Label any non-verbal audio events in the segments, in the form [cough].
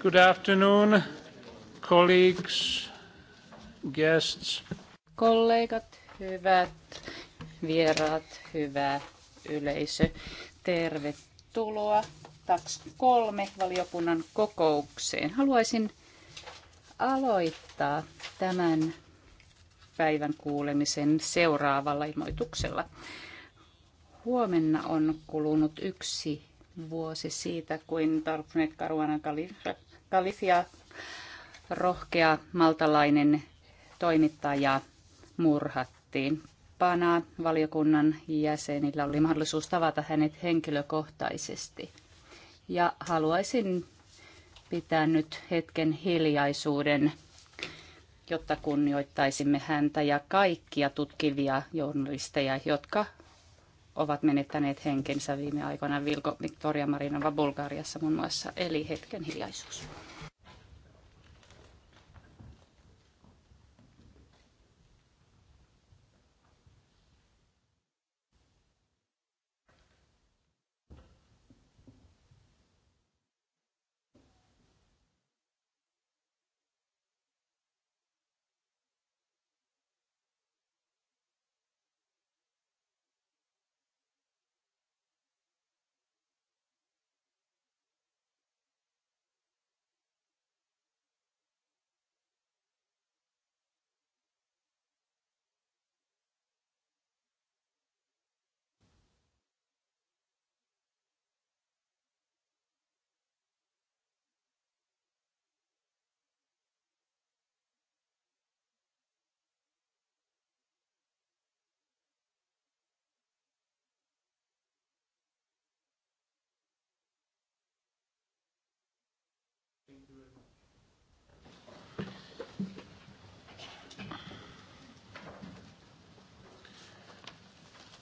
Good afternoon, colleagues, guests. Kollegat, hyvät vieraat, hyvä yleisö. Tervetuloa TAX 3 valiokunnan kokoukseen. Haluaisin aloittaa tämän päivän kuulemisen seuraavalla ilmoituksella. Huomenna on kulunut yksi vuosi siitä, kuin Tarpnet karuana Kalifia, rohkea maltalainen toimittaja, murhattiin. Pana valiokunnan jäsenillä oli mahdollisuus tavata hänet henkilökohtaisesti. Ja haluaisin pitää nyt hetken hiljaisuuden, jotta kunnioittaisimme häntä ja kaikkia tutkivia journalisteja, jotka ovat menettäneet henkensä viime aikoina Vilko Victoria Marinova Bulgariassa muun muassa, eli hetken hiljaisuus.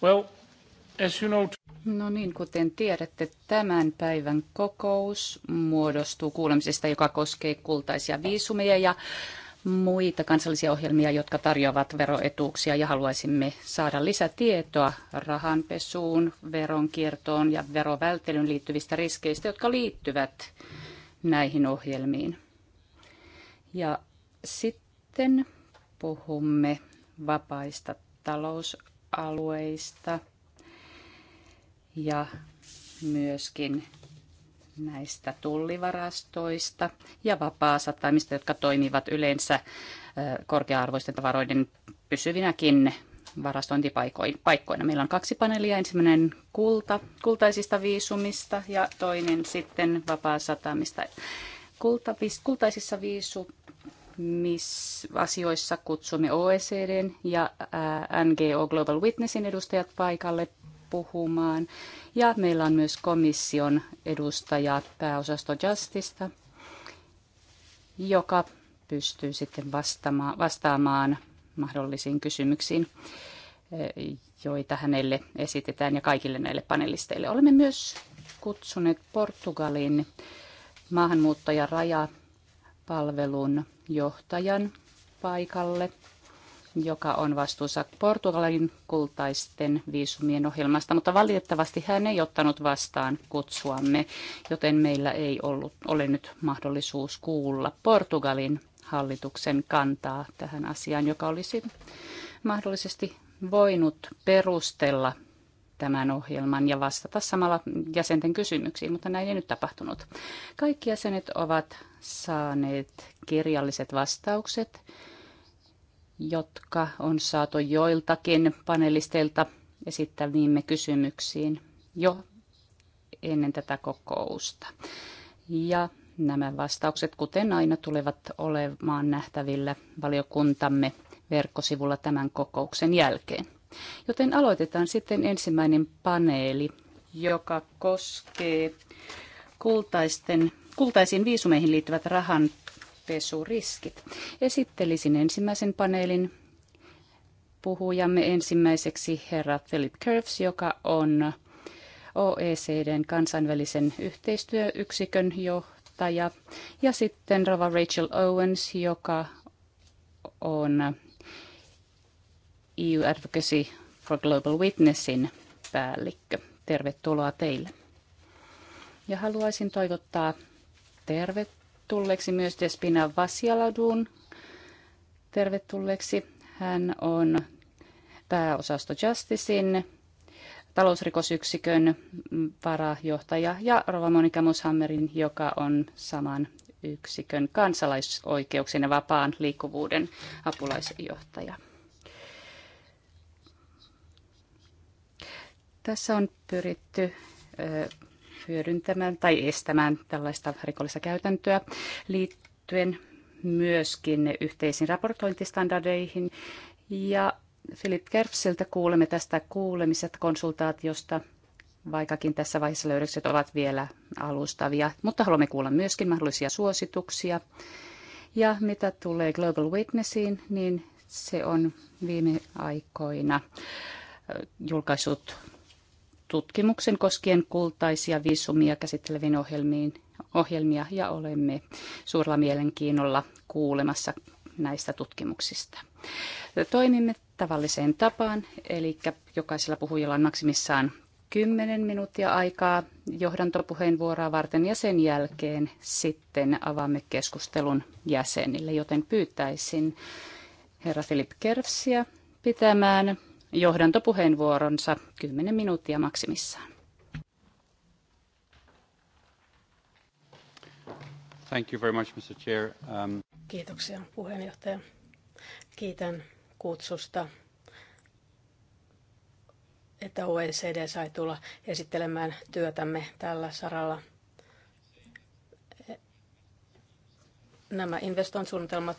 Well, as you know... No niin, kuten tiedätte, tämän päivän kokous muodostuu kuulemisesta, joka koskee kultaisia viisumeja ja muita kansallisia ohjelmia, jotka tarjoavat veroetuuksia ja haluaisimme saada lisätietoa rahanpesuun, veronkiertoon ja verovälttelyyn liittyvistä riskeistä, jotka liittyvät näihin ohjelmiin. Ja sitten puhumme vapaista talous alueista ja myöskin näistä tullivarastoista ja vapaasatamista, jotka toimivat yleensä korkea-arvoisten tavaroiden pysyvinäkin varastointipaikkoina. Meillä on kaksi paneelia, ensimmäinen kulta, kultaisista viisumista ja toinen sitten vapaasatamista. kultaisissa viisumissa missä asioissa kutsumme OECDn ja NGO Global Witnessin edustajat paikalle puhumaan. Ja meillä on myös komission edustaja pääosasto Justista, joka pystyy sitten vastaamaan, vastaamaan mahdollisiin kysymyksiin, joita hänelle esitetään ja kaikille näille panelisteille. Olemme myös kutsuneet Portugalin maahanmuuttajaraja palvelun johtajan paikalle, joka on vastuussa Portugalin kultaisten viisumien ohjelmasta, mutta valitettavasti hän ei ottanut vastaan kutsuamme, joten meillä ei ollut, ole nyt mahdollisuus kuulla Portugalin hallituksen kantaa tähän asiaan, joka olisi mahdollisesti voinut perustella tämän ohjelman ja vastata samalla jäsenten kysymyksiin, mutta näin ei nyt tapahtunut. Kaikki jäsenet ovat saaneet kirjalliset vastaukset, jotka on saatu joiltakin panelisteilta esittäviimme kysymyksiin jo ennen tätä kokousta. Ja nämä vastaukset, kuten aina, tulevat olemaan nähtävillä valiokuntamme verkkosivulla tämän kokouksen jälkeen. Joten aloitetaan sitten ensimmäinen paneeli, joka koskee kultaisten kultaisiin viisumeihin liittyvät rahanpesuriskit. Esittelisin ensimmäisen paneelin puhujamme ensimmäiseksi herra Philip Curves, joka on OECDn kansainvälisen yhteistyöyksikön johtaja, ja sitten rova Rachel Owens, joka on EU Advocacy for Global Witnessin päällikkö. Tervetuloa teille. Ja haluaisin toivottaa tervetulleeksi myös Despina Vasialadun. Tervetulleeksi. Hän on pääosasto Justicein talousrikosyksikön varajohtaja ja Rova Monika Mushammerin, joka on saman yksikön kansalaisoikeuksien ja vapaan liikkuvuuden apulaisjohtaja. Tässä on pyritty hyödyntämään tai estämään tällaista rikollista käytäntöä liittyen myöskin yhteisiin raportointistandardeihin. Ja Philip Kerfsiltä kuulemme tästä kuulemisesta konsultaatiosta, vaikkakin tässä vaiheessa löydökset ovat vielä alustavia, mutta haluamme kuulla myöskin mahdollisia suosituksia. Ja mitä tulee Global Witnessiin, niin se on viime aikoina julkaissut tutkimuksen koskien kultaisia viisumia käsitteleviin ohjelmiin, ohjelmia ja olemme suurella mielenkiinnolla kuulemassa näistä tutkimuksista. Toimimme tavalliseen tapaan, eli jokaisella puhujalla on maksimissaan 10 minuuttia aikaa johdantopuheenvuoroa varten ja sen jälkeen sitten avaamme keskustelun jäsenille, joten pyytäisin herra Filip Kervsiä pitämään johdantopuheenvuoronsa 10 minuuttia maksimissaan. Thank you very much, Mr. Chair. Um... Kiitoksia puheenjohtaja. Kiitän kutsusta, että OECD sai tulla esittelemään työtämme tällä saralla. Nämä investointisuunnitelmat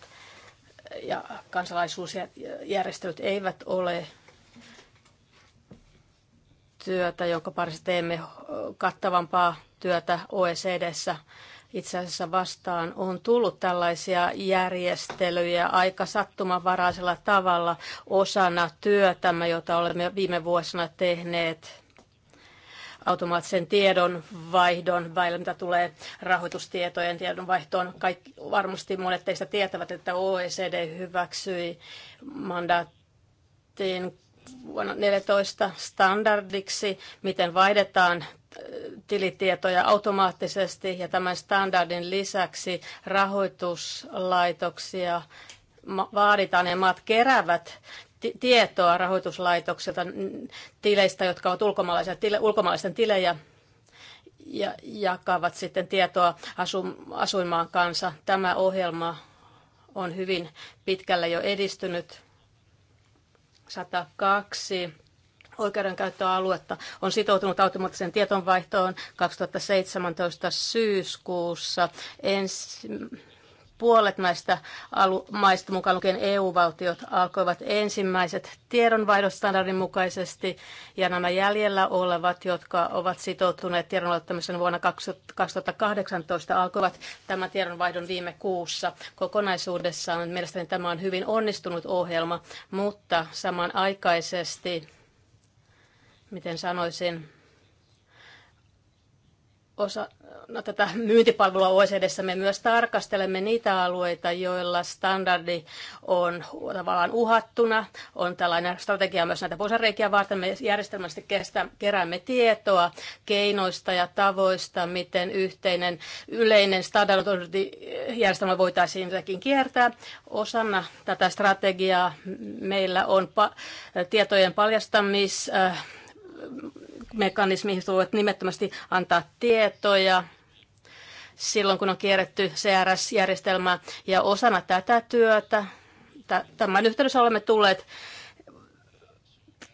ja kansalaisuusjärjestelyt eivät ole työtä, jonka parissa teemme kattavampaa työtä OECDssä. Itse asiassa vastaan on tullut tällaisia järjestelyjä aika sattumanvaraisella tavalla osana työtämme, jota olemme viime vuosina tehneet automaattisen tiedon vaihdon väillä, mitä tulee rahoitustietojen tiedonvaihtoon. Kaikki, varmasti monet teistä tietävät, että OECD hyväksyi mandaattiin vuonna 14 standardiksi, miten vaihdetaan äh, tilitietoja automaattisesti ja tämän standardin lisäksi rahoituslaitoksia vaaditaan ja maat keräävät tietoa rahoituslaitoksilta tileistä, jotka ovat ulkomaalaisia, tile, ulkomaalaisten tilejä ja jakavat sitten tietoa asu, asuinmaan kanssa. Tämä ohjelma on hyvin pitkälle jo edistynyt 102 oikeudenkäyttöaluetta on sitoutunut automaattiseen tietonvaihtoon 2017 syyskuussa. Ens, puolet näistä alu- maista, mukaan lukien EU-valtiot, alkoivat ensimmäiset tiedonvaihdostandardin mukaisesti, ja nämä jäljellä olevat, jotka ovat sitoutuneet tiedonvaihtamiseen vuonna 2018, alkoivat tämän tiedonvaihdon viime kuussa. Kokonaisuudessaan mielestäni tämä on hyvin onnistunut ohjelma, mutta samanaikaisesti, miten sanoisin, osa, no, tätä myyntipalvelua OECDssä me myös tarkastelemme niitä alueita, joilla standardi on tavallaan uhattuna. On tällainen strategia myös näitä posareikiä varten. Me järjestelmällisesti keräämme tietoa keinoista ja tavoista, miten yhteinen yleinen standardijärjestelmä voitaisiin jotenkin kiertää. Osana tätä strategiaa meillä on pa- tietojen paljastamis... Äh, mekanismiin voivat nimettömästi antaa tietoja silloin, kun on kierretty CRS-järjestelmää. Ja osana tätä työtä, tämän yhteydessä olemme tulleet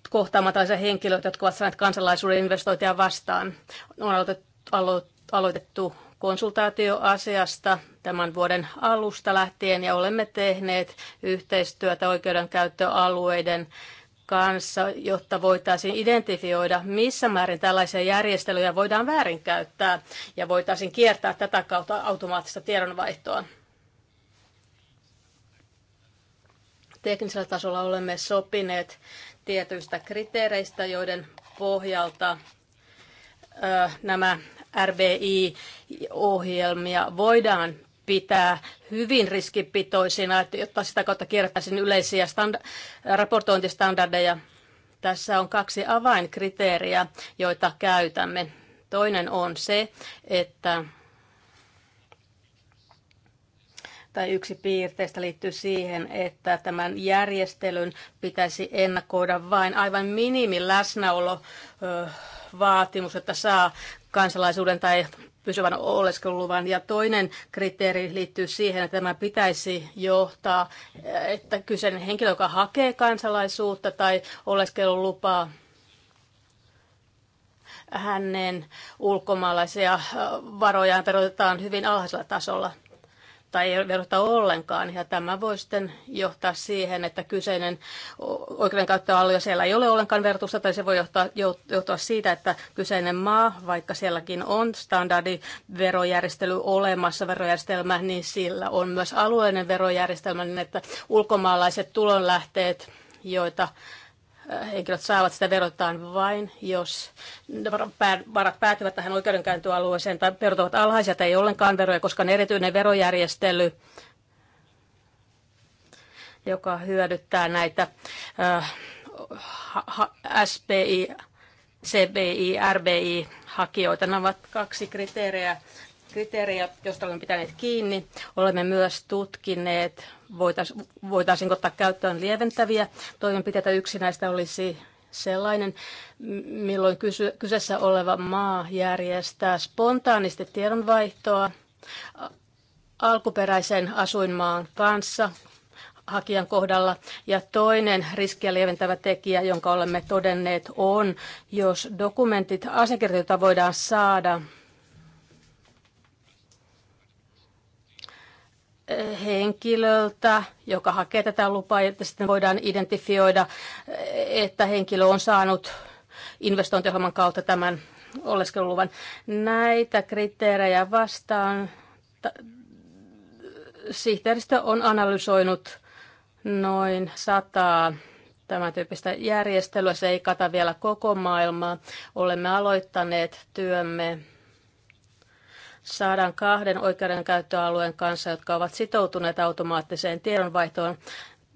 kohtaamaan tällaisia henkilöitä, jotka ovat saaneet kansalaisuuden investointia vastaan. On aloitettu, konsultaatioasiasta konsultaatio asiasta tämän vuoden alusta lähtien ja olemme tehneet yhteistyötä oikeudenkäyttöalueiden kanssa, jotta voitaisiin identifioida, missä määrin tällaisia järjestelyjä voidaan väärinkäyttää ja voitaisiin kiertää tätä kautta automaattista tiedonvaihtoa. Teknisellä tasolla olemme sopineet tietyistä kriteereistä, joiden pohjalta nämä RBI-ohjelmia voidaan pitää hyvin riskipitoisina, jotta sitä kautta kierrättäisiin yleisiä raportointistandardeja. Tässä on kaksi avainkriteeriä, joita käytämme. Toinen on se, että tai yksi piirteistä liittyy siihen, että tämän järjestelyn pitäisi ennakoida vain aivan minimi läsnäolo vaatimus, että saa kansalaisuuden tai pysyvän oleskeluluvan. Ja toinen kriteeri liittyy siihen, että tämä pitäisi johtaa, että kyseinen henkilö, joka hakee kansalaisuutta tai oleskelulupaa, hänen ulkomaalaisia varojaan verotetaan hyvin alhaisella tasolla – tai ei verota ollenkaan. Ja tämä voi sitten johtaa siihen, että kyseinen oikeudenkäyttöalue siellä ei ole ollenkaan verotusta, tai se voi johtaa, johtaa siitä, että kyseinen maa, vaikka sielläkin on standardiverojärjestely olemassa, verojärjestelmä, niin sillä on myös alueellinen verojärjestelmä, niin että ulkomaalaiset tulonlähteet, joita henkilöt saavat, sitä verotetaan vain, jos varat päätyvät tähän oikeudenkäyntialueeseen tai verot ovat alhaisia tai ei ollenkaan veroja, koska on erityinen verojärjestely, joka hyödyttää näitä äh, SPI, CBI, RBI-hakijoita. Nämä ovat kaksi kriteeriä, kriteerejä, joista olemme pitäneet kiinni. Olemme myös tutkineet, voitaisiinko ottaa käyttöön lieventäviä toimenpiteitä. Yksi näistä olisi sellainen, milloin kyseessä oleva maa järjestää spontaanisti tiedonvaihtoa alkuperäisen asuinmaan kanssa hakijan kohdalla. Ja toinen riskiä lieventävä tekijä, jonka olemme todenneet, on, jos dokumentit, asiakirjoita voidaan saada henkilöltä, joka hakee tätä lupaa, että sitten voidaan identifioida, että henkilö on saanut investointiohjelman kautta tämän oleskeluluvan. Näitä kriteerejä vastaan sihteeristö on analysoinut noin sataa tämän tyyppistä järjestelyä. Se ei kata vielä koko maailmaa. Olemme aloittaneet työmme saadaan kahden oikeudenkäyttöalueen kanssa, jotka ovat sitoutuneet automaattiseen tiedonvaihtoon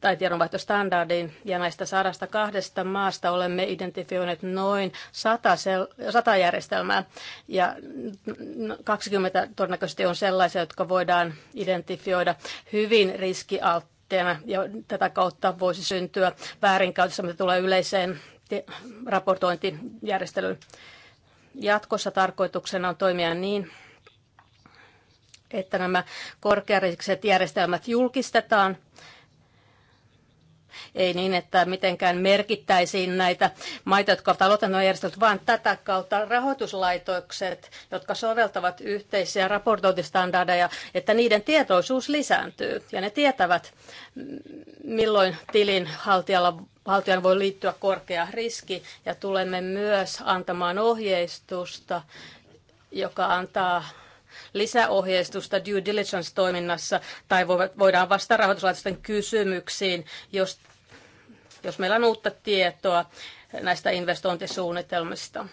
tai tiedonvaihtostandardiin, ja näistä sadasta kahdesta maasta olemme identifioineet noin 100, sel- 100 järjestelmää, ja 20 todennäköisesti on sellaisia, jotka voidaan identifioida hyvin riskialtteena, ja tätä kautta voisi syntyä väärinkäytössä, mitä tulee yleiseen raportointijärjestelyyn. Jatkossa tarkoituksena on toimia niin, että nämä korkeariskiset järjestelmät julkistetaan. Ei niin, että mitenkään merkittäisiin näitä maita, jotka ovat aloittaneet järjestelmät, vaan tätä kautta rahoituslaitokset, jotka soveltavat yhteisiä raportointistandardeja, että niiden tietoisuus lisääntyy ja ne tietävät, milloin tilin haltijalla valtion voi liittyä korkea riski ja tulemme myös antamaan ohjeistusta, joka antaa lisäohjeistusta due diligence-toiminnassa tai voidaan vastata rahoituslaitosten kysymyksiin, jos, jos meillä on uutta tietoa näistä investointisuunnitelmista.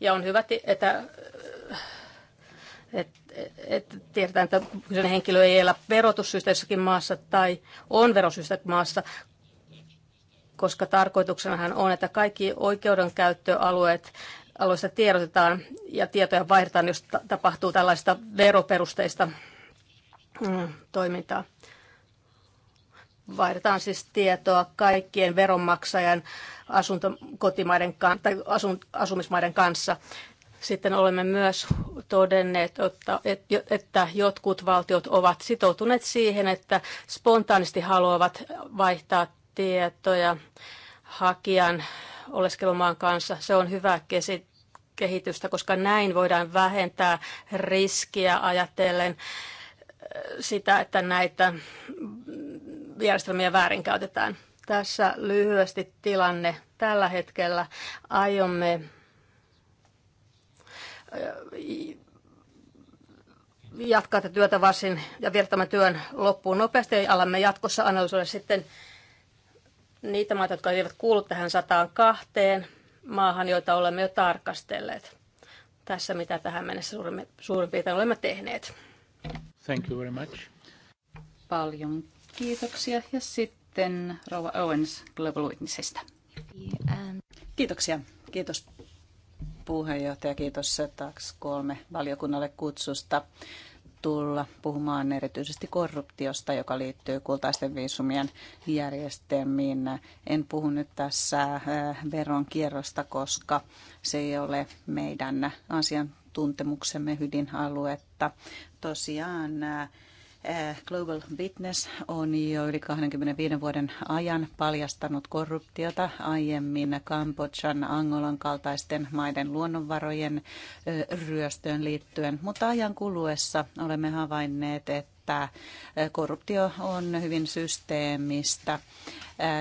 Ja on hyvä, että että et, tiedetään, että kyseinen henkilö ei elä verotussyistä jossakin maassa tai on verosyistä maassa, koska tarkoituksenahan on, että kaikki oikeudenkäyttöalueet aloista tiedotetaan ja tietoja vaihdetaan, jos tapahtuu tällaista veroperusteista mm, toimintaa. Vaihdetaan siis tietoa kaikkien veronmaksajan asuntokotimaiden tai asun, asumismaiden kanssa. Sitten olemme myös todenneet, että, että jotkut valtiot ovat sitoutuneet siihen, että spontaanisti haluavat vaihtaa tietoja hakijan oleskelumaan kanssa. Se on hyvä kehitystä, koska näin voidaan vähentää riskiä ajatellen äh, sitä, että näitä järjestelmiä väärinkäytetään. Tässä lyhyesti tilanne tällä hetkellä. Aiomme äh, jatkaa tätä työtä varsin ja viettämään työn loppuun nopeasti ja alamme jatkossa analysoida sitten niitä maita, jotka eivät kuulu tähän 102 maahan, joita olemme jo tarkastelleet. Tässä mitä tähän mennessä suurin, suurin piirtein olemme tehneet. Thank you very much. Paljon kiitoksia. Ja sitten Rova Owens Global Witnessistä. Kiitoksia. Kiitos puheenjohtaja. Kiitos tax kolme valiokunnalle kutsusta tulla puhumaan erityisesti korruptiosta, joka liittyy kultaisten viisumien järjestelmiin. En puhu nyt tässä äh, veronkierrosta, koska se ei ole meidän asiantuntemuksemme ydinaluetta. Tosiaan äh, Eh, Global Witness on jo yli 25 vuoden ajan paljastanut korruptiota aiemmin Kambodjan, Angolan kaltaisten maiden luonnonvarojen ryöstöön liittyen, mutta ajan kuluessa olemme havainneet, että korruptio on hyvin systeemistä.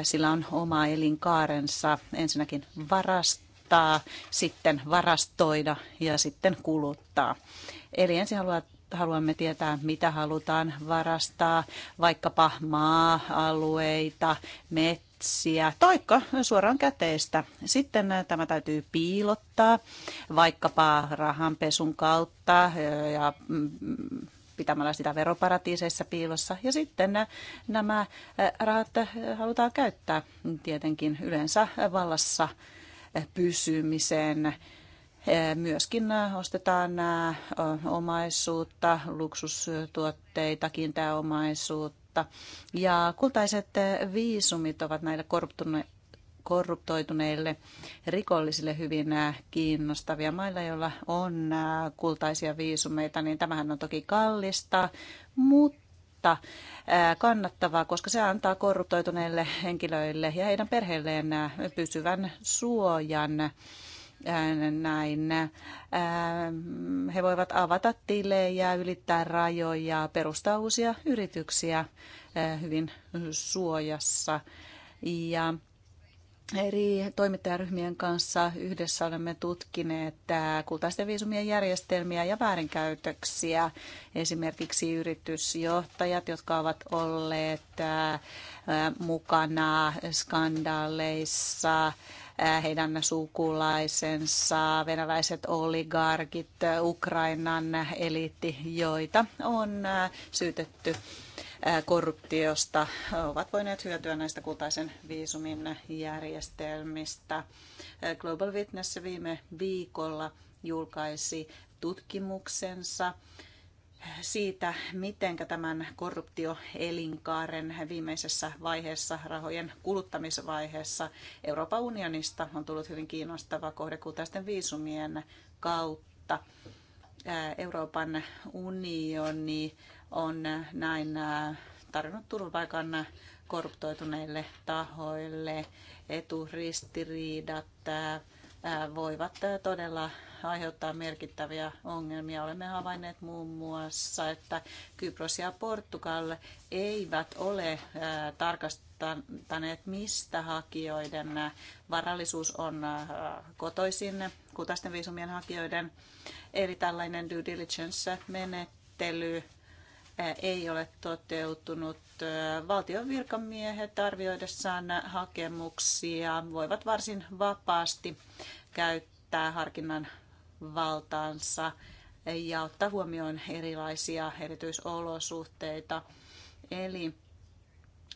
Sillä on oma elinkaarensa ensinnäkin varastaa, sitten varastoida ja sitten kuluttaa. Eli ensin haluaa haluamme tietää, mitä halutaan varastaa, vaikkapa maa-alueita, metsiä, toikka suoraan käteistä. Sitten äh, tämä täytyy piilottaa vaikkapa rahanpesun kautta äh, ja mm, pitämällä sitä veroparatiiseissa piilossa. Ja sitten äh, nämä rahat halutaan käyttää tietenkin yleensä vallassa pysymiseen Eh, myöskin eh, ostetaan eh, omaisuutta, luksustuotteita, omaisuutta Ja kultaiset viisumit ovat näille korruptoituneille rikollisille hyvin kiinnostavia. Mailla, joilla on kultaisia viisumeita, niin tämähän on toki kallista, mutta kannattavaa, koska se antaa korruptoituneille henkilöille ja heidän perheilleen pysyvän suojan näin. He voivat avata tilejä, ylittää rajoja, perustaa uusia yrityksiä hyvin suojassa. Ja eri toimittajaryhmien kanssa yhdessä olemme tutkineet kultaisten viisumien järjestelmiä ja väärinkäytöksiä. Esimerkiksi yritysjohtajat, jotka ovat olleet mukana skandaaleissa, Äh, heidän sukulaisensa, venäläiset oligarkit, äh, Ukrainan eliitti, joita on äh, syytetty korruptiosta ovat voineet hyötyä näistä kultaisen viisumin järjestelmistä. Global Witness viime viikolla julkaisi tutkimuksensa siitä, miten tämän korruptioelinkaaren viimeisessä vaiheessa, rahojen kuluttamisvaiheessa, Euroopan unionista on tullut hyvin kiinnostava kohde kultaisten viisumien kautta. Euroopan unioni on näin tarjonnut turvapaikan korruptoituneille tahoille eturistiriidat, voivat todella aiheuttaa merkittäviä ongelmia. Olemme havainneet muun muassa, että Kypros ja Portugal eivät ole tarkastaneet, mistä hakijoiden varallisuus on kotoisin kutasten viisumien hakijoiden. Eli tällainen due diligence-menettely ei ole toteutunut valtion virkamiehet arvioidessaan hakemuksia voivat varsin vapaasti käyttää harkinnan valtaansa ja ottaa huomioon erilaisia erityisolosuhteita. Eli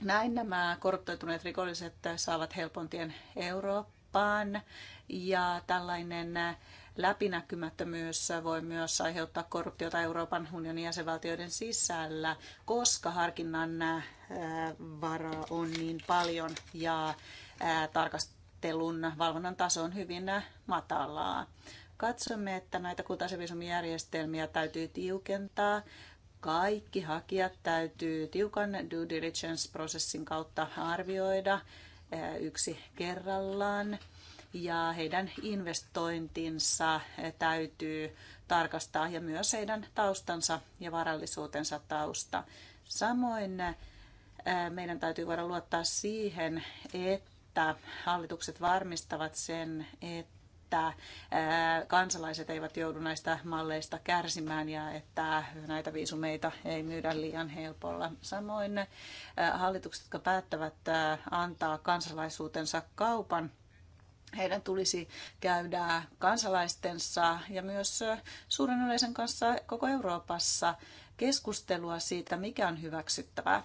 näin nämä korruptoituneet rikolliset saavat helpontien Eurooppaan ja tällainen läpinäkymättömyys voi myös aiheuttaa korruptiota Euroopan unionin jäsenvaltioiden sisällä, koska harkinnan äh, varaa on niin paljon ja äh, tarkastelun valvonnan taso on hyvin äh, matalaa. Katsomme, että näitä kultaisevisumijärjestelmiä täytyy tiukentaa kaikki hakijat täytyy tiukan due diligence-prosessin kautta arvioida yksi kerrallaan ja heidän investointinsa täytyy tarkastaa ja myös heidän taustansa ja varallisuutensa tausta. Samoin meidän täytyy voida luottaa siihen, että hallitukset varmistavat sen, että että kansalaiset eivät joudu näistä malleista kärsimään ja että näitä viisumeita ei myydä liian helpolla. Samoin hallitukset, jotka päättävät antaa kansalaisuutensa kaupan, heidän tulisi käydä kansalaistensa ja myös suuren yleisön kanssa koko Euroopassa keskustelua siitä, mikä on hyväksyttävää.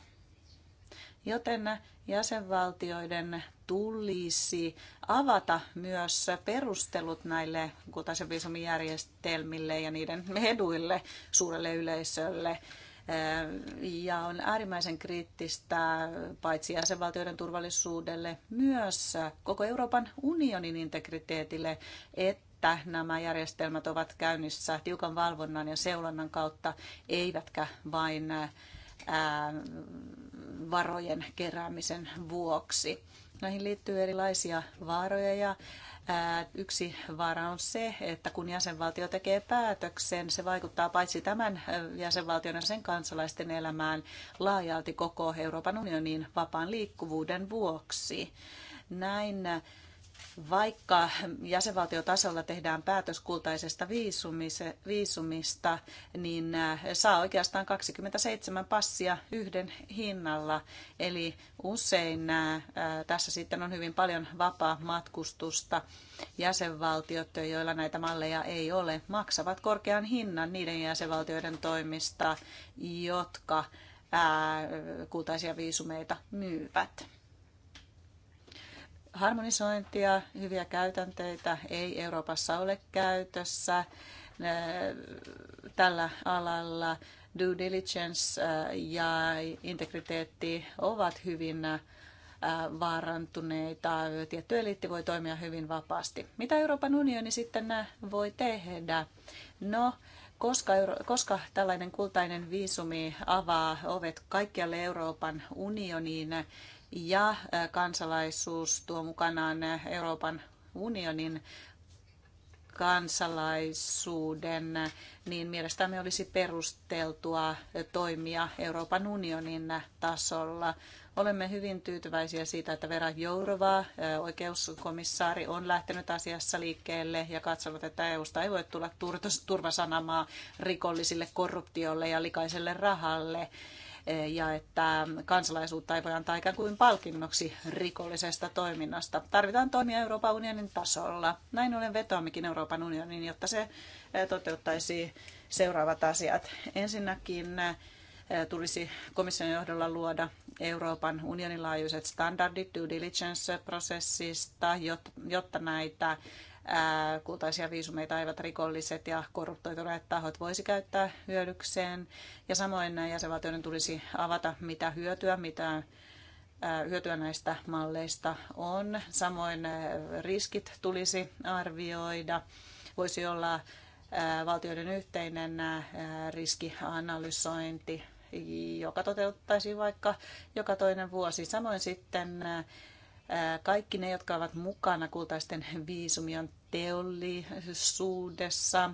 Joten jäsenvaltioiden tulisi avata myös perustelut näille kultaisen viisumijärjestelmille ja niiden [laughs] eduille suurelle yleisölle ja on äärimmäisen kriittistä paitsi jäsenvaltioiden turvallisuudelle myös koko Euroopan unionin integriteetille, että nämä järjestelmät ovat käynnissä tiukan valvonnan ja seulonnan kautta, eivätkä vain varojen keräämisen vuoksi. Näihin liittyy erilaisia vaaroja ja Yksi vaara on se, että kun jäsenvaltio tekee päätöksen, se vaikuttaa paitsi tämän jäsenvaltion ja sen kansalaisten elämään laajalti koko Euroopan unionin vapaan liikkuvuuden vuoksi. Näin vaikka jäsenvaltiotasolla tehdään päätös kultaisesta viisumista, niin äh, saa oikeastaan 27 passia yhden hinnalla. Eli usein äh, äh, tässä sitten on hyvin paljon vapaa matkustusta. Jäsenvaltiot, joilla näitä malleja ei ole, maksavat korkean hinnan niiden jäsenvaltioiden toimista, jotka kultaisia viisumeita myyvät harmonisointia, hyviä käytänteitä ei Euroopassa ole käytössä äh, tällä alalla. Due diligence äh, ja integriteetti ovat hyvin äh, vaarantuneita. Tietty eliitti voi toimia hyvin vapaasti. Mitä Euroopan unioni sitten voi tehdä? No, koska, koska tällainen kultainen viisumi avaa ovet kaikkialle Euroopan unioniin, ja kansalaisuus tuo mukanaan Euroopan unionin kansalaisuuden, niin mielestämme olisi perusteltua toimia Euroopan unionin tasolla. Olemme hyvin tyytyväisiä siitä, että Vera Jourova, oikeuskomissaari, on lähtenyt asiassa liikkeelle ja katsonut, että EUsta ei voi tulla turvasanamaa rikollisille korruptiolle ja likaiselle rahalle ja että kansalaisuutta ei voi antaa ikään kuin palkinnoksi rikollisesta toiminnasta. Tarvitaan toimia Euroopan unionin tasolla. Näin ollen vetoammekin Euroopan unioniin, jotta se toteuttaisi seuraavat asiat. Ensinnäkin tulisi komission johdolla luoda Euroopan unionin laajuiset standardit due diligence-prosessista, jotta näitä kultaisia viisumeita aivat rikolliset ja korruptoituneet tahot voisi käyttää hyödykseen. Ja samoin jäsenvaltioiden tulisi avata, mitä hyötyä, mitä hyötyä näistä malleista on. Samoin riskit tulisi arvioida. Voisi olla valtioiden yhteinen riskianalysointi, joka toteuttaisi vaikka joka toinen vuosi. Samoin sitten kaikki ne, jotka ovat mukana kultaisten viisumien teollisuudessa,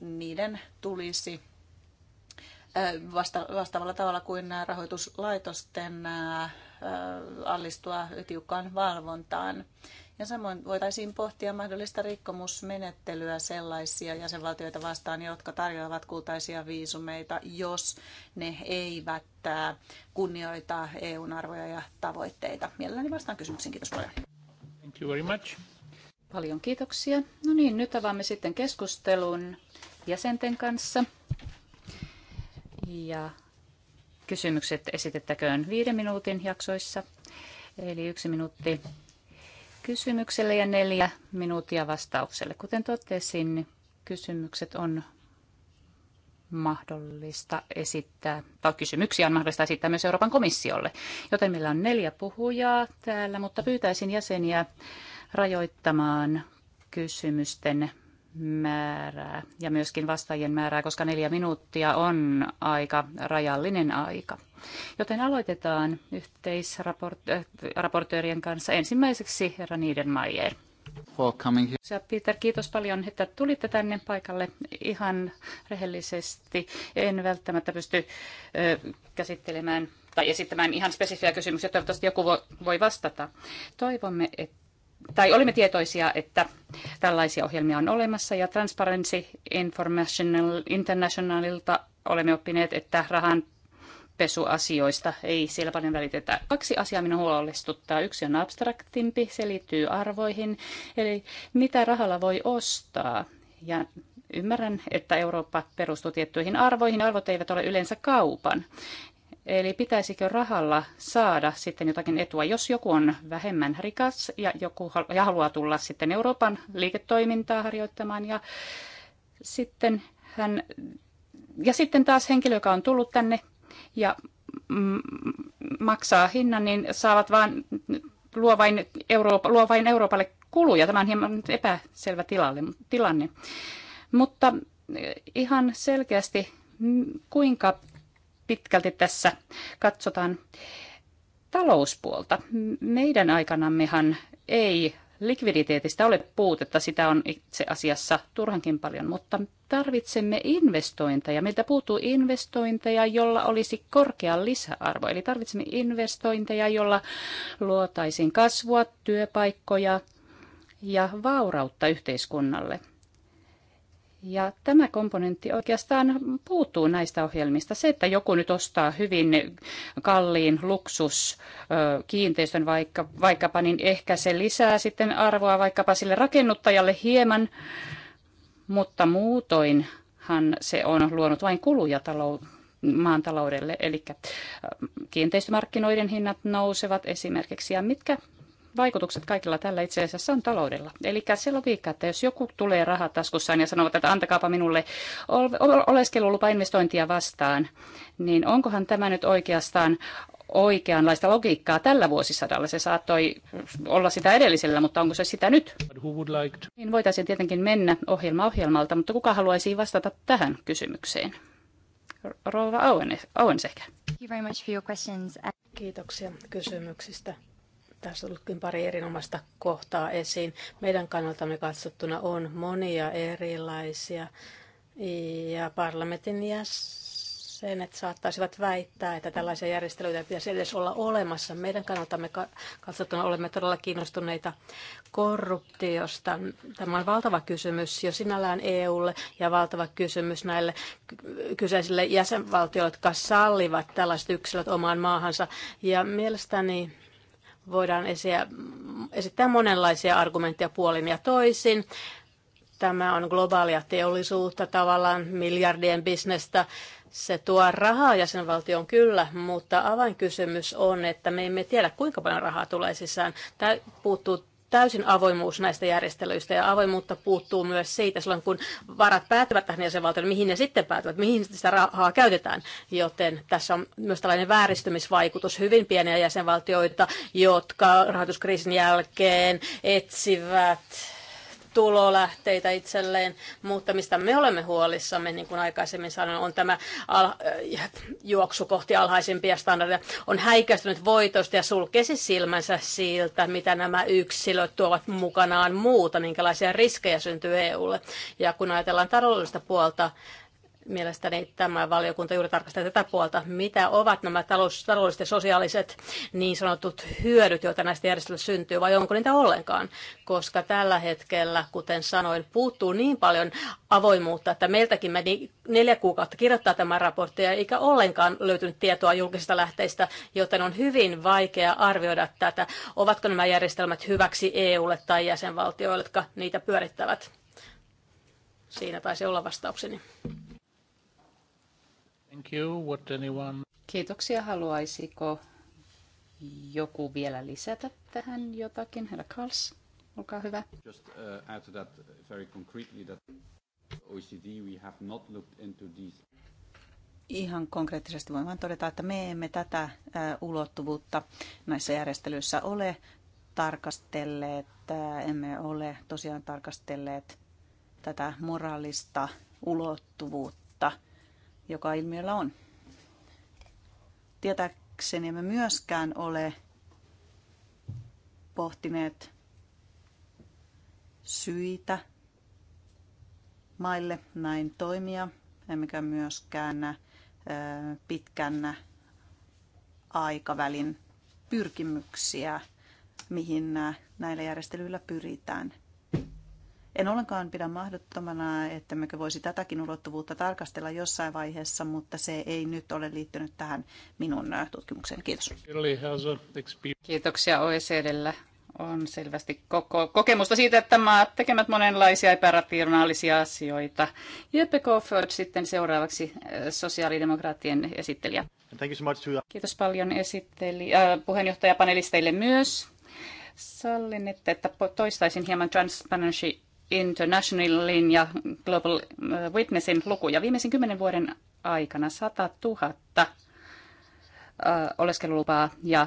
niiden tulisi vasta- vastaavalla tavalla kuin rahoituslaitosten allistua tiukkaan valvontaan. Ja samoin voitaisiin pohtia mahdollista rikkomusmenettelyä sellaisia jäsenvaltioita vastaan, jotka tarjoavat kultaisia viisumeita, jos ne eivät äh, kunnioita EUn arvoja ja tavoitteita. Mielelläni vastaan kysymyksiin. Kiitos paljon. Thank you very much. Paljon kiitoksia. No niin, nyt avaamme sitten keskustelun jäsenten kanssa. Ja kysymykset esitettäköön viiden minuutin jaksoissa. Eli yksi minuutti kysymykselle ja neljä minuuttia vastaukselle. Kuten totesin, kysymykset on mahdollista esittää, tai kysymyksiä on mahdollista esittää myös Euroopan komissiolle. Joten meillä on neljä puhujaa täällä, mutta pyytäisin jäseniä rajoittamaan kysymysten määrää ja myöskin vastaajien määrää, koska neljä minuuttia on aika rajallinen aika. Joten aloitetaan yhteisraportöörien äh, kanssa ensimmäiseksi herra Niedermayer. Ja Peter, kiitos paljon, että tulitte tänne paikalle ihan rehellisesti. En välttämättä pysty ö, käsittelemään tai esittämään ihan spesifiä kysymyksiä. Toivottavasti joku voi vastata. Toivomme, että tai olimme tietoisia, että tällaisia ohjelmia on olemassa ja Transparency Informational, Internationalilta olemme oppineet, että rahan pesuasioista ei siellä paljon välitetä. Kaksi asiaa minua huolestuttaa. Yksi on abstraktimpi, se liittyy arvoihin, eli mitä rahalla voi ostaa. Ja ymmärrän, että Eurooppa perustuu tiettyihin arvoihin. Arvot eivät ole yleensä kaupan. Eli pitäisikö rahalla saada sitten jotakin etua, jos joku on vähemmän rikas ja, joku, ja haluaa tulla sitten Euroopan liiketoimintaa harjoittamaan ja sitten hän, ja sitten taas henkilö, joka on tullut tänne ja maksaa hinnan, niin saavat vain luo vain, Euroop, luo vain Euroopalle kuluja. Tämä on hieman epäselvä tilalle, tilanne. Mutta eh, ihan selkeästi, kuinka pitkälti tässä katsotaan talouspuolta. Meidän aikanammehan ei likviditeetistä ole puutetta, sitä on itse asiassa turhankin paljon, mutta tarvitsemme investointeja. Meiltä puuttuu investointeja, jolla olisi korkea lisäarvo. Eli tarvitsemme investointeja, jolla luotaisiin kasvua, työpaikkoja ja vaurautta yhteiskunnalle. Ja tämä komponentti oikeastaan puuttuu näistä ohjelmista. Se, että joku nyt ostaa hyvin kalliin luksuskiinteistön vaikka, vaikkapa, niin ehkä se lisää sitten arvoa vaikkapa sille rakennuttajalle hieman, mutta muutoinhan se on luonut vain kuluja talou- maantaloudelle, Eli kiinteistömarkkinoiden hinnat nousevat esimerkiksi. Ja mitkä vaikutukset kaikilla tällä itse asiassa on taloudella. Eli se logiikka, että jos joku tulee rahat taskussaan ja sanoo, että antakaapa minulle oleskelulupa investointia vastaan, niin onkohan tämä nyt oikeastaan oikeanlaista logiikkaa tällä vuosisadalla. Se saattoi olla sitä edellisellä, mutta onko se sitä nyt? Like to... Niin voitaisiin tietenkin mennä ohjelma ohjelmalta, mutta kuka haluaisi vastata tähän kysymykseen? Rouva Owen, Owen Kiitoksia kysymyksistä. Tässä on tullutkin pari erinomaista kohtaa esiin. Meidän kannaltamme katsottuna on monia erilaisia ja parlamentin jäsenet saattaisivat väittää, että tällaisia järjestelyitä pitäisi edes olla olemassa. Meidän kannaltamme katsottuna olemme todella kiinnostuneita korruptiosta. Tämä on valtava kysymys jo sinällään EUlle ja valtava kysymys näille kyseisille jäsenvaltioille, jotka sallivat tällaiset yksilöt omaan maahansa. Ja mielestäni voidaan esiä, esittää monenlaisia argumentteja puolin ja toisin. Tämä on globaalia teollisuutta, tavallaan miljardien bisnestä. Se tuo rahaa jäsenvaltioon kyllä, mutta avainkysymys on, että me emme tiedä kuinka paljon rahaa tulee sisään. Tämä puuttuu täysin avoimuus näistä järjestelyistä ja avoimuutta puuttuu myös siitä silloin, kun varat päätyvät tähän jäsenvaltioon, mihin ne sitten päätyvät, mihin sitä rahaa käytetään. Joten tässä on myös tällainen vääristymisvaikutus hyvin pieniä jäsenvaltioita, jotka rahoituskriisin jälkeen etsivät tulolähteitä itselleen, mutta mistä me olemme huolissamme, niin kuin aikaisemmin sanoin, on tämä al- äh, juoksu kohti alhaisimpia standardeja, on häikäistynyt voitosta ja sulkesi silmänsä siltä, mitä nämä yksilöt tuovat mukanaan muuta, minkälaisia riskejä syntyy EUlle. Ja kun ajatellaan taloudellista puolta, Mielestäni tämä valiokunta juuri tarkastaa tätä puolta. Mitä ovat nämä talous, taloudelliset ja sosiaaliset niin sanotut hyödyt, joita näistä järjestelmistä syntyy, vai onko niitä ollenkaan? Koska tällä hetkellä, kuten sanoin, puuttuu niin paljon avoimuutta, että meiltäkin meni neljä kuukautta kirjoittaa tämä raportti, eikä ollenkaan löytynyt tietoa julkisista lähteistä, joten on hyvin vaikea arvioida tätä, ovatko nämä järjestelmät hyväksi EUlle tai jäsenvaltioille, jotka niitä pyörittävät. Siinä taisi olla vastaukseni. Thank you. anyone... Kiitoksia. Haluaisiko joku vielä lisätä tähän jotakin? Herra Kals, olkaa hyvä. Just uh, add to that very concretely that OECD we have not looked into these Ihan konkreettisesti voin vain todeta, että me emme tätä uh, ulottuvuutta näissä järjestelyissä ole tarkastelleet, uh, emme ole tosiaan tarkastelleet tätä moraalista ulottuvuutta – joka ilmiöllä on. Tietääkseni emme myöskään ole pohtineet syitä maille näin toimia, emmekä myöskään pitkän aikavälin pyrkimyksiä, mihin näillä järjestelyillä pyritään. En ollenkaan pidä mahdottomana, että mekö voisi tätäkin ulottuvuutta tarkastella jossain vaiheessa, mutta se ei nyt ole liittynyt tähän minun äh, tutkimukseen. Kiitos. Kiitoksia OECDllä. On selvästi koko kokemusta siitä, että maat tekevät monenlaisia epärationaalisia asioita. Jeppe Kofod sitten seuraavaksi äh, sosiaalidemokraattien esittelijä. Kiitos paljon esitteli, äh, puheenjohtajapanelisteille myös. Sallin, että, että toistaisin hieman Transparency Internationalin ja Global äh, Witnessin lukuja. Viimeisen kymmenen vuoden aikana 100 000 äh, oleskelulupaa ja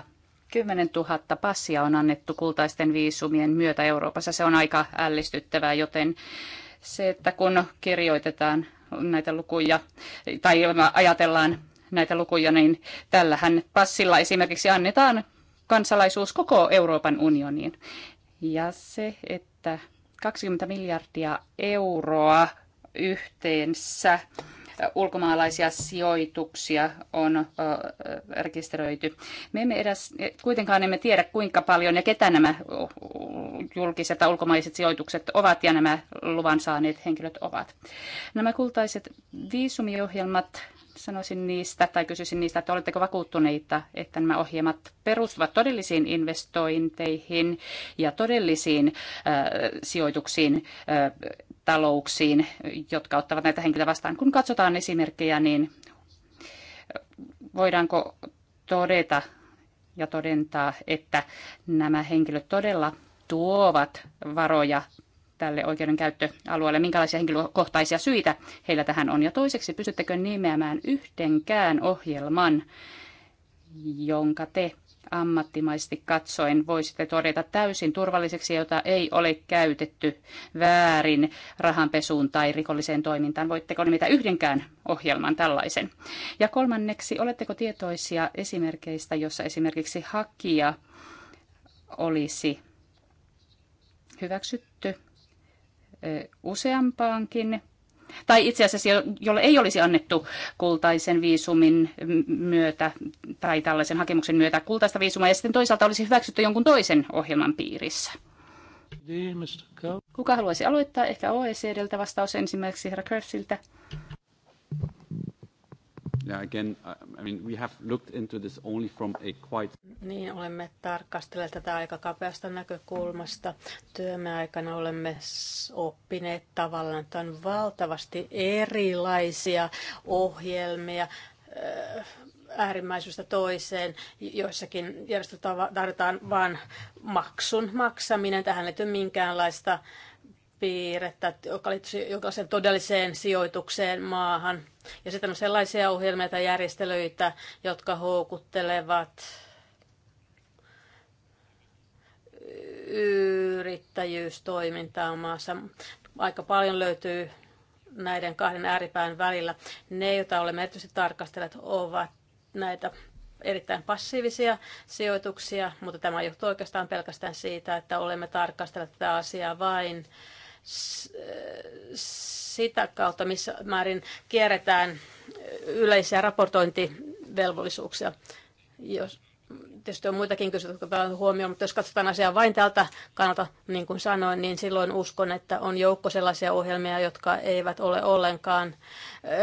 10 000 passia on annettu kultaisten viisumien myötä Euroopassa. Se on aika ällistyttävää, joten se, että kun kirjoitetaan näitä lukuja tai ajatellaan näitä lukuja, niin tällähän passilla esimerkiksi annetaan kansalaisuus koko Euroopan unioniin. Ja se, että 20 miljardia euroa yhteensä ulkomaalaisia sijoituksia on rekisteröity. Me emme edes, kuitenkaan emme tiedä kuinka paljon ja ketä nämä julkiset tai ulkomaiset sijoitukset ovat ja nämä luvan saaneet henkilöt ovat. Nämä kultaiset viisumiohjelmat sanoisin niistä tai kysyisin niistä, että oletteko vakuuttuneita, että nämä ohjelmat perustuvat todellisiin investointeihin ja todellisiin äh, sijoituksiin äh, talouksiin, jotka ottavat näitä henkilöitä vastaan. Kun katsotaan esimerkkejä, niin voidaanko todeta ja todentaa, että nämä henkilöt todella tuovat varoja tälle oikeudenkäyttöalueelle, minkälaisia henkilökohtaisia syitä heillä tähän on. Ja toiseksi, pystyttekö nimeämään yhdenkään ohjelman, jonka te ammattimaisesti katsoen voisitte todeta täysin turvalliseksi, jota ei ole käytetty väärin rahanpesuun tai rikolliseen toimintaan. Voitteko nimetä yhdenkään ohjelman tällaisen? Ja kolmanneksi, oletteko tietoisia esimerkkeistä, jossa esimerkiksi hakija olisi hyväksytty useampaankin, tai itse asiassa jolle ei olisi annettu kultaisen viisumin myötä tai tällaisen hakemuksen myötä kultaista viisumaa, ja sitten toisaalta olisi hyväksytty jonkun toisen ohjelman piirissä. Kuka haluaisi aloittaa? Ehkä OECDltä vastaus ensimmäiseksi herra Kersiltä. Yeah, again, I mean, we have looked into this only from a quite... Niin, olemme tarkastelleet tätä aika kapeasta näkökulmasta. Työmme aikana olemme oppineet tavallaan, että on valtavasti erilaisia ohjelmia, äh, äärimmäisyystä toiseen. Joissakin järjestöt tarvitaan vain maksun maksaminen. Tähän ei ole minkäänlaista piirrettä, joka liittyy jokaisen todelliseen sijoitukseen maahan. Ja sitten on sellaisia ohjelmia tai järjestelyitä, jotka houkuttelevat yrittäjyystoimintaa maassa. Aika paljon löytyy näiden kahden ääripään välillä. Ne, joita olemme erityisesti tarkastelleet, ovat näitä erittäin passiivisia sijoituksia, mutta tämä johtuu oikeastaan pelkästään siitä, että olemme tarkastelleet tätä asiaa vain sitä kautta, missä määrin kierretään yleisiä raportointivelvollisuuksia. Jos, tietysti on muitakin kysymyksiä, jotka pitää huomioon, mutta jos katsotaan asiaa vain tältä kannalta, niin kuin sanoin, niin silloin uskon, että on joukko sellaisia ohjelmia, jotka eivät ole ollenkaan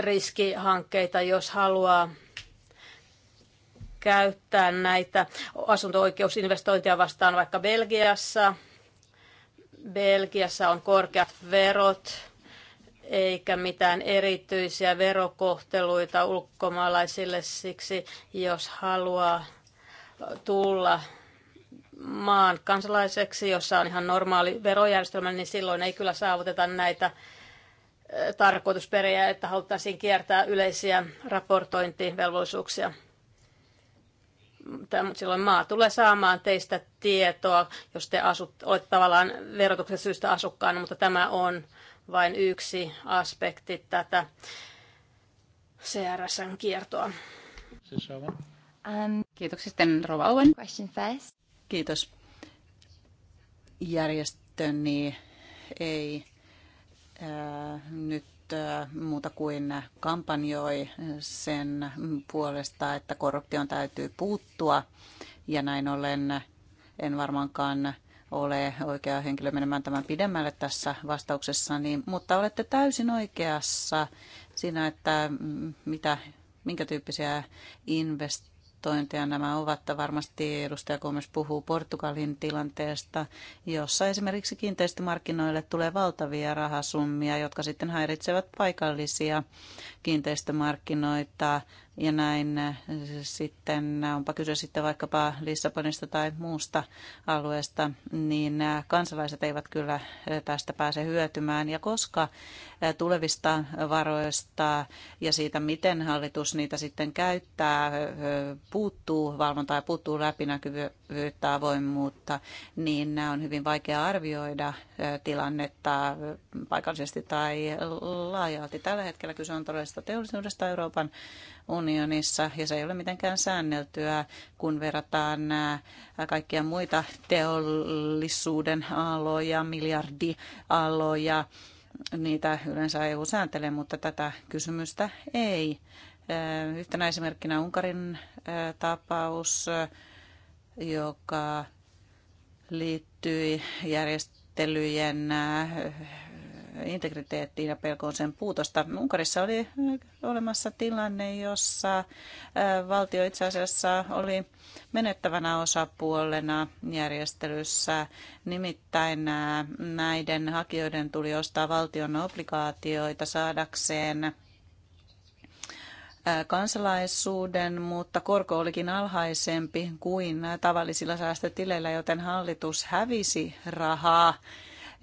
riskihankkeita, jos haluaa käyttää näitä asunto-oikeusinvestointia vastaan vaikka Belgiassa – Belgiassa on korkeat verot eikä mitään erityisiä verokohteluita ulkomaalaisille siksi, jos haluaa tulla maan kansalaiseksi, jossa on ihan normaali verojärjestelmä, niin silloin ei kyllä saavuteta näitä eh, tarkoitusperiä, että haluttaisiin kiertää yleisiä raportointivelvollisuuksia silloin maa tulee saamaan teistä tietoa, jos te asut, olette tavallaan verotuksen syystä asukkaana, mutta tämä on vain yksi aspekti tätä CRSn kiertoa. Um, Kiitoksia sitten Rova Owen. Question first. Kiitos. Järjestöni niin ei ää, nyt muuta kuin kampanjoi sen puolesta, että korruption täytyy puuttua. Ja näin ollen en varmaankaan ole oikea henkilö menemään tämän pidemmälle tässä niin mutta olette täysin oikeassa siinä, että mitä, minkä tyyppisiä invest investointeja. Nämä ovat varmasti, edustaja Gomes puhuu Portugalin tilanteesta, jossa esimerkiksi kiinteistömarkkinoille tulee valtavia rahasummia, jotka sitten häiritsevät paikallisia kiinteistömarkkinoita. Ja näin sitten, onpa kyse sitten vaikkapa Lissabonista tai muusta alueesta, niin kansalaiset eivät kyllä tästä pääse hyötymään. Ja koska tulevista varoista ja siitä, miten hallitus niitä sitten käyttää, puuttuu valvontaa ja puuttuu läpinäkyvyyttä, avoimuutta, niin on hyvin vaikea arvioida tilannetta paikallisesti tai laajalti. Tällä hetkellä kyse on todellisesta teollisuudesta Euroopan unionissa ja se ei ole mitenkään säänneltyä, kun verrataan kaikkia muita teollisuuden aloja, miljardialoja, niitä yleensä EU sääntelee, mutta tätä kysymystä ei. Yhtenä esimerkkinä Unkarin tapaus, joka liittyi järjestelyjen integriteettiin ja pelkoon sen puutosta. Unkarissa oli äh, olemassa tilanne, jossa äh, valtio itse asiassa oli menettävänä osapuolena järjestelyssä. Nimittäin äh, näiden hakijoiden tuli ostaa valtion obligaatioita saadakseen kansalaisuuden, mutta korko olikin alhaisempi kuin tavallisilla säästötileillä, joten hallitus hävisi rahaa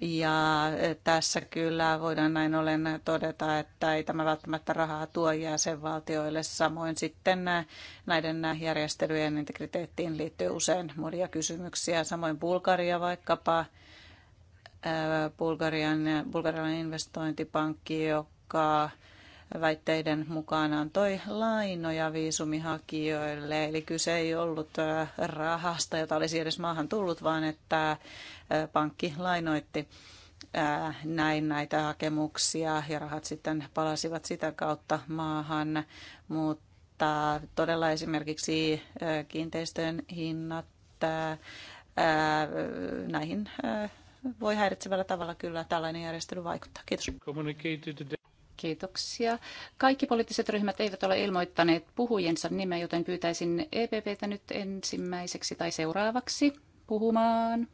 ja eh, tässä kyllä voidaan näin ollen todeta, että ei tämä välttämättä rahaa tuo jäsenvaltioille. Samoin sitten eh, näiden eh, järjestelyjen integriteettiin liittyy usein monia kysymyksiä. Samoin Bulgaria vaikkapa, Bulgarian, Bulgarian investointipankki, joka väitteiden mukaan antoi lainoja viisumihakijoille. Eli kyse ei ollut rahasta, jota olisi edes maahan tullut, vaan että pankki lainoitti näin näitä hakemuksia ja rahat sitten palasivat sitä kautta maahan, mutta todella esimerkiksi kiinteistöjen hinnat näihin voi häiritsevällä tavalla kyllä tällainen järjestely vaikuttaa. Kiitos. Kiitoksia. Kaikki poliittiset ryhmät eivät ole ilmoittaneet puhujensa nimeä, joten pyytäisin EPPtä nyt ensimmäiseksi tai seuraavaksi puhumaan.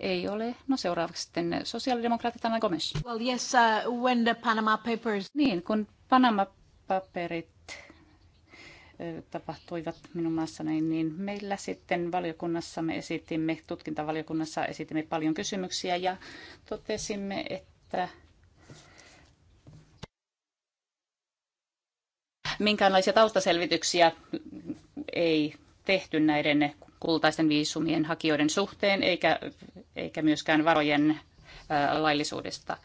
Ei ole. No seuraavaksi sitten sosiaalidemokraatit Anna Gomes. Well, yes, uh, when the Panama Papers... Niin, kun Panama-paperit tapahtuivat minun maassani, niin meillä sitten valiokunnassa me esitimme, tutkintavaliokunnassa esitimme paljon kysymyksiä ja totesimme, että minkäänlaisia taustaselvityksiä ei tehty näiden kultaisten viisumien hakijoiden suhteen, eikä, eikä myöskään varojen laillisuudesta.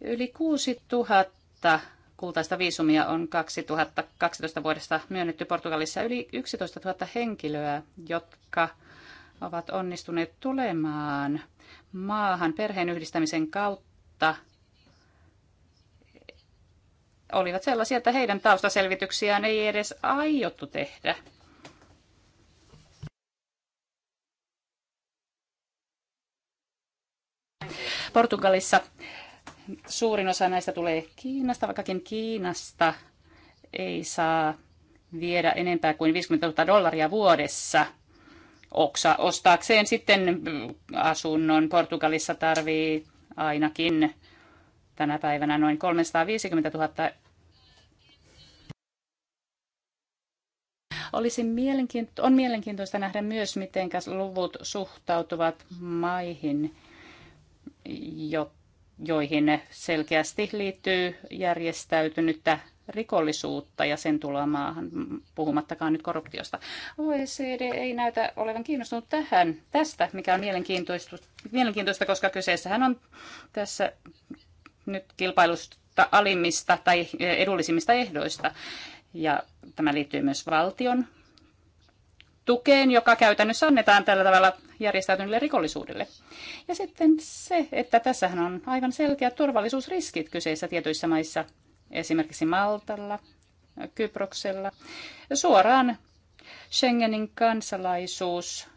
Yli 6000 kultaista viisumia on 2012 vuodesta myönnetty Portugalissa yli 11 000 henkilöä, jotka ovat onnistuneet tulemaan maahan perheen yhdistämisen kautta olivat sellaisia, että heidän taustaselvityksiään ei edes aiottu tehdä. Portugalissa suurin osa näistä tulee Kiinasta, vaikkakin Kiinasta ei saa viedä enempää kuin 50 000 dollaria vuodessa. Oksa ostaakseen sitten asunnon Portugalissa tarvii ainakin tänä päivänä noin 350 000 Olisi mielenkiinto- on mielenkiintoista nähdä myös, miten luvut suhtautuvat maihin, jo- joihin selkeästi liittyy järjestäytynyttä rikollisuutta ja sen tuloa maahan, puhumattakaan nyt korruptiosta. OECD ei näytä olevan kiinnostunut tähän, tästä, mikä on mielenkiintoista, mielenkiintoista koska kyseessähän on tässä nyt kilpailusta alimmista tai edullisimmista ehdoista. Ja tämä liittyy myös valtion tukeen, joka käytännössä annetaan tällä tavalla järjestäytyneelle rikollisuudelle. Ja sitten se, että tässähän on aivan selkeät turvallisuusriskit kyseessä tietyissä maissa, esimerkiksi Maltalla, Kyproksella. Suoraan Schengenin kansalaisuus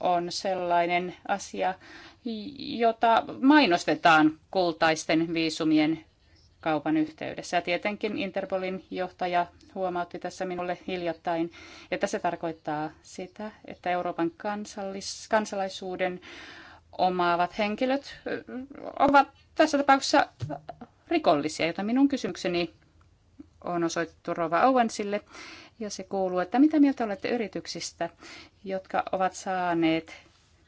on sellainen asia, jota mainostetaan kultaisten viisumien kaupan yhteydessä. Ja tietenkin Interpolin johtaja huomautti tässä minulle hiljattain, että se tarkoittaa sitä, että Euroopan kansallis- kansalaisuuden omaavat henkilöt ovat tässä tapauksessa rikollisia, jota minun kysymykseni on osoitettu Rova Owensille. Ja se kuuluu, että mitä mieltä olette yrityksistä, jotka ovat saaneet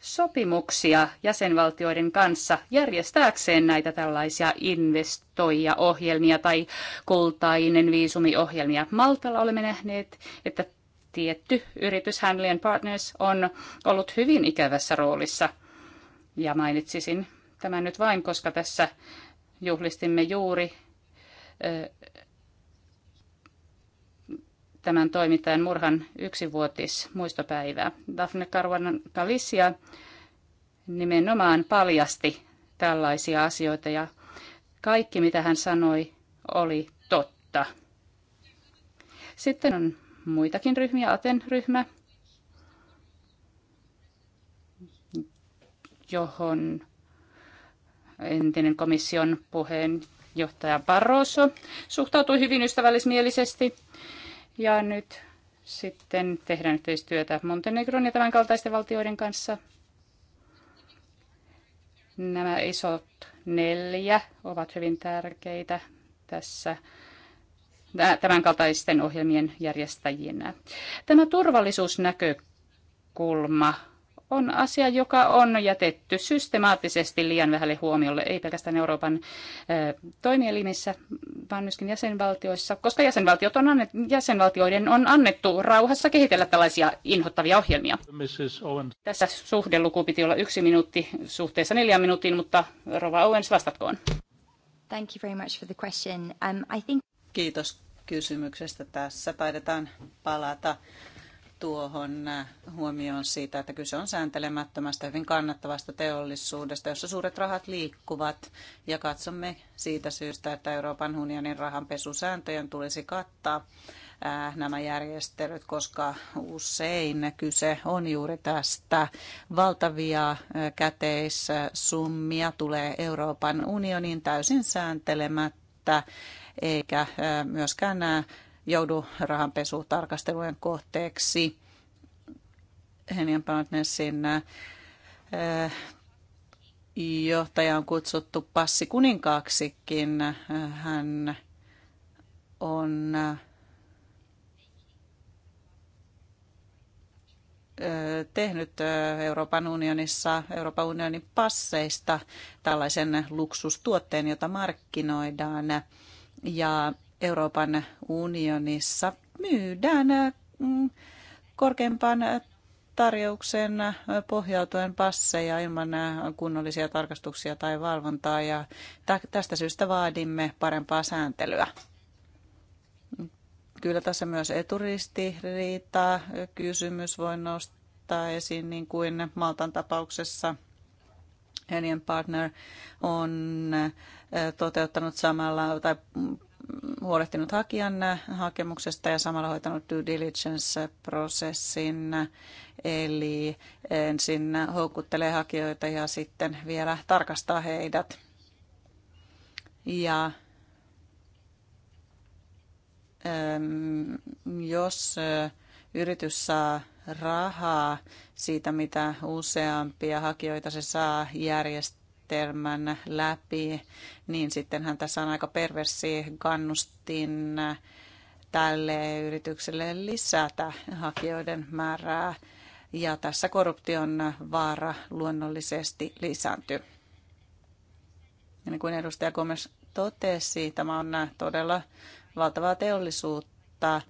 sopimuksia jäsenvaltioiden kanssa järjestääkseen näitä tällaisia investoijaohjelmia tai kultainen viisumiohjelmia. Maltalla olemme nähneet, että tietty yritys Handlian Partners on ollut hyvin ikävässä roolissa. Ja mainitsisin tämän nyt vain, koska tässä juhlistimme juuri tämän toimittajan murhan yksivuotis muistopäivää. Daphne Caruana Galicia nimenomaan paljasti tällaisia asioita ja kaikki mitä hän sanoi oli totta. Sitten on muitakin ryhmiä, Aten-ryhmä, johon entinen komission puheenjohtaja Barroso suhtautui hyvin ystävällismielisesti ja nyt sitten tehdään yhteistyötä Montenegron ja tämän kaltaisten valtioiden kanssa. Nämä isot neljä ovat hyvin tärkeitä tässä tämän kaltaisten ohjelmien järjestäjinä. Tämä turvallisuusnäkökulma on asia, joka on jätetty systemaattisesti liian vähälle huomiolle, ei pelkästään Euroopan toimielimissä, vaan myöskin jäsenvaltioissa, koska jäsenvaltiot on annet, jäsenvaltioiden on annettu rauhassa kehitellä tällaisia inhottavia ohjelmia. Tässä suhdeluku piti olla yksi minuutti suhteessa neljään minuuttiin, mutta Rova Owens, vastatkoon. Thank you very much for the question. Um, I think... Kiitos kysymyksestä. Tässä taidetaan palata tuohon äh, huomioon siitä, että kyse on sääntelemättömästä, hyvin kannattavasta teollisuudesta, jossa suuret rahat liikkuvat. Ja katsomme siitä syystä, että Euroopan unionin rahanpesusääntöjen tulisi kattaa äh, nämä järjestelyt, koska usein kyse on juuri tästä. Valtavia äh, käteissummia tulee Euroopan unionin täysin sääntelemättä, eikä myöskään nämä joudu rahanpesutarkastelujen kohteeksi. Henian Partnersin äh, johtaja on kutsuttu passikuninkaaksikin. Hän on äh, tehnyt äh, Euroopan unionissa, Euroopan unionin passeista tällaisen luksustuotteen, jota markkinoidaan. Ja Euroopan unionissa myydään äh, mm, korkeimpaan äh, tarjouksen äh, pohjautuen passeja ilman kunnollisia tarkastuksia tai valvontaa ja tästä syystä vaadimme parempaa sääntelyä. Kyllä tässä myös eturistiriita kysymys voi nostaa esiin niin kuin Maltan tapauksessa Henian Partner on toteuttanut samalla tai huolehtinut hakijan hakemuksesta ja samalla hoitanut due diligence-prosessin, eli ensin houkuttelee hakijoita ja sitten vielä tarkastaa heidät. Ja ähm, jos äh, yritys saa rahaa siitä, mitä useampia hakijoita se saa järjestää järjestelmän läpi, niin sittenhän tässä on aika perversi kannustin tälle yritykselle lisätä hakijoiden määrää. Ja tässä korruption vaara luonnollisesti lisääntyy. Ja niin kuin edustaja Gomes totesi, tämä on todella valtavaa teollisuutta.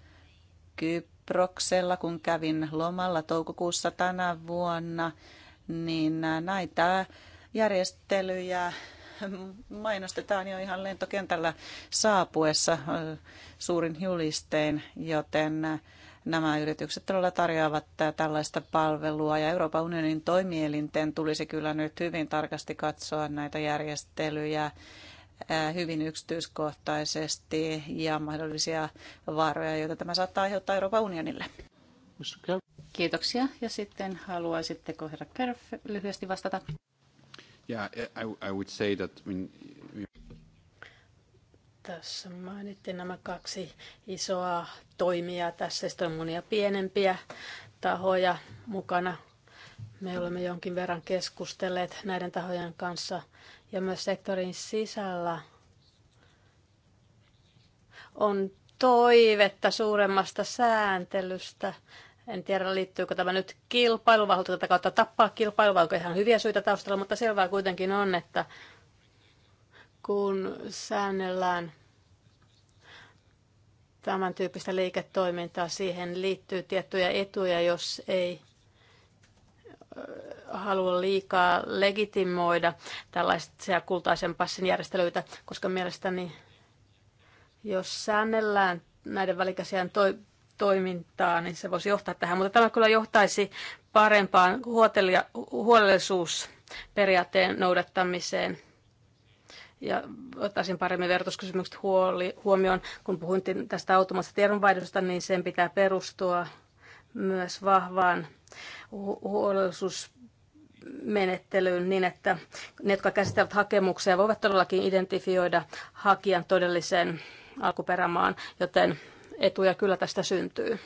Kyproksella, kun kävin lomalla toukokuussa tänä vuonna, niin näitä järjestelyjä mainostetaan jo ihan lentokentällä saapuessa suurin julistein, joten nämä yritykset todella tarjoavat tällaista palvelua ja Euroopan unionin toimielinten tulisi kyllä nyt hyvin tarkasti katsoa näitä järjestelyjä hyvin yksityiskohtaisesti ja mahdollisia vaaroja, joita tämä saattaa aiheuttaa Euroopan unionille. Kiitoksia. Ja sitten haluaisitteko herra Kerf lyhyesti vastata? Yeah, I, I would say that, when, when... tässä mainittiin nämä kaksi isoa toimijaa. Tässä sitten on monia pienempiä tahoja mukana. Me olemme jonkin verran keskustelleet näiden tahojen kanssa ja myös sektorin sisällä on toivetta suuremmasta sääntelystä en tiedä, liittyykö tämä nyt kilpailuvaltuutta tätä kautta tappaa kilpailua, onko ihan hyviä syitä taustalla, mutta selvää kuitenkin on, että kun säännellään tämän tyyppistä liiketoimintaa, siihen liittyy tiettyjä etuja, jos ei halua liikaa legitimoida tällaisia kultaisen passin järjestelyitä, koska mielestäni jos säännellään näiden välikäsien toimintaa, toimintaa, niin se voisi johtaa tähän. Mutta tämä kyllä johtaisi parempaan huolellisuusperiaatteen noudattamiseen ja ottaisin paremmin vertauskysymykset huoli, huomioon. Kun puhuin tästä automaattisesta tiedonvaihdosta, niin sen pitää perustua myös vahvaan hu- huolellisuusmenettelyyn niin, että ne, jotka käsittelevät hakemuksia, voivat todellakin identifioida hakijan todellisen alkuperämaan, joten etuja kyllä tästä syntyy.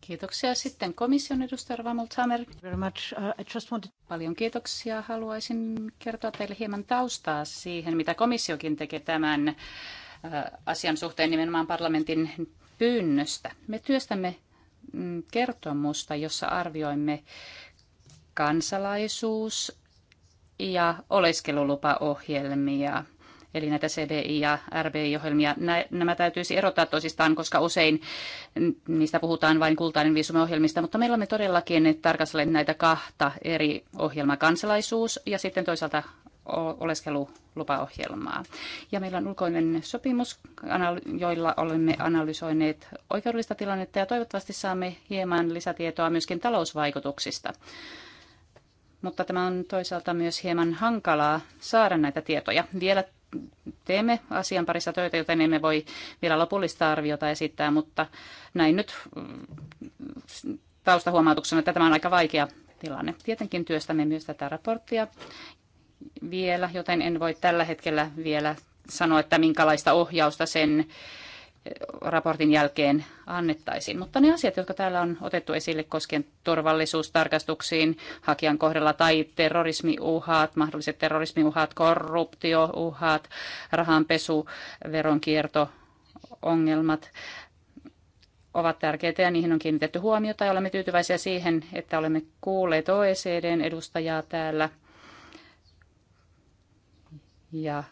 Kiitoksia. Sitten komission edustaja Ramon Tamer. Very much. Uh, I Paljon kiitoksia. Haluaisin kertoa teille hieman taustaa siihen, mitä komissiokin tekee tämän uh, asian suhteen nimenomaan parlamentin pyynnöstä. Me työstämme mm, kertomusta, jossa arvioimme kansalaisuus- ja oleskelulupaohjelmia eli näitä CBI- ja RBI-ohjelmia. Nämä täytyisi erottaa toisistaan, koska usein niistä puhutaan vain kultainen viisumiohjelmista, mutta meillä on todellakin tarkastelleet näitä kahta eri ohjelmaa, kansalaisuus ja sitten toisaalta oleskelulupaohjelmaa. Ja meillä on ulkoinen sopimus, joilla olemme analysoineet oikeudellista tilannetta ja toivottavasti saamme hieman lisätietoa myöskin talousvaikutuksista. Mutta tämä on toisaalta myös hieman hankalaa saada näitä tietoja. Vielä teemme asian parissa töitä, joten emme voi vielä lopullista arviota esittää, mutta näin nyt mm, taustahuomautuksena, että tämä on aika vaikea tilanne. Tietenkin työstämme myös tätä raporttia vielä, joten en voi tällä hetkellä vielä sanoa, että minkälaista ohjausta sen raportin jälkeen annettaisiin. Mutta ne asiat, jotka täällä on otettu esille koskien turvallisuustarkastuksiin hakijan kohdalla tai terrorismiuhat, mahdolliset terrorismiuhat, korruptiouhat, rahanpesu, veronkierto, ongelmat, ovat tärkeitä ja niihin on kiinnitetty huomiota ja olemme tyytyväisiä siihen, että olemme kuulleet OECDn edustajaa täällä ja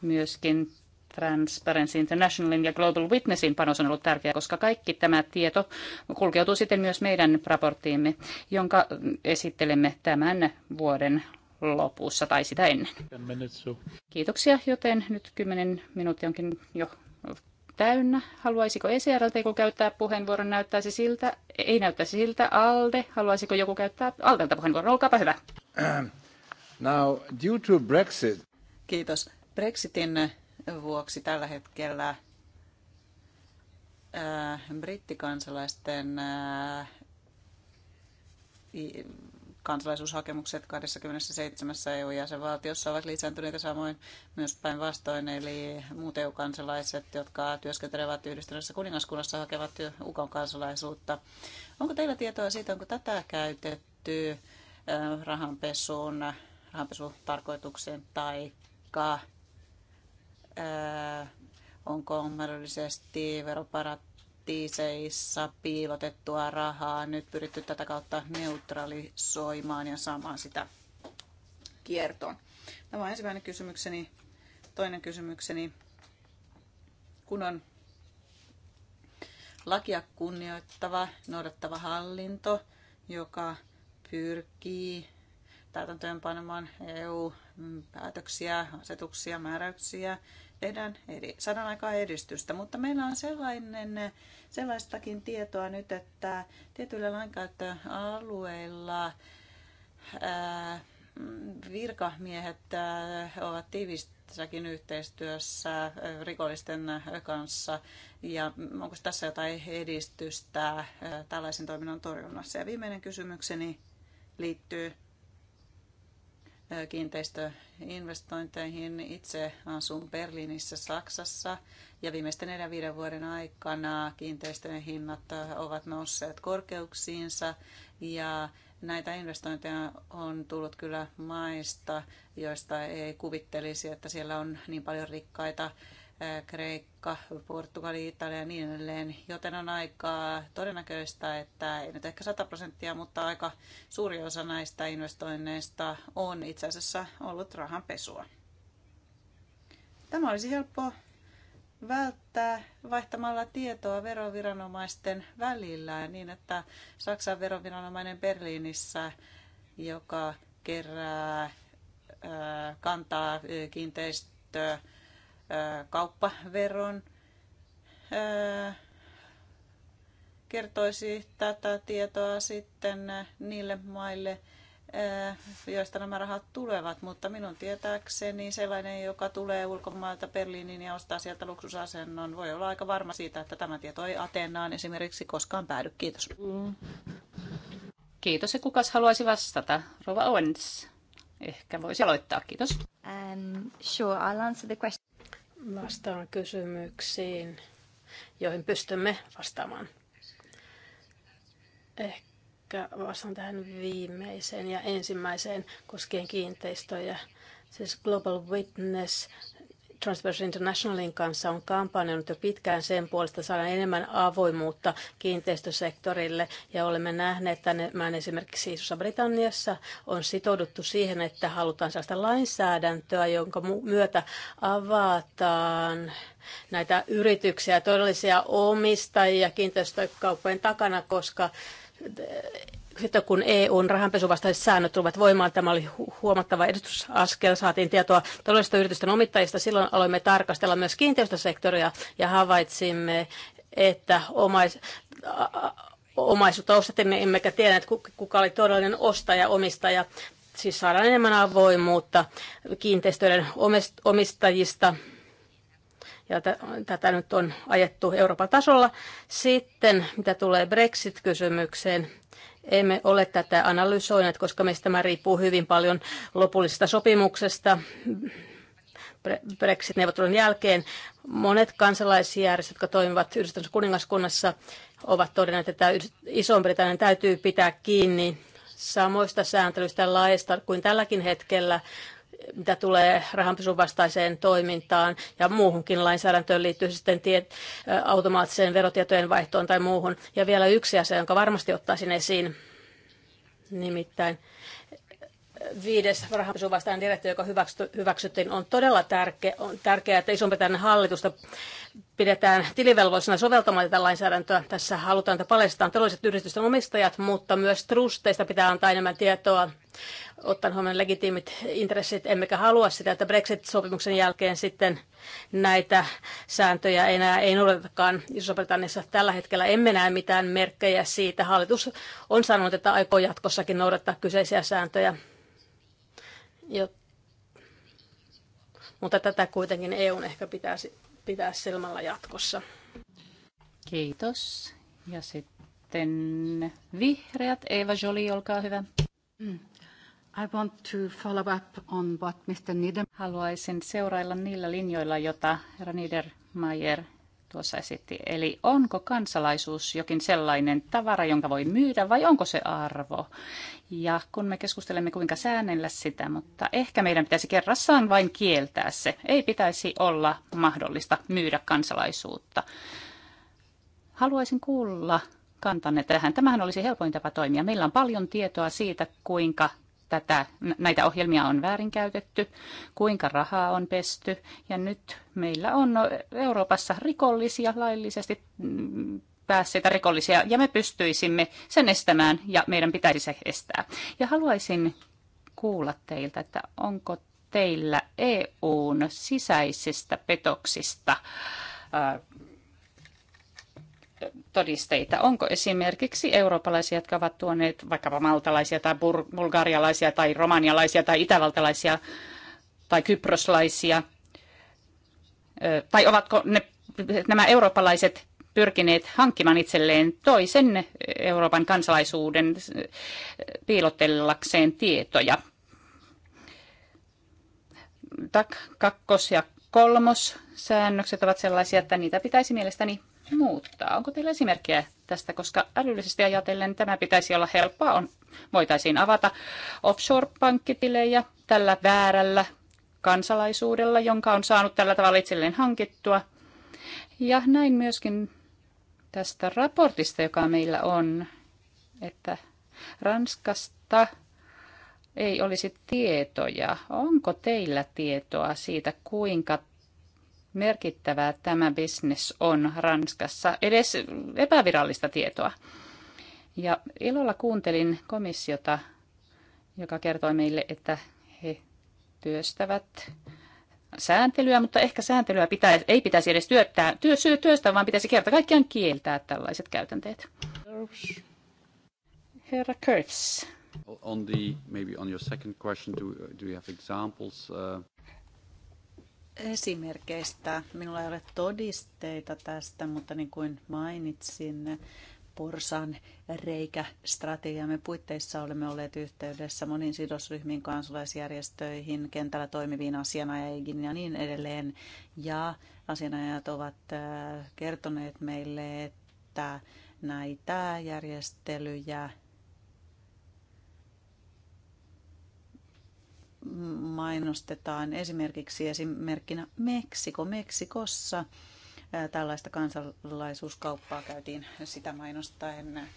myöskin Transparency Internationalin ja Global Witnessin panos on ollut tärkeä, koska kaikki tämä tieto kulkeutuu sitten myös meidän raporttiimme, jonka esittelemme tämän vuoden lopussa tai sitä ennen. Kiitoksia, joten nyt 10 minuuttia onkin jo täynnä. Haluaisiko ECRLT joku käyttää puheenvuoron? Näyttäisi siltä, ei näyttäisi siltä. Alde, haluaisiko joku käyttää Aldelta puheenvuoron? Olkaapa hyvä. Now, due to Brexit. Kiitos. Brexitin vuoksi tällä hetkellä äh, brittikansalaisten äh, kansalaisuushakemukset 27 EU-jäsenvaltiossa ovat lisääntyneitä samoin myös päinvastoin, eli muut EU-kansalaiset, jotka työskentelevät yhdistyneessä kuningaskunnassa, hakevat UKon kansalaisuutta. Onko teillä tietoa siitä, onko tätä käytetty äh, rahanpesuun, rahanpesutarkoituksen tai Äh, onko mahdollisesti veroparatiiseissa piilotettua rahaa. Nyt pyritty tätä kautta neutralisoimaan ja saamaan sitä kiertoon. Tämä on ensimmäinen kysymykseni. Toinen kysymykseni, kun on lakia kunnioittava, noudattava hallinto, joka pyrkii täytäntöönpanemaan EU-päätöksiä, asetuksia, määräyksiä, tehdään eri, sadan aikaa edistystä, mutta meillä on sellainen, sellaistakin tietoa nyt, että tietyillä lainkäyttöalueilla ää, virkamiehet ovat tiivistäkin yhteistyössä rikollisten kanssa ja onko tässä jotain edistystä tällaisen toiminnan torjunnassa. Ja viimeinen kysymykseni liittyy kiinteistöinvestointeihin. Itse asun Berliinissä Saksassa ja viimeisten 4-5 vuoden aikana kiinteistöjen hinnat äh, ovat nousseet korkeuksiinsa ja näitä investointeja on tullut kyllä maista, joista ei kuvittelisi, että siellä on niin paljon rikkaita Kreikka, Portugali, Italia ja niin edelleen, joten on aika todennäköistä, että ei nyt ehkä 100 prosenttia, mutta aika suuri osa näistä investoinneista on itse asiassa ollut rahanpesua. Tämä olisi helppo välttää vaihtamalla tietoa veroviranomaisten välillä niin, että Saksan veroviranomainen Berliinissä, joka kerää kantaa kiinteistöä kauppaveron kertoisi tätä tietoa sitten niille maille, joista nämä rahat tulevat, mutta minun tietääkseni sellainen, joka tulee ulkomailta Berliiniin ja ostaa sieltä luksusasennon, voi olla aika varma siitä, että tämä tieto ei Ateenaan esimerkiksi koskaan päädy. Kiitos. Kiitos ja kukas haluaisi vastata? Rova Owens. Ehkä voisi aloittaa, kiitos. Um, sure, I'll answer the question vastaan kysymyksiin, joihin pystymme vastaamaan. Ehkä vastaan tähän viimeiseen ja ensimmäiseen koskien kiinteistöjä. Siis Global Witness Transparency Internationalin kanssa on kampanjoinut jo pitkään sen puolesta saada enemmän avoimuutta kiinteistösektorille ja olemme nähneet tämän esimerkiksi Isossa Britanniassa on sitouduttu siihen, että halutaan sellaista lainsäädäntöä, jonka myötä avataan näitä yrityksiä, todellisia omistajia kiinteistökauppojen takana, koska sitten kun EUn rahanpesuvastaiset säännöt tulivat voimaan, tämä oli huomattava edustusaskel, saatiin tietoa todellista yritysten omittajista. Silloin aloimme tarkastella myös kiinteistösektoria ja havaitsimme, että omais, omaisuutta ostettiin, niin emmekä tienneet, kuka oli todellinen ostaja, omistaja. Siis saadaan enemmän avoimuutta kiinteistöiden omistajista. Ja tätä nyt on ajettu Euroopan tasolla. Sitten, mitä tulee Brexit-kysymykseen, emme ole tätä analysoineet, koska meistä tämä riippuu hyvin paljon lopullisesta sopimuksesta Brexit-neuvottelun jälkeen. Monet kansalaisjärjestöt, jotka toimivat yhdistyneessä kuningaskunnassa, ovat todenneet, että Iso-Britannian täytyy pitää kiinni samoista sääntelyistä laajasta kuin tälläkin hetkellä mitä tulee rahanpesun vastaiseen toimintaan ja muuhunkin lainsäädäntöön liittyy sitten tiet, automaattiseen verotietojen vaihtoon tai muuhun. Ja vielä yksi asia, jonka varmasti ottaisin esiin, nimittäin viides rahanpesuvastainen direktiivi, joka hyväksyttiin, on todella tärkeä, on tärkeää, että isompi tänne hallitusta pidetään tilivelvollisena soveltamaan tätä lainsäädäntöä. Tässä halutaan, että paljastetaan todelliset yritysten omistajat, mutta myös trusteista pitää antaa enemmän tietoa, ottaen huomioon legitiimit intressit. Emmekä halua sitä, että Brexit-sopimuksen jälkeen sitten näitä sääntöjä enää ei noudatakaan Iso-Britanniassa. Tällä hetkellä emme näe mitään merkkejä siitä. Hallitus on sanonut, että aikoo jatkossakin noudattaa kyseisiä sääntöjä. Jo. Mutta tätä kuitenkin EUn ehkä pitäisi pitää silmällä jatkossa. Kiitos. Ja sitten vihreät. Eva Jolie, olkaa hyvä. Mm. I want to follow up on what Mr. Niedermayer... Haluaisin seurailla niillä linjoilla, jota herra Niedermayer tuossa esitti. Eli onko kansalaisuus jokin sellainen tavara, jonka voi myydä vai onko se arvo? Ja kun me keskustelemme, kuinka säännellä sitä, mutta ehkä meidän pitäisi kerrassaan vain kieltää se. Ei pitäisi olla mahdollista myydä kansalaisuutta. Haluaisin kuulla kantanne tähän. Tämähän olisi helpoin tapa toimia. Meillä on paljon tietoa siitä, kuinka tätä, näitä ohjelmia on väärinkäytetty, kuinka rahaa on pesty. Ja nyt meillä on no, Euroopassa rikollisia laillisesti mm, päässeitä rikollisia, ja me pystyisimme sen estämään, ja meidän pitäisi se estää. Ja haluaisin kuulla teiltä, että onko teillä EUn sisäisistä petoksista todisteita? Onko esimerkiksi eurooppalaisia, jotka ovat tuoneet vaikkapa maltalaisia tai bulgarialaisia tai romanialaisia tai itävaltalaisia tai kyproslaisia? Tai ovatko ne, nämä eurooppalaiset pyrkineet hankkimaan itselleen toisen Euroopan kansalaisuuden piilotellakseen tietoja? Tak, kakkos ja kolmos säännökset ovat sellaisia, että niitä pitäisi mielestäni muuttaa. Onko teillä esimerkkejä tästä, koska älyllisesti ajatellen tämä pitäisi olla helppoa. On, voitaisiin avata offshore-pankkitilejä tällä väärällä kansalaisuudella, jonka on saanut tällä tavalla itselleen hankittua. Ja näin myöskin tästä raportista, joka meillä on, että Ranskasta ei olisi tietoja. Onko teillä tietoa siitä, kuinka merkittävää tämä bisnes on Ranskassa, edes epävirallista tietoa. Ja ilolla kuuntelin komissiota, joka kertoi meille, että he työstävät sääntelyä, mutta ehkä sääntelyä pitäisi. ei pitäisi edes työttää, työ, työstää, vaan pitäisi kerta kaikkiaan kieltää tällaiset käytänteet. Herra Kurtz. On the, maybe on your second question, do, do you have examples? Uh esimerkkeistä. Minulla ei ole todisteita tästä, mutta niin kuin mainitsin, Porsan reikästrategiamme puitteissa olemme olleet yhteydessä moniin sidosryhmiin, kansalaisjärjestöihin, kentällä toimiviin asianajajiin ja niin edelleen. Ja asianajajat ovat äh, kertoneet meille, että näitä järjestelyjä mainostetaan esimerkiksi esimerkkinä Meksiko. Meksikossa tällaista kansalaisuuskauppaa käytiin sitä mainostaen. En,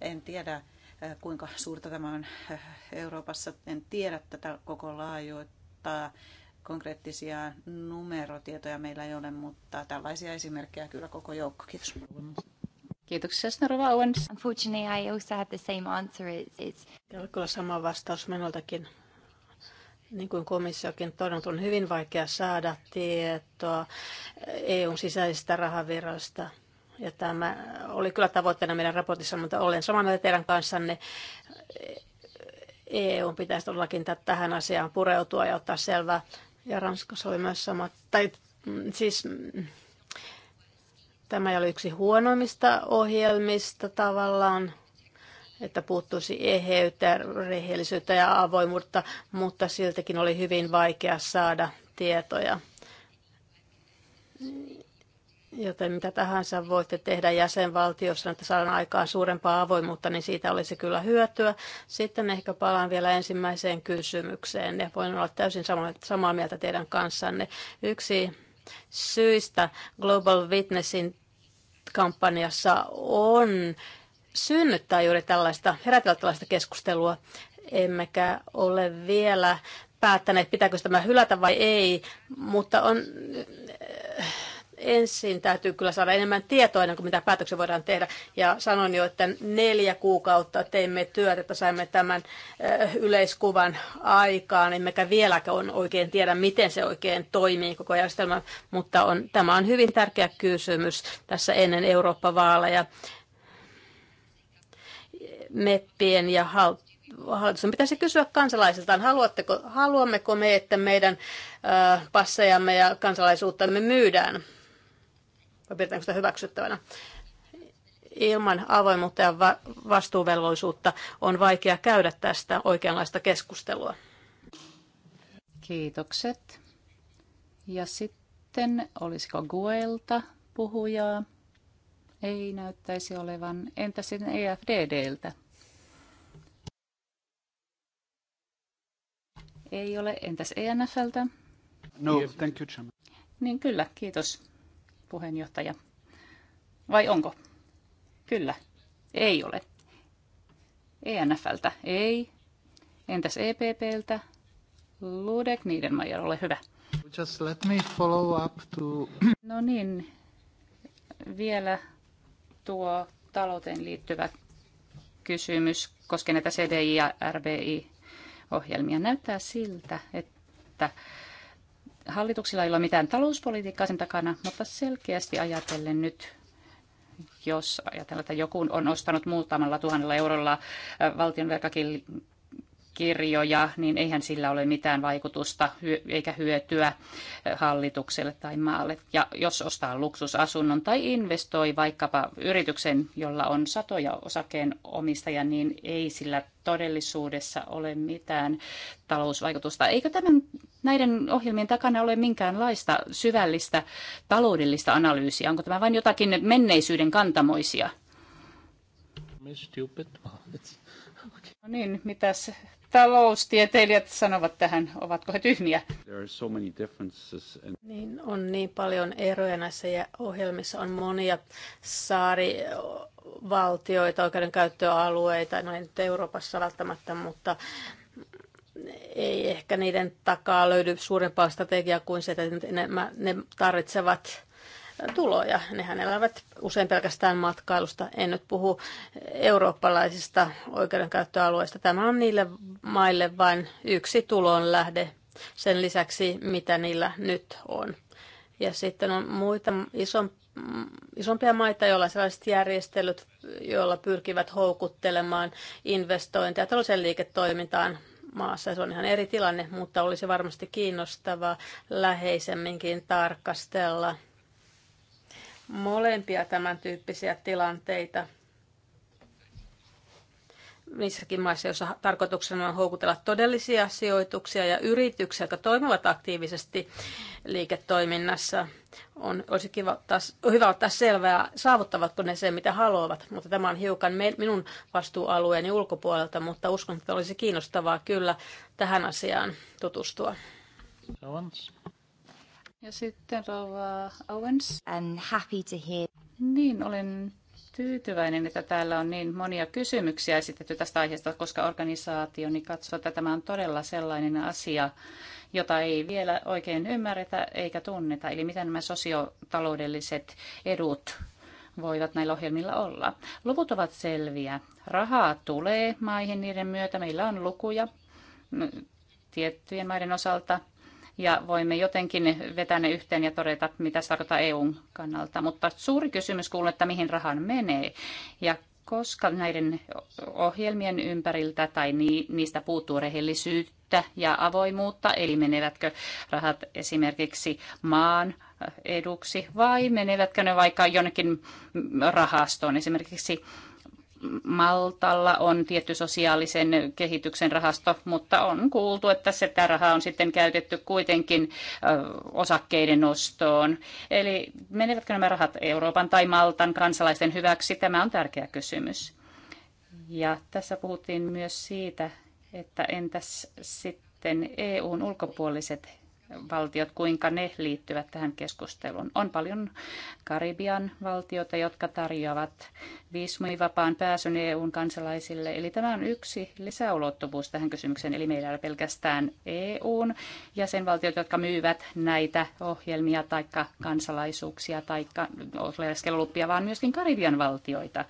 en tiedä, kuinka suurta tämä on Euroopassa. En tiedä tätä koko laajuutta. Konkreettisia numerotietoja meillä ei ole, mutta tällaisia esimerkkejä kyllä koko joukko. Kiitos. Kiitoksia, Snorva Owens. Unfortunately, I also had the same answer. It's, it's... Kyllä sama vastaus minultakin. Niin kuin komissiokin todennut, on hyvin vaikea saada tietoa EUn sisäisistä rahavirroista. Ja tämä oli kyllä tavoitteena meidän raportissa, mutta olen samaa mieltä teidän kanssanne. EU pitäisi todellakin tähän asiaan pureutua ja ottaa selvää. Ja Ranskassa oli myös sama. Tai mm, siis mm, tämä ei ole yksi huonoimmista ohjelmista tavallaan että puuttuisi eheyttä, rehellisyyttä ja avoimuutta, mutta siltikin oli hyvin vaikea saada tietoja. Joten mitä tahansa voitte tehdä jäsenvaltiossa, että saadaan aikaan suurempaa avoimuutta, niin siitä olisi kyllä hyötyä. Sitten ehkä palaan vielä ensimmäiseen kysymykseen ja voin olla täysin samaa mieltä teidän kanssanne. Yksi syistä Global Witnessin kampanjassa on synnyttää juuri tällaista, herätellä tällaista keskustelua, emmekä ole vielä päättäneet, pitääkö tämä hylätä vai ei, mutta on, eh, ensin täytyy kyllä saada enemmän tietoa ennen kuin mitä päätöksiä voidaan tehdä. Ja sanoin jo, että neljä kuukautta teimme työtä, että saimme tämän eh, yleiskuvan aikaan, emmekä vieläkään oikein tiedä, miten se oikein toimii koko järjestelmä, mutta on, tämä on hyvin tärkeä kysymys tässä ennen Eurooppa-vaaleja meppien ja hallituksen pitäisi kysyä kansalaisiltaan, haluatteko, haluammeko me, että meidän passejamme ja kansalaisuuttamme myydään? Vai pidetäänkö sitä hyväksyttävänä? Ilman avoimuutta ja va- vastuuvelvollisuutta on vaikea käydä tästä oikeanlaista keskustelua. Kiitokset. Ja sitten olisiko Guelta puhujaa? Ei näyttäisi olevan. Entä sitten EFDDltä? Ei ole. Entäs ENFltä? No, thank you, Chairman. Niin kyllä, kiitos puheenjohtaja. Vai onko? Kyllä. Ei ole. ENFltä ei. Entäs EPPltä? Ludek Niedermayer, ole hyvä. Just let me follow up to... [clears throat] No niin, vielä tuo talouteen liittyvä kysymys koskee näitä CDI ja RBI ohjelmia. Näyttää siltä, että hallituksilla ei ole mitään talouspolitiikkaa sen takana, mutta selkeästi ajatellen nyt jos ajatellaan, että joku on ostanut muutamalla tuhannella eurolla valtion kirjoja, niin eihän sillä ole mitään vaikutusta eikä hyötyä eh, hallitukselle tai maalle. Ja jos ostaa luksusasunnon tai investoi vaikkapa yrityksen, jolla on satoja osakeen omistajia, niin ei sillä todellisuudessa ole mitään talousvaikutusta. Eikö tämän, näiden ohjelmien takana ole minkäänlaista syvällistä taloudellista analyysiä? Onko tämä vain jotakin menneisyyden kantamoisia? [laughs] No niin, mitäs taloustieteilijät sanovat tähän, ovatko he tyhmiä? So Niin on niin paljon eroja näissä ja ohjelmissa on monia saarivaltioita, oikeudenkäyttöalueita, no ei nyt Euroopassa välttämättä, mutta ei ehkä niiden takaa löydy suurempaa strategiaa kuin se, että ne, ne tarvitsevat tuloja. Nehän elävät usein pelkästään matkailusta. En nyt puhu eurooppalaisista oikeudenkäyttöalueista. Tämä on niille maille vain yksi tulonlähde sen lisäksi, mitä niillä nyt on. Ja sitten on muita ison, isompia maita, joilla on sellaiset järjestelyt, joilla pyrkivät houkuttelemaan investointeja toiseen liiketoimintaan maassa. se on ihan eri tilanne, mutta olisi varmasti kiinnostavaa läheisemminkin tarkastella molempia tämän tyyppisiä tilanteita niissäkin maissa, joissa tarkoituksena on houkutella todellisia sijoituksia ja yrityksiä, jotka toimivat aktiivisesti liiketoiminnassa. On, olisi kiva ottaa, hyvä ottaa selvää, saavuttavatko ne sen, mitä haluavat, mutta tämä on hiukan me, minun vastuualueeni ulkopuolelta, mutta uskon, että olisi kiinnostavaa kyllä tähän asiaan tutustua. Ja sitten Rova Owens. I'm happy to hear. Niin, olen tyytyväinen, että täällä on niin monia kysymyksiä esitetty tästä aiheesta, koska organisaationi katsoo, että tämä on todella sellainen asia, jota ei vielä oikein ymmärretä eikä tunneta. Eli miten nämä sosiotaloudelliset edut voivat näillä ohjelmilla olla. Luvut ovat selviä. Rahaa tulee maihin niiden myötä. Meillä on lukuja mm, tiettyjen maiden osalta ja voimme jotenkin vetää ne yhteen ja todeta, mitä se tarkoittaa EUn kannalta. Mutta suuri kysymys kuuluu, että mihin rahan menee ja koska näiden ohjelmien ympäriltä tai niistä puuttuu rehellisyyttä ja avoimuutta, eli menevätkö rahat esimerkiksi maan eduksi vai menevätkö ne vaikka jonnekin rahastoon, esimerkiksi Maltalla on tietty sosiaalisen kehityksen rahasto, mutta on kuultu, että sitä rahaa on sitten käytetty kuitenkin osakkeiden nostoon. Eli menevätkö nämä rahat Euroopan tai Maltan kansalaisten hyväksi? Tämä on tärkeä kysymys. Ja tässä puhuttiin myös siitä, että entäs sitten EUn ulkopuoliset valtiot, kuinka ne liittyvät tähän keskusteluun. On paljon Karibian valtioita, jotka tarjoavat viisumivapaan pääsyn EUn kansalaisille. Eli tämä on yksi lisäulottuvuus tähän kysymykseen. Eli meillä ei ole pelkästään EUn jäsenvaltiot, jotka myyvät näitä ohjelmia tai kansalaisuuksia tai oleskelulupia, vaan myöskin Karibian valtioita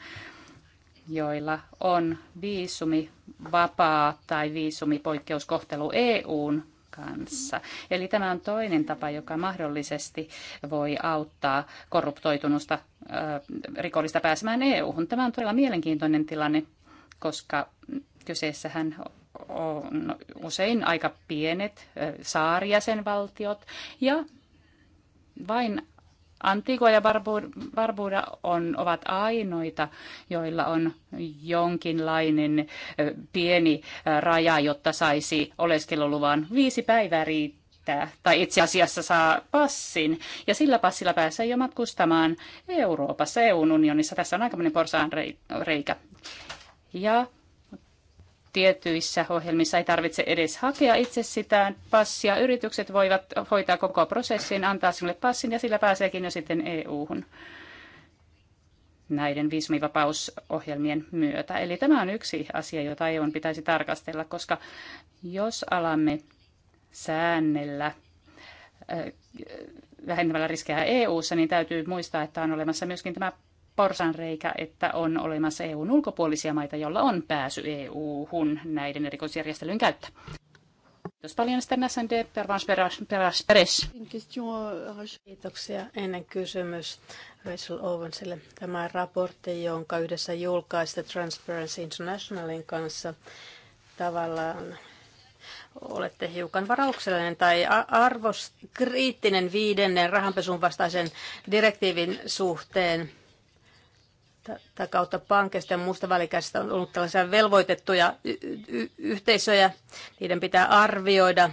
joilla on viisumi vapaa tai viisumi poikkeuskohtelu EUn kanssa. Eli tämä on toinen tapa, joka mahdollisesti voi auttaa korruptoitunusta rikollista pääsemään EU-hun. Tämä on todella mielenkiintoinen tilanne, koska kyseessähän on usein aika pienet saarjäsenvaltiot ja vain Antigua ja Barbuda on, ovat ainoita, joilla on jonkinlainen pieni raja, jotta saisi oleskeluluvan. Viisi päivää riittää, tai itse asiassa saa passin, ja sillä passilla pääsee jo matkustamaan Euroopassa, eu unionissa. Tässä on aikamoinen porsaan reikä. Ja tietyissä ohjelmissa ei tarvitse edes hakea itse sitä passia. Yritykset voivat hoitaa koko prosessin, antaa sinulle passin ja sillä pääseekin jo sitten EU-hun näiden viisumivapausohjelmien myötä. Eli tämä on yksi asia, jota EU pitäisi tarkastella, koska jos alamme säännellä vähentämällä riskejä EU-ssa, niin täytyy muistaa, että on olemassa myöskin tämä porsanreikä, että on olemassa EUn ulkopuolisia maita, joilla on pääsy EU-hun näiden erikoisjärjestelyyn käyttä. Kiitos paljon sitten Peres. Kiitoksia ennen kysymys Rachel Owensille. Tämä raportti, jonka yhdessä julkaista Transparency Internationalin kanssa, tavallaan olette hiukan varauksellinen tai arvoskriittinen kriittinen viidennen rahanpesun vastaisen direktiivin suhteen tätä kautta pankeista ja muusta välikäisistä on ollut tällaisia velvoitettuja y- yhteisöjä. Niiden pitää arvioida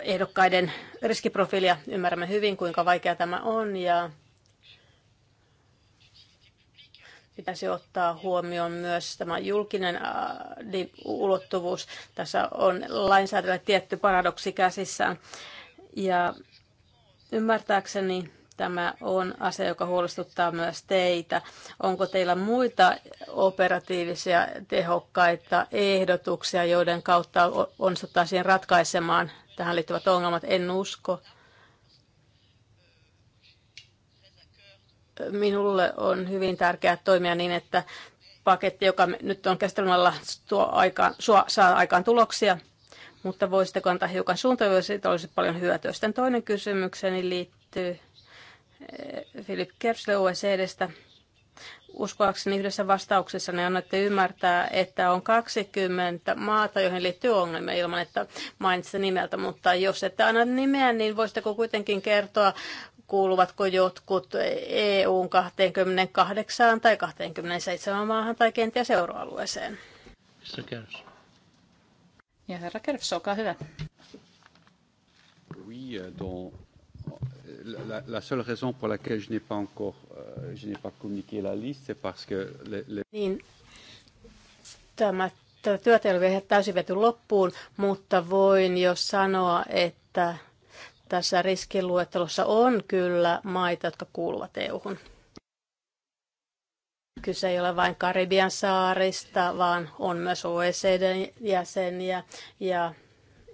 ehdokkaiden riskiprofiilia. Ymmärrämme hyvin, kuinka vaikea tämä on ja pitäisi ottaa huomioon myös tämä julkinen ulottuvuus. Tässä on lainsäädännöllä tietty paradoksi käsissään. Ja ymmärtääkseni Tämä on asia, joka huolestuttaa myös teitä. Onko teillä muita operatiivisia tehokkaita ehdotuksia, joiden kautta onnistuttaisiin ratkaisemaan tähän liittyvät ongelmat? En usko. Minulle on hyvin tärkeää toimia niin, että paketti, joka nyt on käsittelemällä, tuo aikaan, saa aikaan tuloksia, mutta voisitteko antaa hiukan jos siitä olisi paljon hyötyä. Sitten toinen kysymykseni liittyy Eh, Philip Kersle OECDstä. Uskoakseni yhdessä vastauksessa ne annatte ymmärtää, että on 20 maata, joihin liittyy ongelmia ilman, että mainitsit nimeltä, mutta jos ette anna nimeä, niin voisitteko kuitenkin kertoa, kuuluvatko jotkut EUn 28 tai 27 maahan tai kenties euroalueeseen? Mr. Kers. Ja herra Kerfs, olkaa hyvä. Oui, euh, dans la, la seule raison pour laquelle je n'ai pas encore, euh, je n'ai pas communiqué la liste, c'est parce que... Le, le... Niin, tämä työtä ei ole täysin vety loppuun, mutta voin jo sanoa, että tässä riskiluettelossa on kyllä maita, jotka kuuluvat EU-hun. Kyse ei ole vain Karibian saarista, vaan on myös oecd jäseniä ja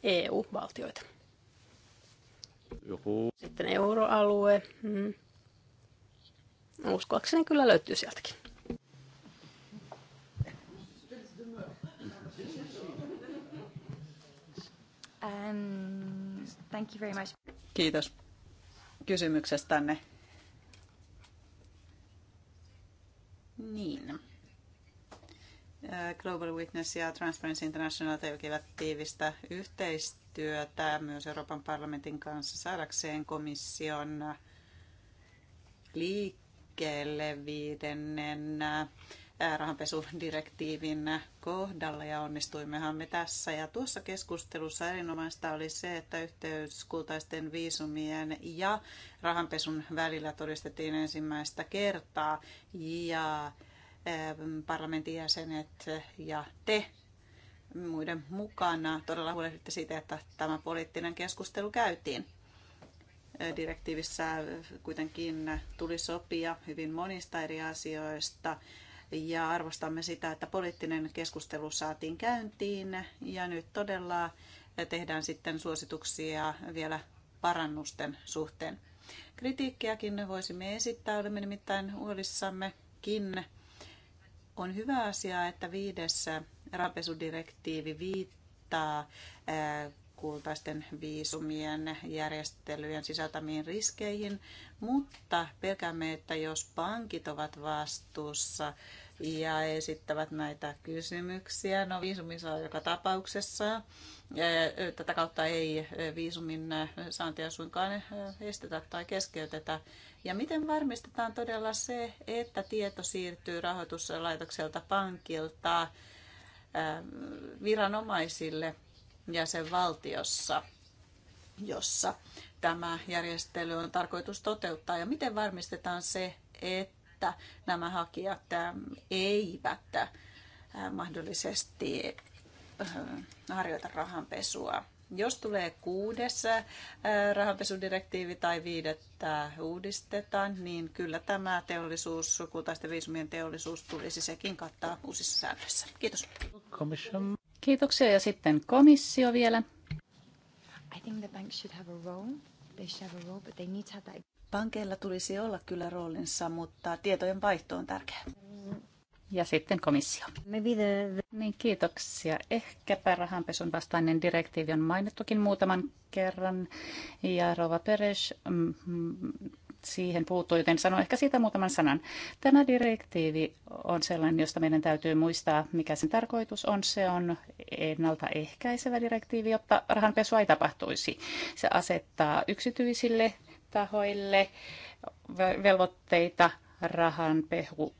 EU-valtioita. Euro. Sitten euroalue. Mm. Uskoakseni kyllä löytyy sieltäkin. Um, thank you very much. Kiitos kysymyksestänne. Niin. Äh, Global Witness ja Transparency International tekevät tiivistä yhteistyötä työtä myös Euroopan parlamentin kanssa saadakseen komission liikkeelle viidennen rahanpesudirektiivin kohdalla ja onnistuimmehan me tässä. Ja tuossa keskustelussa erinomaista oli se, että yhteys kultaisten viisumien ja rahanpesun välillä todistettiin ensimmäistä kertaa ja eh, parlamentin jäsenet ja te muiden mukana. Todella huolehditte siitä, että tämä poliittinen keskustelu käytiin. Direktiivissä kuitenkin tuli sopia hyvin monista eri asioista ja arvostamme sitä, että poliittinen keskustelu saatiin käyntiin ja nyt todella tehdään sitten suosituksia vielä parannusten suhteen. Kritiikkiäkin voisimme esittää, olemme nimittäin huolissammekin. On hyvä asia, että viidessä rapesudirektiivi viittaa eh, kultaisten viisumien järjestelyjen sisältämiin riskeihin, mutta pelkäämme, että jos pankit ovat vastuussa ja esittävät näitä kysymyksiä, no viisumi saa joka tapauksessa, eh, tätä kautta ei viisumin saantia suinkaan eh, estetä tai keskeytetä. Ja miten varmistetaan todella se, että tieto siirtyy rahoituslaitokselta pankilta viranomaisille jäsenvaltiossa, jossa tämä järjestely on tarkoitus toteuttaa ja miten varmistetaan se, että nämä hakijat eivät mahdollisesti harjoita rahanpesua jos tulee kuudes äh, rahanpesudirektiivi tai viidettä uudistetaan, niin kyllä tämä teollisuus, kultaisten viisumien teollisuus tulisi sekin kattaa uusissa säännöissä. Kiitos. Commission. Kiitoksia ja sitten komissio vielä. I think the bank should have a role. They should have a role, but they need to have that... Pankeilla tulisi olla kyllä roolinsa, mutta tietojen vaihto on tärkeää ja sitten komissio. Niin, kiitoksia. Ehkäpä rahanpesun vastainen direktiivi on mainittukin muutaman kerran. Ja Rova Peres mm, mm, siihen puuttuu, joten sanon ehkä siitä muutaman sanan. Tämä direktiivi on sellainen, josta meidän täytyy muistaa, mikä sen tarkoitus on. Se on ennaltaehkäisevä direktiivi, jotta rahanpesua ei tapahtuisi. Se asettaa yksityisille tahoille velvoitteita rahanpehu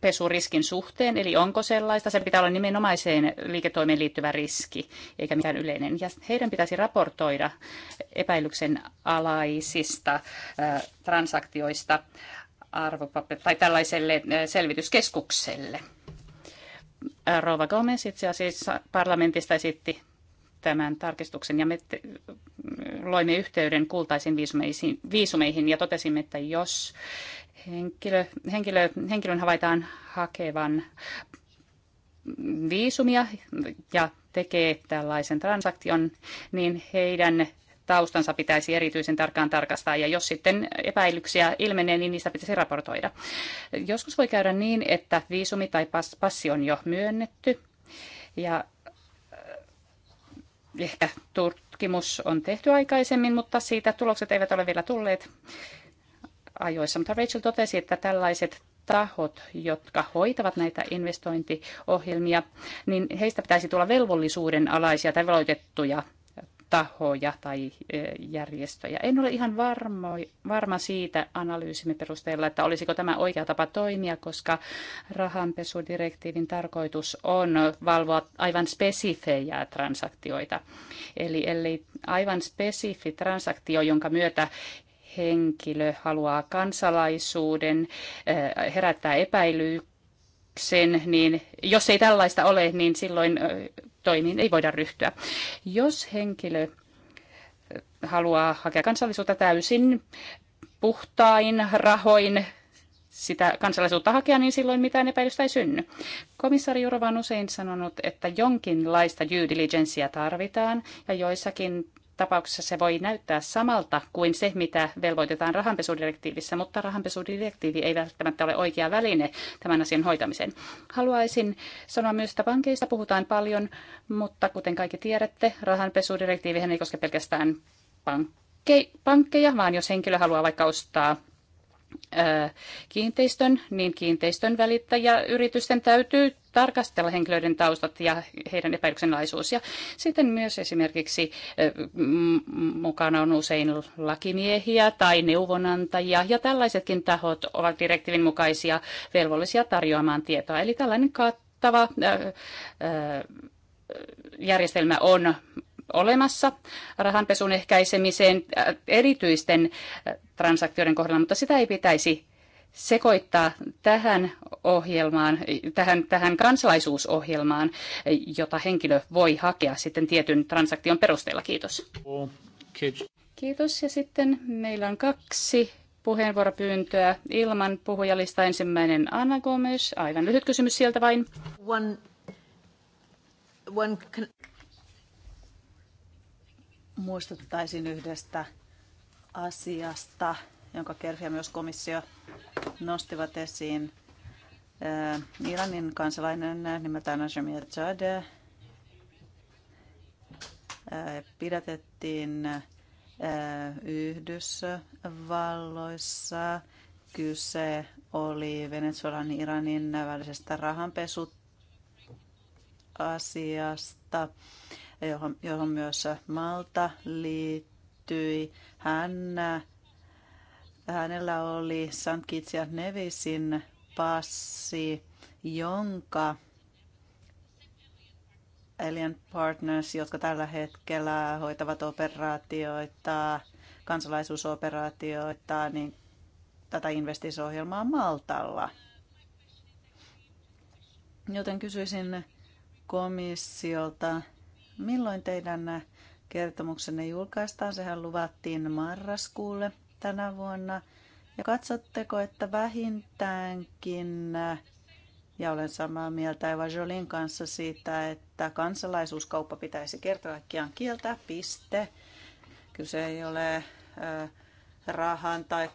pesuriskin suhteen, eli onko sellaista, sen pitää olla nimenomaiseen liiketoimeen liittyvä riski, eikä mikään yleinen. Ja heidän pitäisi raportoida epäilyksen alaisista äh, transaktioista arvopaper- tai tällaiselle äh, selvityskeskukselle. Äh, Rova Gomez itse asiassa parlamentista esitti tämän tarkistuksen ja me te, loimme yhteyden kultaisiin viisumeihin, viisumeihin ja totesimme, että jos henkilö, henkilö, henkilön havaitaan hakevan viisumia ja tekee tällaisen transaktion, niin heidän taustansa pitäisi erityisen tarkkaan tarkastaa ja jos sitten epäilyksiä ilmenee, niin niistä pitäisi raportoida. Joskus voi käydä niin, että viisumi tai passi on jo myönnetty ja äh, ehkä tutkimus on tehty aikaisemmin, mutta siitä tulokset eivät ole vielä tulleet ajoissa. Mutta Rachel totesi, että tällaiset tahot, jotka hoitavat näitä investointiohjelmia, niin heistä pitäisi tulla velvollisuuden alaisia tai veloitettuja tahoja tai e, järjestöjä. En ole ihan varma, varma siitä analyysimme perusteella, että olisiko tämä oikea tapa toimia, koska rahanpesudirektiivin tarkoitus on valvoa aivan spesifejä transaktioita. Eli, eli aivan spesifi transaktio, jonka myötä henkilö haluaa kansalaisuuden, eh, herättää epäilyksen, niin jos ei tällaista ole, niin silloin eh, toimiin ei voida ryhtyä. Jos henkilö eh, haluaa hakea kansallisuutta täysin puhtain rahoin, sitä kansalaisuutta hakea, niin silloin mitään epäilystä ei synny. Komissaari Jurova on usein sanonut, että jonkinlaista due diligenceä tarvitaan ja joissakin tapauksessa se voi näyttää samalta kuin se, mitä velvoitetaan rahanpesudirektiivissä, mutta rahanpesudirektiivi ei välttämättä ole oikea väline tämän asian hoitamiseen. Haluaisin sanoa myös, että pankeista puhutaan paljon, mutta kuten kaikki tiedätte, rahanpesudirektiivihän ei koske pelkästään pankkeja, vaan jos henkilö haluaa vaikka ostaa kiinteistön, niin kiinteistön välittäjäyritysten täytyy tarkastella henkilöiden taustat ja heidän epäilyksenlaisuus. Ja sitten myös esimerkiksi mukana on usein lakimiehiä tai neuvonantajia ja tällaisetkin tahot ovat direktiivin mukaisia velvollisia tarjoamaan tietoa. Eli tällainen kattava järjestelmä on olemassa rahanpesun ehkäisemiseen äh, erityisten äh, transaktioiden kohdalla, mutta sitä ei pitäisi sekoittaa tähän ohjelmaan, tähän, tähän kansalaisuusohjelmaan, jota henkilö voi hakea sitten tietyn transaktion perusteella. Kiitos. Kiitos. Ja sitten meillä on kaksi puheenvuoropyyntöä ilman puhujalista. Ensimmäinen Anna Gomes. Aivan lyhyt kysymys sieltä vain. One, one can... Muistuttaisin yhdestä asiasta, jonka Kerfi ja myös komissio nostivat esiin. Iranin kansalainen nimeltään Najamia Jade pidätettiin Yhdysvalloissa. Kyse oli Venezuelan Iranin välisestä rahanpesuasiasta. asiasta johon, johon myös Malta liittyi. Hän, hänellä oli St. Kitts ja Nevisin passi, jonka Alien Partners, jotka tällä hetkellä hoitavat operaatioita, kansalaisuusoperaatioita, niin tätä investisohjelmaa Maltalla. Joten kysyisin komissiolta, Milloin teidän kertomuksenne julkaistaan? Sehän luvattiin marraskuulle tänä vuonna. Ja katsotteko, että vähintäänkin, ja olen samaa mieltä Eva Jolin kanssa siitä, että kansalaisuuskauppa pitäisi kertoäkkiään kieltää, piste. Kyse ei ole rahan tai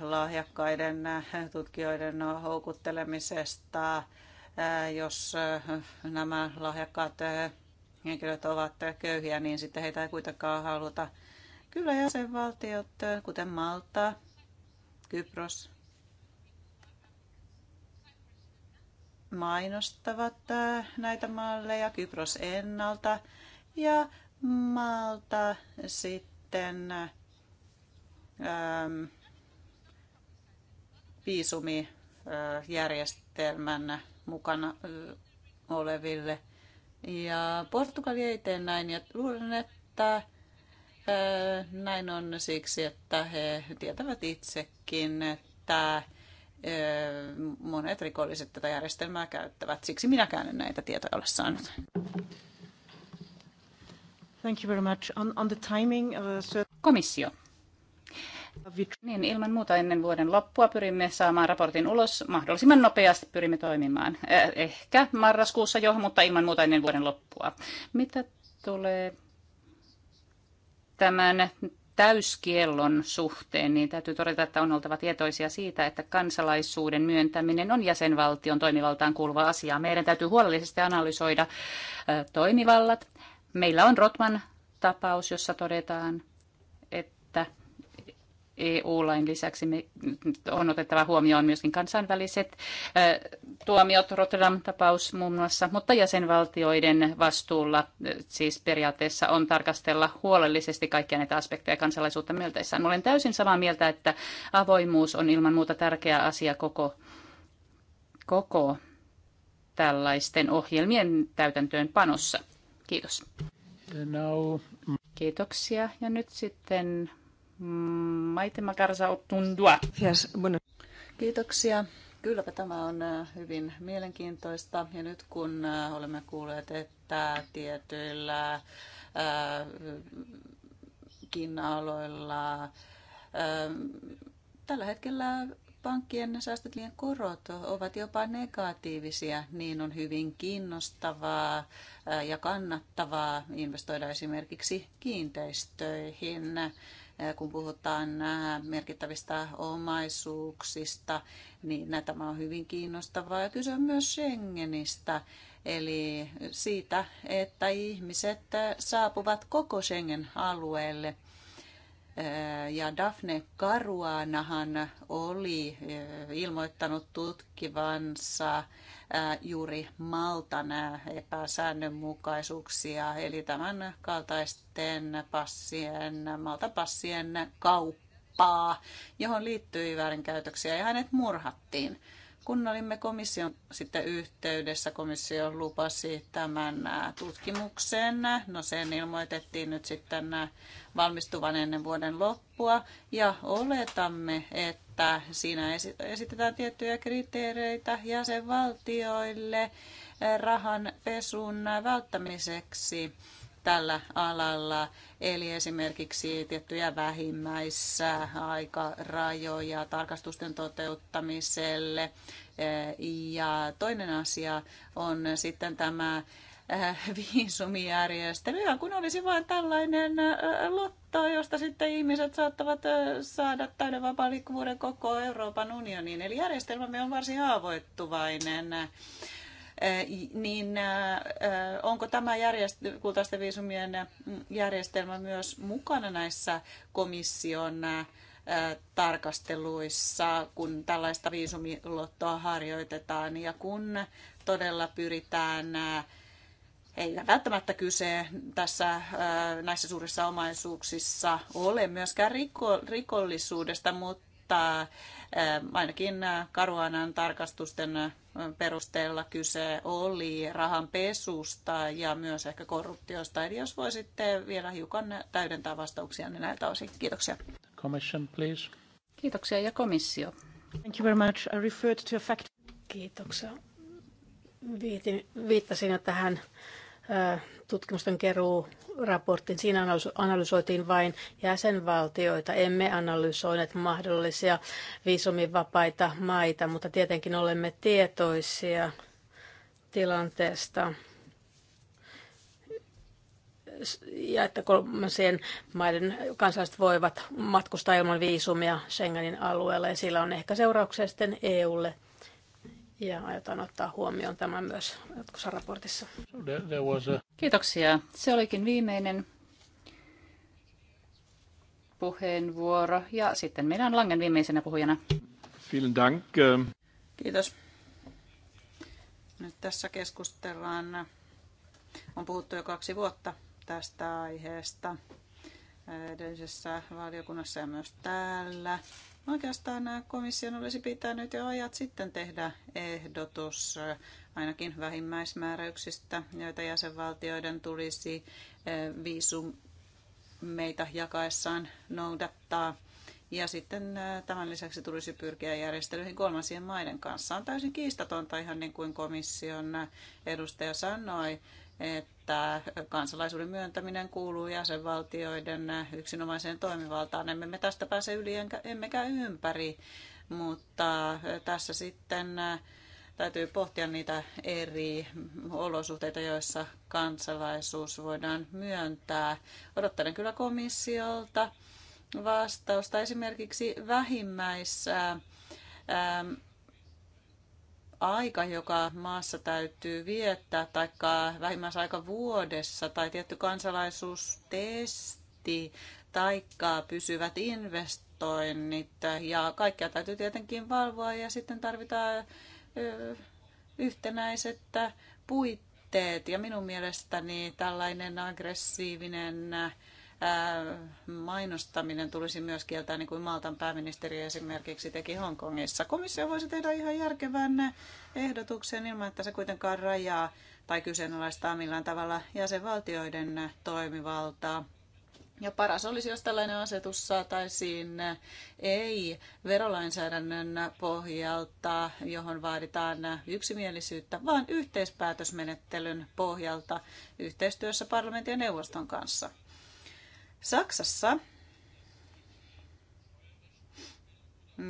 lahjakkaiden tutkijoiden houkuttelemisesta, jos nämä lahjakkaat henkilöt ovat köyhiä, niin sitten heitä ei kuitenkaan haluta. Kyllä jäsenvaltiot, kuten Malta, Kypros, mainostavat äh, näitä malleja, Kypros ennalta ja Malta sitten ähm, viisumijärjestelmän mukana äh, oleville – ja Portugali ei tee näin ja luulen, että näin on siksi, että he tietävät itsekin, että monet rikolliset tätä järjestelmää käyttävät. Siksi minäkään en näitä tietoja ole saanut. Thank you very much. On, on the timing, uh, sir... Komissio. Niin, ilman muuta ennen vuoden loppua pyrimme saamaan raportin ulos. Mahdollisimman nopeasti pyrimme toimimaan. Eh, ehkä marraskuussa jo, mutta ilman muuta ennen vuoden loppua. Mitä tulee tämän täyskiellon suhteen, niin täytyy todeta, että on oltava tietoisia siitä, että kansalaisuuden myöntäminen on jäsenvaltion toimivaltaan kuuluva asia. Meidän täytyy huolellisesti analysoida eh, toimivallat. Meillä on Rotman tapaus, jossa todetaan, että EU-lain lisäksi me on otettava huomioon myöskin kansainväliset tuomiot, Rotterdam-tapaus muun muassa, mutta jäsenvaltioiden vastuulla siis periaatteessa on tarkastella huolellisesti kaikkia näitä aspekteja kansalaisuutta myönteissään. Olen täysin samaa mieltä, että avoimuus on ilman muuta tärkeä asia koko, koko tällaisten ohjelmien panossa. Kiitos. Kiitoksia. Ja nyt sitten Maite Makarsau Tundua. Yes, bueno. Kiitoksia. Kylläpä tämä on äh, hyvin mielenkiintoista ja nyt kun äh, olemme kuulleet, että tietyillä äh, aloilla tällä hetkellä pankkien säästötilien korot ovat jopa negatiivisia, niin on hyvin kiinnostavaa ja kannattavaa investoida esimerkiksi kiinteistöihin kun puhutaan merkittävistä omaisuuksista, niin tämä on hyvin kiinnostavaa. Ja kyse on myös Schengenistä, eli siitä, että ihmiset saapuvat koko Schengen-alueelle – ja Daphne Caruanahan oli ilmoittanut tutkivansa juuri Maltan epäsäännönmukaisuuksia, eli tämän kaltaisten passien, Maltapassien kauppaa, johon liittyi väärinkäytöksiä ja hänet murhattiin. Kun olimme komission sitten yhteydessä, komissio lupasi tämän tutkimuksen. No sen ilmoitettiin nyt sitten valmistuvan ennen vuoden loppua ja oletamme, että siinä esitetään tiettyjä kriteereitä jäsenvaltioille rahan pesun välttämiseksi tällä alalla, eli esimerkiksi tiettyjä vähimmäissä aikarajoja tarkastusten toteuttamiselle. Eh, ja toinen asia on sitten tämä eh, [laughs] viisumijärjestely, ja kun olisi vain tällainen eh, lotto, josta sitten ihmiset saattavat saada täyden vapaan liikkuvuuden koko Euroopan unioniin. Eli järjestelmämme on varsin haavoittuvainen niin onko tämä järjest- kultaisten viisumien järjestelmä myös mukana näissä komission tarkasteluissa, kun tällaista viisumilottoa harjoitetaan ja kun todella pyritään ei välttämättä kyse tässä näissä suurissa omaisuuksissa ole myöskään rikollisuudesta, mutta mutta eh, ainakin Karuanan eh, tarkastusten eh, perusteella kyse oli rahanpesusta ja myös ehkä korruptiosta. Eli jos voisitte vielä hiukan täydentää vastauksia niin näiltä osin. Kiitoksia. Commission, please. Kiitoksia ja komissio. Thank you very much. I referred to a fact. Kiitoksia. Viitin, viittasin jo tähän tutkimusten keruu raportin. Siinä analysoitiin vain jäsenvaltioita. Emme analysoineet mahdollisia viisumivapaita maita, mutta tietenkin olemme tietoisia tilanteesta ja että kolmansien maiden kansalaiset voivat matkustaa ilman viisumia Schengenin alueella ja sillä on ehkä seurauksia sitten EUlle ja aiotaan ottaa huomioon tämän myös jatkossa raportissa. Kiitoksia. Se olikin viimeinen puheenvuoro. Ja sitten meillä on Langen viimeisenä puhujana. Vielen dank. Ähm. Kiitos. Nyt tässä keskustellaan. On puhuttu jo kaksi vuotta tästä aiheesta äh, edellisessä valiokunnassa ja myös täällä. Oikeastaan komission olisi pitänyt jo ajat sitten tehdä ehdotus ainakin vähimmäismääräyksistä, joita jäsenvaltioiden tulisi eh, viisum meitä jakaessaan noudattaa. Ja sitten eh, tämän lisäksi tulisi pyrkiä järjestelyihin kolmansien maiden kanssa. On täysin kiistatonta, ihan niin kuin komission eh, edustaja sanoi, että kansalaisuuden myöntäminen kuuluu jäsenvaltioiden yksinomaiseen toimivaltaan. Emme me tästä pääse yli emmekä ympäri, mutta tässä sitten täytyy pohtia niitä eri olosuhteita, joissa kansalaisuus voidaan myöntää. Odottelen kyllä komissiolta vastausta esimerkiksi vähimmäis aika, joka maassa täytyy viettää, taikka vähimmäisaika vuodessa, tai tietty kansalaisuustesti, taikka pysyvät investoinnit, ja kaikkea täytyy tietenkin valvoa, ja sitten tarvitaan yhtenäiset puitteet, ja minun mielestäni tällainen aggressiivinen mainostaminen tulisi myös kieltää, niin kuin Maltan pääministeri esimerkiksi teki Hongkongissa. Komissio voisi tehdä ihan järkevän ehdotuksen ilman, että se kuitenkaan rajaa tai kyseenalaistaa millään tavalla jäsenvaltioiden toimivaltaa. Ja paras olisi, jos tällainen asetus saataisiin ei verolainsäädännön pohjalta, johon vaaditaan yksimielisyyttä, vaan yhteispäätösmenettelyn pohjalta yhteistyössä parlamentin ja neuvoston kanssa. Saksassa,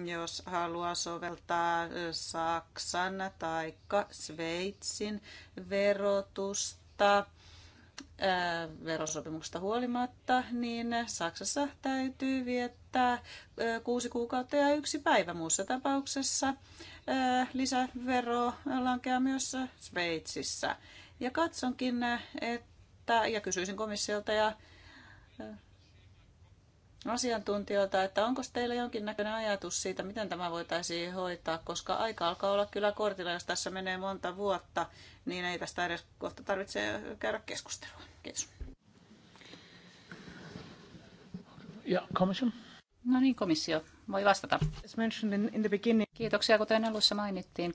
jos haluaa soveltaa Saksan tai Sveitsin verotusta, verosopimuksesta huolimatta, niin Saksassa täytyy viettää kuusi kuukautta ja yksi päivä. Muussa tapauksessa lisävero lankeaa myös Sveitsissä. Ja katsonkin, että, ja kysyisin komissiolta ja asiantuntijoilta, että onko teillä jonkinnäköinen ajatus siitä, miten tämä voitaisiin hoitaa, koska aika alkaa olla kyllä kortilla, jos tässä menee monta vuotta, niin ei tästä edes kohta tarvitse käydä keskustelua. Kiitos. Ja komission? No niin, komissio voi vastata. Kiitoksia, kuten alussa mainittiin,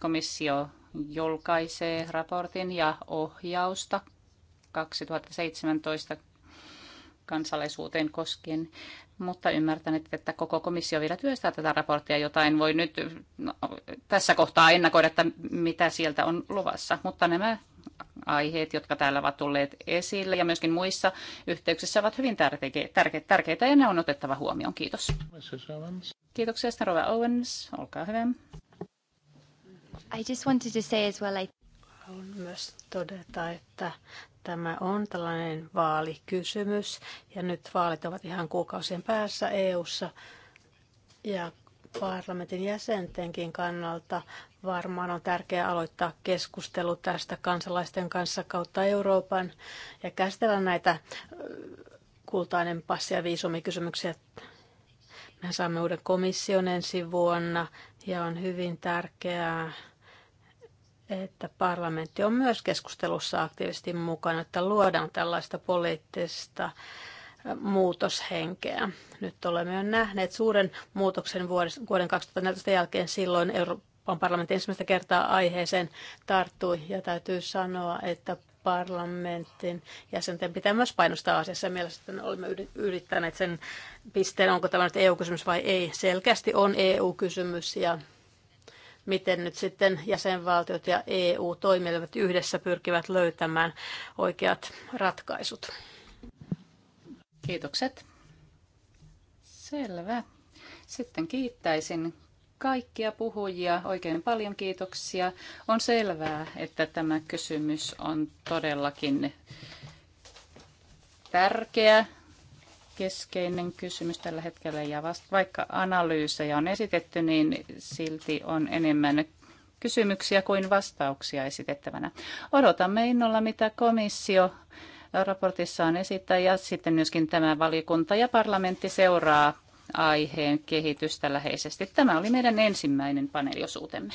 komissio julkaisee raportin ja ohjausta 2017 kansalaisuuteen koskien, mutta ymmärtän, että koko komissio vielä työstää tätä raporttia en Voi nyt no, tässä kohtaa ennakoida, että mitä sieltä on luvassa, mutta nämä aiheet, jotka täällä ovat tulleet esille ja myöskin muissa yhteyksissä ovat hyvin tärkeitä, tärkeitä ja ne on otettava huomioon. Kiitos. Kiitoksia, Starova Owens. Olkaa hyvä. I just wanted to say as well, I... Haluan myös todeta, että Tämä on tällainen vaalikysymys ja nyt vaalit ovat ihan kuukausien päässä EU:ssa ja parlamentin jäsentenkin kannalta varmaan on tärkeää aloittaa keskustelu tästä kansalaisten kanssa kautta Euroopan ja käsitellä näitä kultainen passi- ja viisumikysymyksiä. Me saamme uuden komission ensi vuonna ja on hyvin tärkeää että parlamentti on myös keskustelussa aktiivisesti mukana, että luodaan tällaista poliittista muutoshenkeä. Nyt olemme jo nähneet suuren muutoksen vuoden 2014 jälkeen silloin Euroopan parlamentti ensimmäistä kertaa aiheeseen tarttui ja täytyy sanoa, että parlamentin jäsenten pitää myös painostaa asiassa. Mielestäni olemme yrittäneet sen pisteen, onko tämä nyt EU-kysymys vai ei. Selkeästi on EU-kysymys ja miten nyt sitten jäsenvaltiot ja EU toimivat yhdessä pyrkivät löytämään oikeat ratkaisut. Kiitokset. Selvä. Sitten kiittäisin kaikkia puhujia. Oikein paljon kiitoksia. On selvää, että tämä kysymys on todellakin tärkeä keskeinen kysymys tällä hetkellä ja vasta, vaikka analyysejä on esitetty, niin silti on enemmän kysymyksiä kuin vastauksia esitettävänä. Odotamme innolla, mitä komissio raportissaan esittää ja sitten myöskin tämä valiokunta ja parlamentti seuraa aiheen kehitystä läheisesti. Tämä oli meidän ensimmäinen paneeliosuutemme.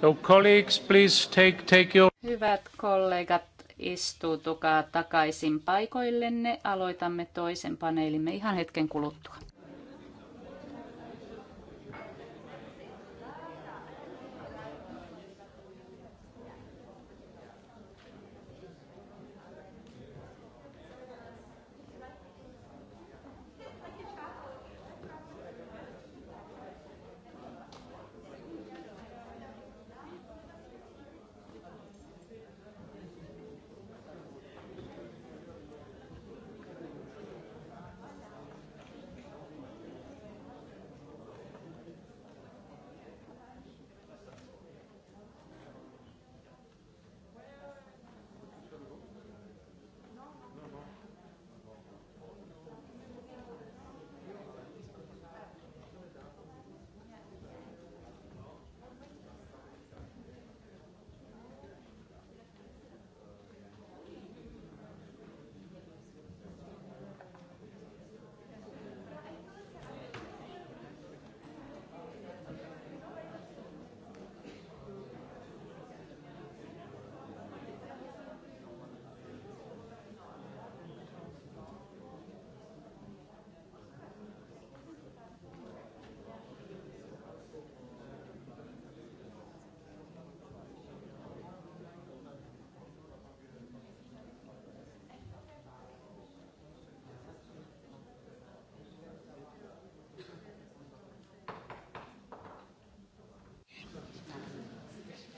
So colleagues, please take, take your... Hyvät kollegat, istuutukaa takaisin paikoillenne. Aloitamme toisen paneelimme ihan hetken kuluttua.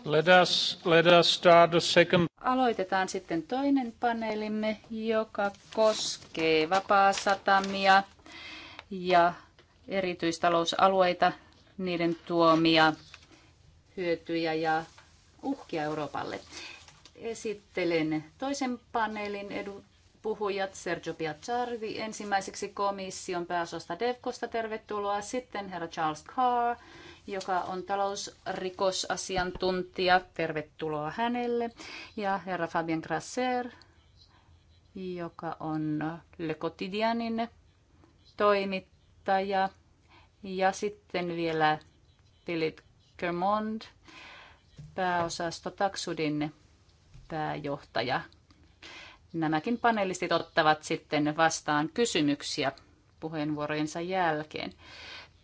Let us, let us start the second. Aloitetaan sitten toinen paneelimme, joka koskee vapaa-satamia ja erityistalousalueita, niiden tuomia hyötyjä ja uhkia Euroopalle. Esittelen toisen paneelin edu- puhujat Sergio Piacciardi, ensimmäiseksi komission pääosasta Devkosta tervetuloa, sitten herra Charles Carr, joka on talousrikosasiantuntija. Tervetuloa hänelle. Ja herra Fabian Grasser, joka on Le Quotidianin toimittaja. Ja sitten vielä Philip Kermond, pääosasto Taksudin pääjohtaja. Nämäkin panelistit ottavat sitten vastaan kysymyksiä puheenvuorojensa jälkeen.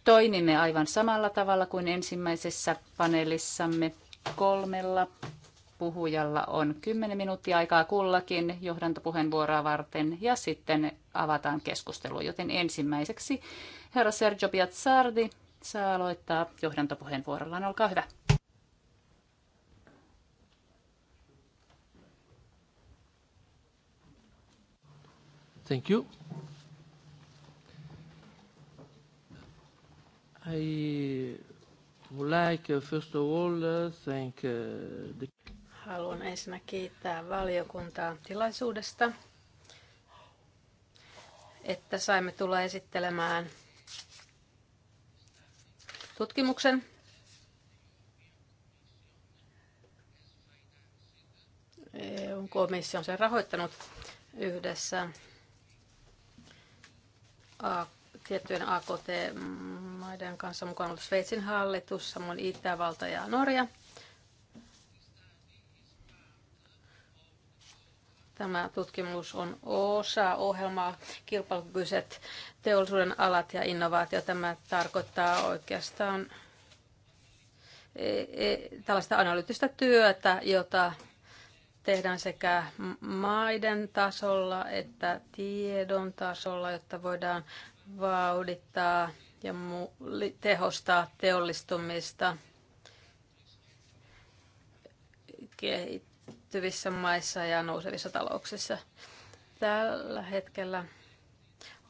Toimimme aivan samalla tavalla kuin ensimmäisessä paneelissamme kolmella puhujalla on 10 minuuttia aikaa kullakin johdantopuheenvuoroa varten ja sitten avataan keskustelu. Joten ensimmäiseksi herra Sergio Piazzardi saa aloittaa johdantopuheenvuorollaan. Olkaa hyvä. Thank you. I would like uh, first of all uh, thank uh, the... Haluan ensinnä kiittää valiokuntaa tilaisuudesta, että saimme tulla esittelemään tutkimuksen EU-komissio on sen rahoittanut yhdessä tiettyjen AKT-maiden kanssa mukaan ollut Sveitsin hallitus, samoin Itävalta ja Norja. Tämä tutkimus on osa ohjelmaa kilpailukykyiset teollisuuden alat ja innovaatio. Tämä tarkoittaa oikeastaan e, e, tällaista analyyttistä työtä, jota tehdään sekä maiden tasolla että tiedon tasolla, jotta voidaan vauhdittaa ja tehostaa teollistumista kehittyvissä maissa ja nousevissa talouksissa. Tällä hetkellä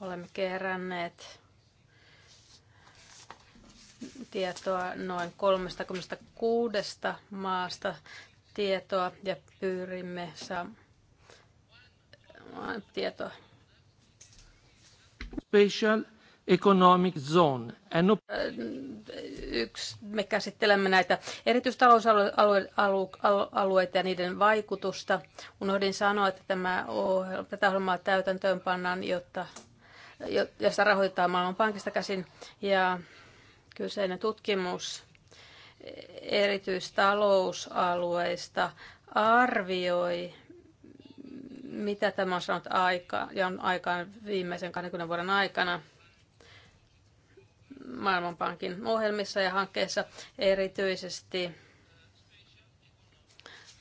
olemme keränneet tietoa noin 36 maasta tietoa ja pyrimme saamaan tietoa Special Economic Zone. And... No- Yksi, me käsittelemme näitä erityistalousalueita ja niiden vaikutusta. Unohdin sanoa, että tämä ohjelma, tätä ohjelmaa täytäntöön pannaan, jotta, josta rahoitetaan Maailmanpankista käsin. Ja kyseinen tutkimus erityistalousalueista arvioi, mitä tämä on saanut aikaa ja on aikaan viimeisen 20 vuoden aikana Maailmanpankin ohjelmissa ja hankkeissa erityisesti,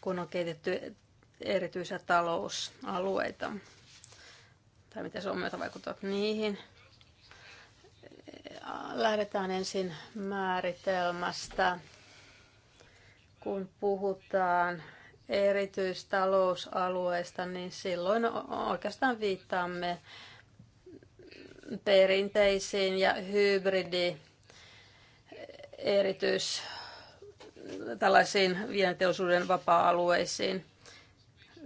kun on kehitetty erityisiä talousalueita tai miten myötä vaikuttavat niihin. Lähdetään ensin määritelmästä, kun puhutaan erityistalousalueesta, niin silloin oikeastaan viittaamme perinteisiin ja hybridi erityis tällaisiin vienteollisuuden vapaa-alueisiin.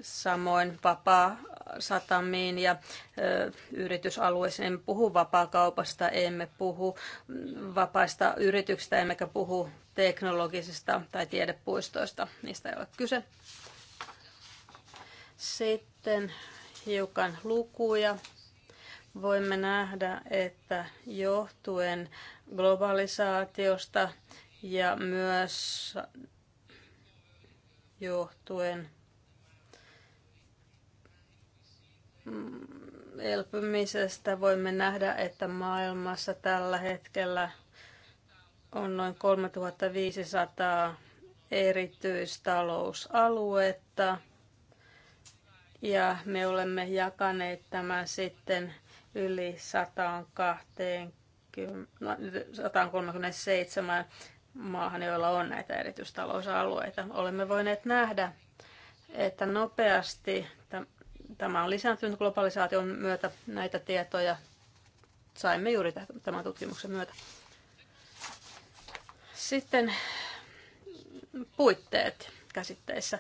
Samoin vapaa satamiin ja yritysalueeseen. Emme puhu vapaakaupasta, emme puhu vapaista yrityksistä, emmekä puhu teknologisista tai tiedepuistoista. Niistä ei ole kyse. Sitten hiukan lukuja. Voimme nähdä, että johtuen globalisaatiosta ja myös johtuen elpymisestä voimme nähdä, että maailmassa tällä hetkellä on noin 3500 erityistalousaluetta. Ja me olemme jakaneet tämän sitten yli 137 no, maahan, joilla on näitä erityistalousalueita. Olemme voineet nähdä, että nopeasti Tämä on lisääntynyt globalisaation myötä näitä tietoja. Saimme juuri tämän tutkimuksen myötä. Sitten puitteet käsitteissä.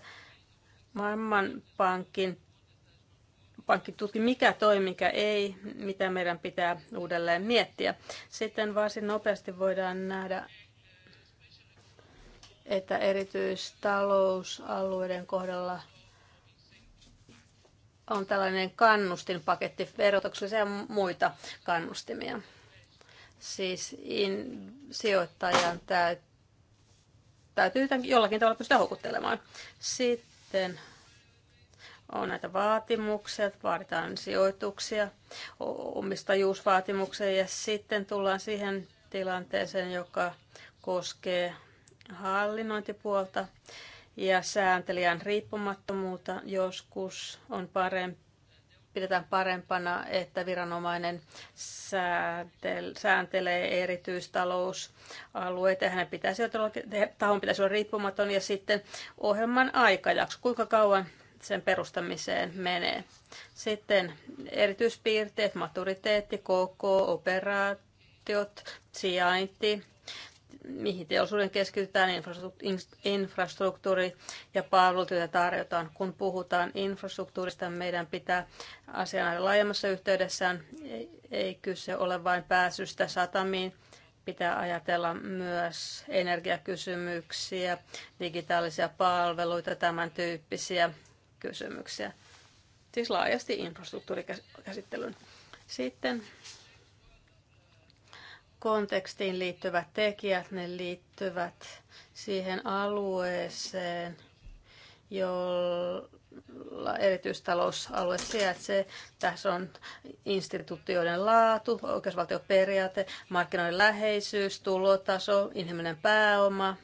Maailmanpankin pankki tutki, mikä toi, mikä ei, mitä meidän pitää uudelleen miettiä. Sitten varsin nopeasti voidaan nähdä, että erityistalousalueiden kohdalla – on tällainen kannustinpaketti, verotuksellisia ja muita kannustimia. Siis in, sijoittajan täytyy täytyy jollakin tavalla pystyä houkuttelemaan. Sitten on näitä vaatimuksia, vaaditaan sijoituksia, omistajuusvaatimuksia ja sitten tullaan siihen tilanteeseen, joka koskee hallinnointipuolta ja sääntelijän riippumattomuutta. Joskus on parempi, pidetään parempana, että viranomainen sääntelee erityistalousalueita. Hänen pitäisi olla, tahon pitäisi olla riippumaton ja sitten ohjelman aikajakso, kuinka kauan sen perustamiseen menee. Sitten erityispiirteet, maturiteetti, koko, operaatiot, sijainti, mihin teollisuuden keskitytään, infrastruktuuri ja palvelut, joita tarjotaan. Kun puhutaan infrastruktuurista, meidän pitää asian laajemmassa yhteydessään. Ei kyse ole vain pääsystä satamiin, pitää ajatella myös energiakysymyksiä, digitaalisia palveluita, tämän tyyppisiä kysymyksiä. Siis laajasti infrastruktuurikäsittelyn. Sitten kontekstiin liittyvät tekijät, ne liittyvät siihen alueeseen, jolla erityistalousalue sijaitsee. Tässä on instituutioiden laatu, oikeusvaltioperiaate, markkinoiden läheisyys, tulotaso, inhimillinen pääoma.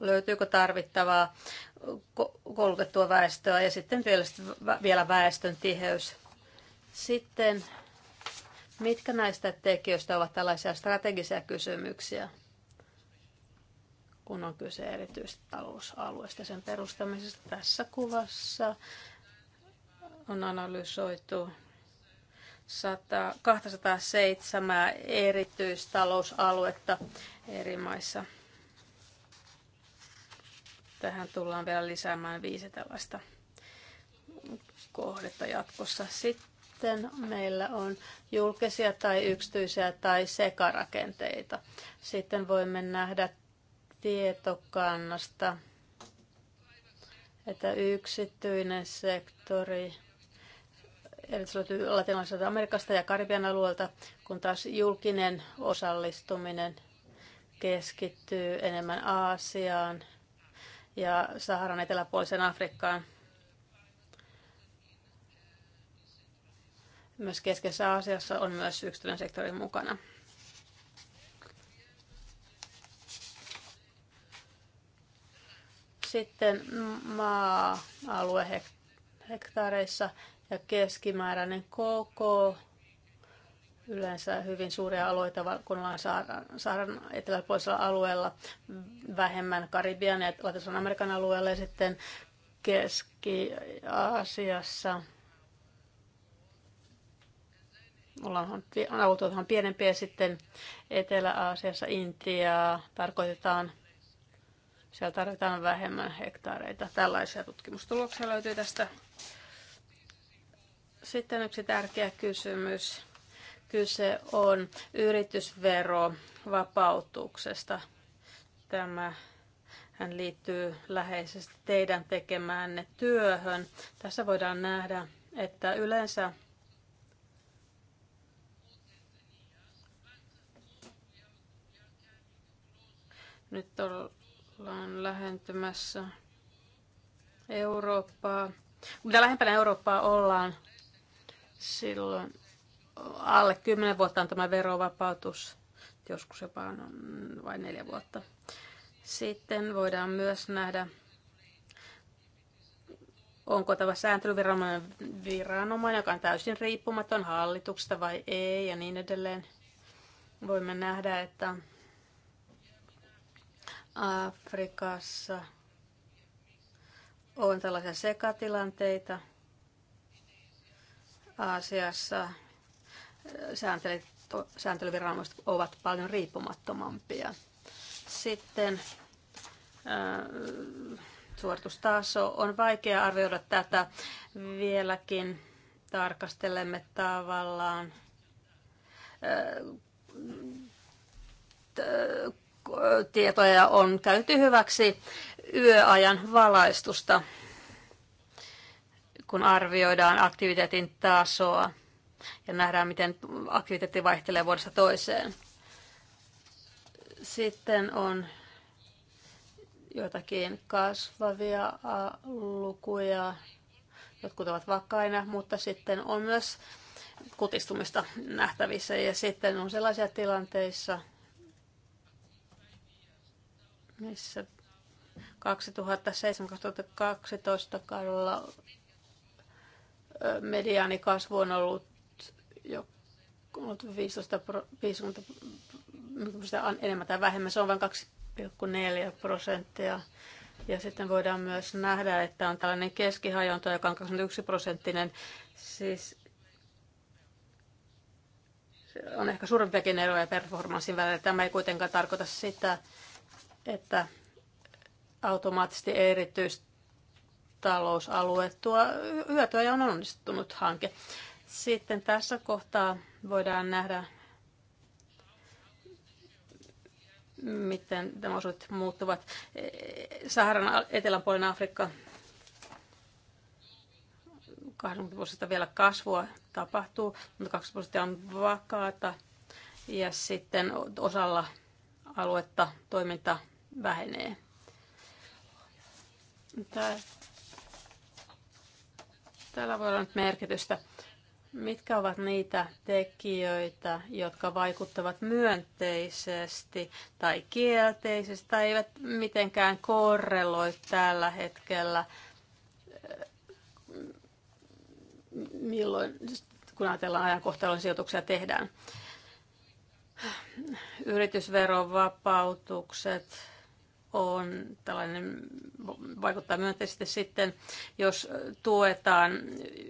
Löytyykö tarvittavaa koulutettua väestöä ja sitten vielä väestön tiheys. Sitten Mitkä näistä tekijöistä ovat tällaisia strategisia kysymyksiä, kun on kyse erityisesti talousalueesta sen perustamisesta? Tässä kuvassa on analysoitu 100, 207 erityistalousaluetta eri maissa. Tähän tullaan vielä lisäämään viisi tällaista kohdetta jatkossa. Sitten sitten meillä on julkisia tai yksityisiä tai sekarakenteita. Sitten voimme nähdä tietokannasta, että yksityinen sektori erityisesti latinalaisesta Amerikasta ja Karibian alueelta, kun taas julkinen osallistuminen keskittyy enemmän Aasiaan ja Saharan eteläpuoliseen Afrikkaan. Myös keskeisessä asiassa on myös yksityinen sektori mukana. Sitten maa-alue hektaareissa ja keskimääräinen koko yleensä hyvin suuria alueita, kun ollaan saaran, saaran eteläpuolisella alueella, vähemmän Karibian ja Latinalaisen Amerikan alueella ja sitten Keski-Aasiassa ollaan on pienempiä sitten Etelä-Aasiassa, Intiaa tarkoitetaan, siellä tarvitaan vähemmän hektaareita. Tällaisia tutkimustuloksia löytyy tästä. Sitten yksi tärkeä kysymys. Kyse on yritysverovapautuksesta. Tämä hän liittyy läheisesti teidän tekemäänne työhön. Tässä voidaan nähdä, että yleensä Nyt ollaan lähentymässä Eurooppaa. Mitä lähempänä Eurooppaa ollaan, silloin alle 10 vuotta on tämä verovapautus, joskus jopa on vain neljä vuotta. Sitten voidaan myös nähdä, onko tämä sääntelyviranomainen viranomainen, joka on täysin riippumaton hallituksesta vai ei ja niin edelleen. Voimme nähdä, että Afrikassa on tällaisia sekatilanteita. Aasiassa sääntelyviranomaiset ovat paljon riippumattomampia. Sitten äh, suoritustaso on vaikea arvioida tätä vieläkin. Tarkastelemme tavallaan äh, tietoja on käyty hyväksi yöajan valaistusta, kun arvioidaan aktiviteetin tasoa ja nähdään, miten aktiviteetti vaihtelee vuodesta toiseen. Sitten on joitakin kasvavia lukuja. Jotkut ovat vakaina, mutta sitten on myös kutistumista nähtävissä. Ja sitten on sellaisia tilanteissa, missä 2007-2012 kaudella mediaanikasvu on ollut jo 15 50 enemmän tai vähemmän, se on vain 2,4 prosenttia. Ja sitten voidaan myös nähdä, että on tällainen keskihajonta, joka on 21 prosenttinen. Siis on ehkä suurempiakin eroja performanssin välillä. Tämä ei kuitenkaan tarkoita sitä, että automaattisesti erityistalousalue tuo hyötyä ja on onnistunut hanke. Sitten tässä kohtaa voidaan nähdä, miten nämä osuudet muuttuvat. Saharan etelänpuolen Afrikka 20 vuosista vielä kasvua tapahtuu, mutta 20 on vakaata. Ja sitten osalla aluetta toiminta vähenee. täällä voi olla nyt merkitystä. Mitkä ovat niitä tekijöitä, jotka vaikuttavat myönteisesti tai kielteisesti tai eivät mitenkään korreloi tällä hetkellä, eh, milloin, kun ajatellaan ajankohtalon sijoituksia tehdään? Yritysveron vapautukset, on tällainen, vaikuttaa myönteisesti sitten, jos tuetaan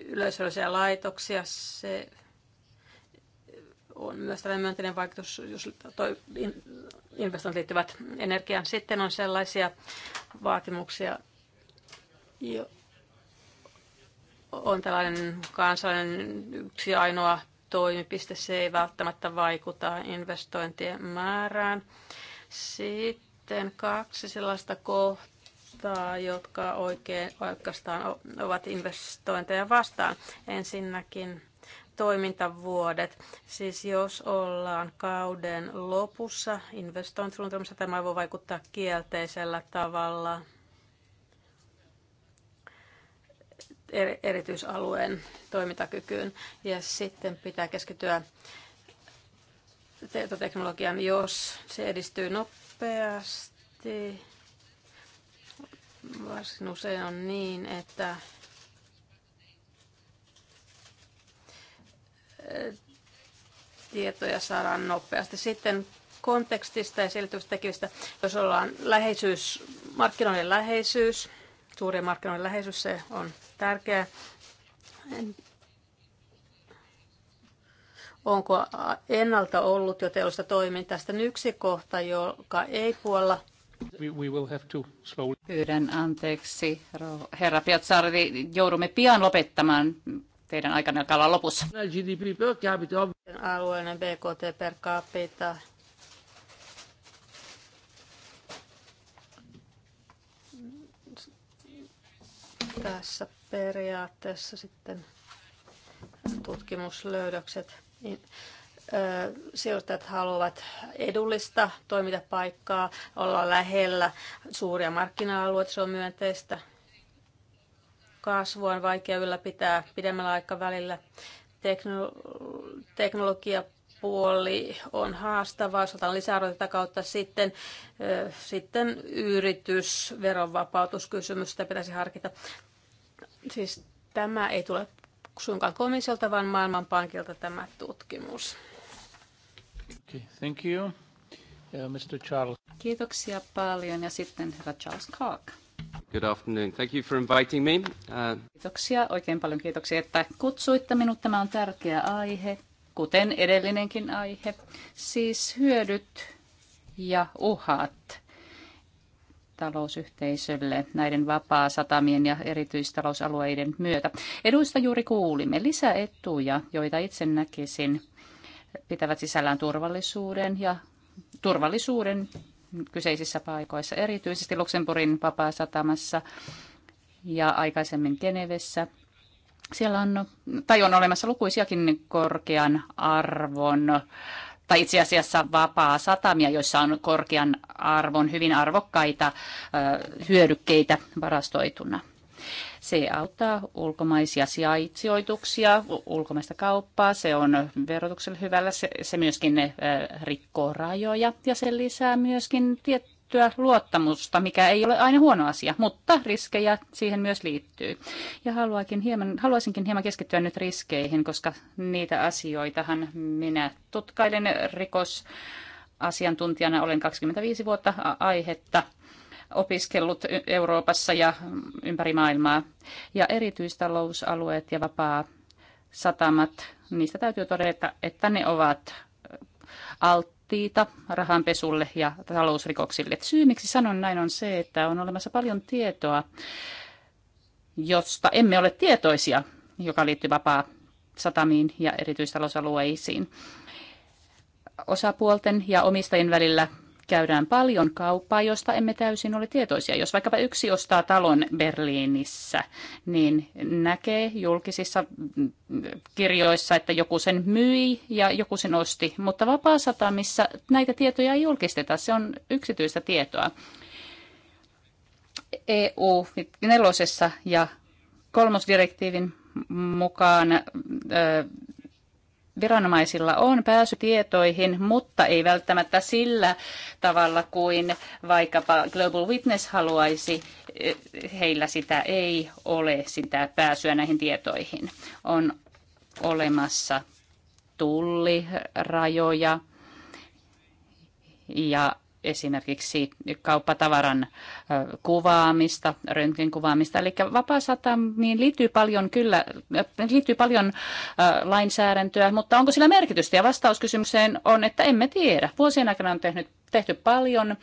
yleisöllisiä laitoksia, se on myös tällainen myönteinen vaikutus, jos toi investoinnit liittyvät energiaan. Sitten on sellaisia vaatimuksia, jo on tällainen kansallinen yksi ainoa toimipiste, se ei välttämättä vaikuta investointien määrään. Sitten sitten kaksi sellaista kohtaa, jotka oikein oikeastaan ovat investointeja vastaan. Ensinnäkin toimintavuodet. Siis jos ollaan kauden lopussa investointisuunnitelmassa, tämä voi vaikuttaa kielteisellä tavalla erityisalueen toimintakykyyn. Ja sitten pitää keskittyä tietoteknologian, jos se edistyy nopeasti nopeasti. Varsin usein on niin, että eh, tietoja saadaan nopeasti. Sitten kontekstista ja selitystekijöistä, jos ollaan läheisyys, markkinoiden läheisyys, suurien markkinoiden läheisyys, se on tärkeää onko ennalta ollut jo teollista toimintaa. Sitten yksi kohta, joka ei puolla Pyydän anteeksi, herra Piazzardi. Joudumme pian lopettamaan. Teidän aikana joka olla lopussa. Alueellinen BKT per capita. Tässä periaatteessa sitten tutkimuslöydökset niin sijoittajat haluavat edullista toimintapaikkaa, olla lähellä suuria markkina-alueita, se on myönteistä. Kasvua on vaikea ylläpitää pidemmällä aikavälillä. Teknolo- teknologia puoli on haastavaa, sotan lisäarvoita kautta sitten, sitten yritys, veronvapautuskysymys, sitä pitäisi harkita. Siis tämä ei tule suinkaan komissiolta, vaan Maailmanpankilta tämä tutkimus. Okay, thank you. Yeah, uh, Mr. Charles. Kiitoksia paljon ja sitten herra Charles Clark. Good afternoon. Thank you for inviting me. Uh... Kiitoksia, oikein paljon kiitoksia, että kutsuitte minut. Tämä on tärkeä aihe, kuten edellinenkin aihe. Siis hyödyt ja uhat talousyhteisölle näiden vapaa-satamien ja erityistalousalueiden myötä. Eduista juuri kuulimme lisäetuja, joita itse näkisin pitävät sisällään turvallisuuden ja turvallisuuden kyseisissä paikoissa, erityisesti Luxemburgin vapaa-satamassa ja aikaisemmin Genevessä. Siellä on, tai on olemassa lukuisiakin korkean arvon tai itse asiassa vapaa satamia, joissa on korkean arvon hyvin arvokkaita hyödykkeitä varastoituna. Se auttaa ulkomaisia sijaitsijoituksia, ulkomaista kauppaa, se on verotuksella hyvällä, se, se myöskin rikkoo rajoja ja se lisää myöskin tiet, tiettyä luottamusta, mikä ei ole aina huono asia, mutta riskejä siihen myös liittyy. Ja haluaisinkin hieman, haluaisinkin hieman keskittyä nyt riskeihin, koska niitä asioitahan minä tutkailen rikosasiantuntijana olen 25 vuotta aihetta opiskellut Euroopassa ja ympäri maailmaa. Ja erityistalousalueet ja vapaa satamat, niistä täytyy todeta, että ne ovat alt alttiita rahanpesulle ja talousrikoksille. Syy, miksi sanon näin, on se, että on olemassa paljon tietoa, josta emme ole tietoisia, joka liittyy vapaa satamiin ja erityistalousalueisiin. Osapuolten ja omistajien välillä käydään paljon kauppaa, josta emme täysin ole tietoisia. Jos vaikkapa yksi ostaa talon Berliinissä, niin näkee julkisissa kirjoissa, että joku sen myi ja joku sen osti, mutta vapaa satamissa näitä tietoja ei julkisteta, se on yksityistä tietoa. EU nelosessa ja kolmosdirektiivin mukaan Viranomaisilla on pääsy tietoihin, mutta ei välttämättä sillä tavalla kuin vaikkapa Global Witness haluaisi. Eh, heillä sitä ei ole sitä pääsyä näihin tietoihin. On olemassa tullirajoja ja esimerkiksi kauppatavaran kuvaamista, röntgenkuvaamista. Eli vapaasatamiin liittyy paljon, kyllä, liittyy paljon lainsäädäntöä, mutta onko sillä merkitystä? Ja vastauskysymykseen on, että emme tiedä. Vuosien aikana on tehnyt, tehty paljon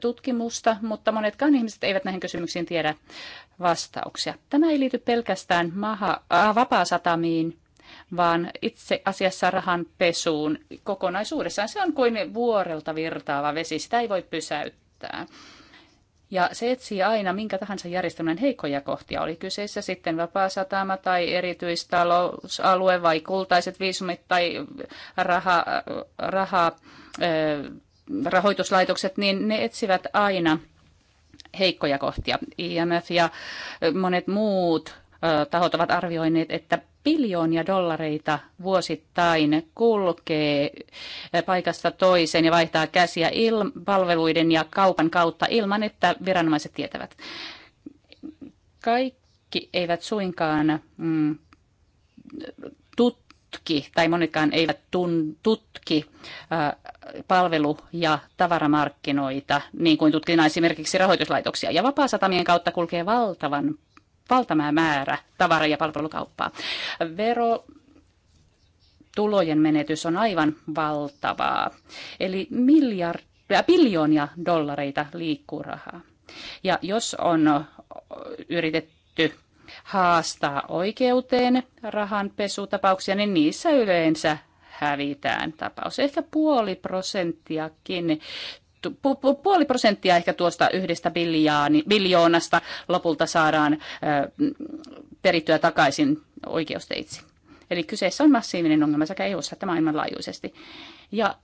tutkimusta, mutta monetkaan ihmiset eivät näihin kysymyksiin tiedä vastauksia. Tämä ei liity pelkästään maha, äh, vapaa-satamiin, vaan itse asiassa rahan pesuun kokonaisuudessaan. Se on kuin vuorelta virtaava vesi, sitä ei voi pysäyttää. Ja se etsii aina minkä tahansa järjestelmän heikkoja kohtia, oli kyseessä sitten satama tai erityistalousalue vai kultaiset viisumit tai raha, raha, rahoituslaitokset, niin ne etsivät aina heikkoja kohtia. IMF ja monet muut tahot ovat arvioineet, että biljoonia dollareita vuosittain kulkee paikasta toiseen ja vaihtaa käsiä il- palveluiden ja kaupan kautta ilman, että viranomaiset tietävät. Kaikki eivät suinkaan mm, tutki, tai monikaan eivät tun, tutki ä, palvelu- ja tavaramarkkinoita, niin kuin tutkitaan esimerkiksi rahoituslaitoksia. Ja vapaa satamien kautta kulkee valtavan valtava määrä tavara- ja palvelukauppaa. Vero tulojen menetys on aivan valtavaa. Eli miljard, äh, biljoonia dollareita liikkuu rahaa. Ja jos on yritetty haastaa oikeuteen rahanpesutapauksia, niin niissä yleensä hävitään tapaus. Ehkä puoli prosenttiakin puoli prosenttia ehkä tuosta yhdestä biljoonasta lopulta saadaan perittyä takaisin oikeusteitse. Eli kyseessä on massiivinen ongelma sekä EU-ssa että maailmanlaajuisesti. Ja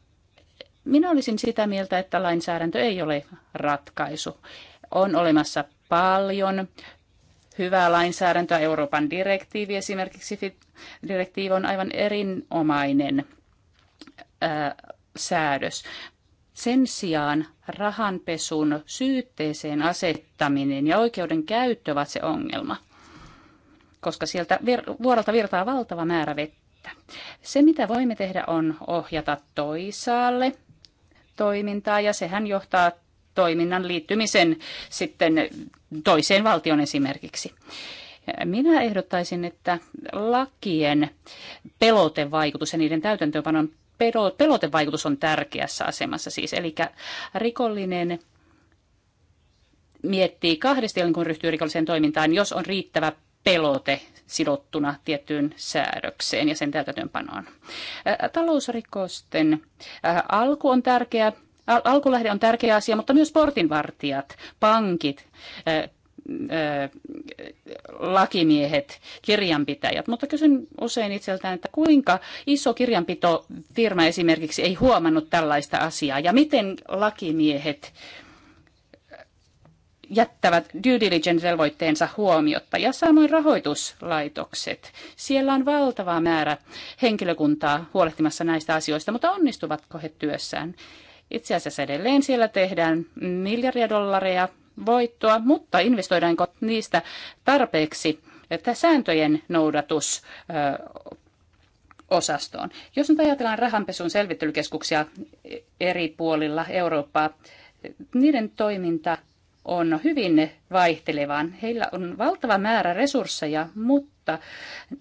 minä olisin sitä mieltä, että lainsäädäntö ei ole ratkaisu. On olemassa paljon hyvää lainsäädäntöä. Euroopan direktiivi esimerkiksi direktiivi on aivan erinomainen ää, säädös, sen sijaan rahanpesun syytteeseen asettaminen ja oikeuden käyttö ovat se ongelma, koska sieltä vir- virtaa valtava määrä vettä. Se, mitä voimme tehdä, on ohjata toisaalle toimintaa, ja sehän johtaa toiminnan liittymisen sitten toiseen valtion esimerkiksi. Minä ehdottaisin, että lakien pelotevaikutus ja niiden täytäntöönpanon pelotevaikutus on tärkeässä asemassa siis. Eli rikollinen miettii kahdesti kun ryhtyy rikolliseen toimintaan, jos on riittävä pelote sidottuna tiettyyn säädökseen ja sen täytäntöönpanoon. Talousrikosten alku on tärkeä, alkulähde on tärkeä asia, mutta myös portinvartijat, pankit, lakimiehet, kirjanpitäjät, mutta kysyn usein itseltään, että kuinka iso kirjanpitofirma esimerkiksi ei huomannut tällaista asiaa ja miten lakimiehet jättävät due diligence-velvoitteensa huomiotta ja samoin rahoituslaitokset. Siellä on valtava määrä henkilökuntaa huolehtimassa näistä asioista, mutta onnistuvatko he työssään? Itse asiassa edelleen siellä tehdään miljardia dollareja voittoa, mutta investoidaanko niistä tarpeeksi että sääntöjen noudatus osastoon. Jos nyt ajatellaan rahanpesun selvittelykeskuksia eri puolilla Eurooppaa, niiden toiminta on hyvin vaihtelevaan. Heillä on valtava määrä resursseja, mutta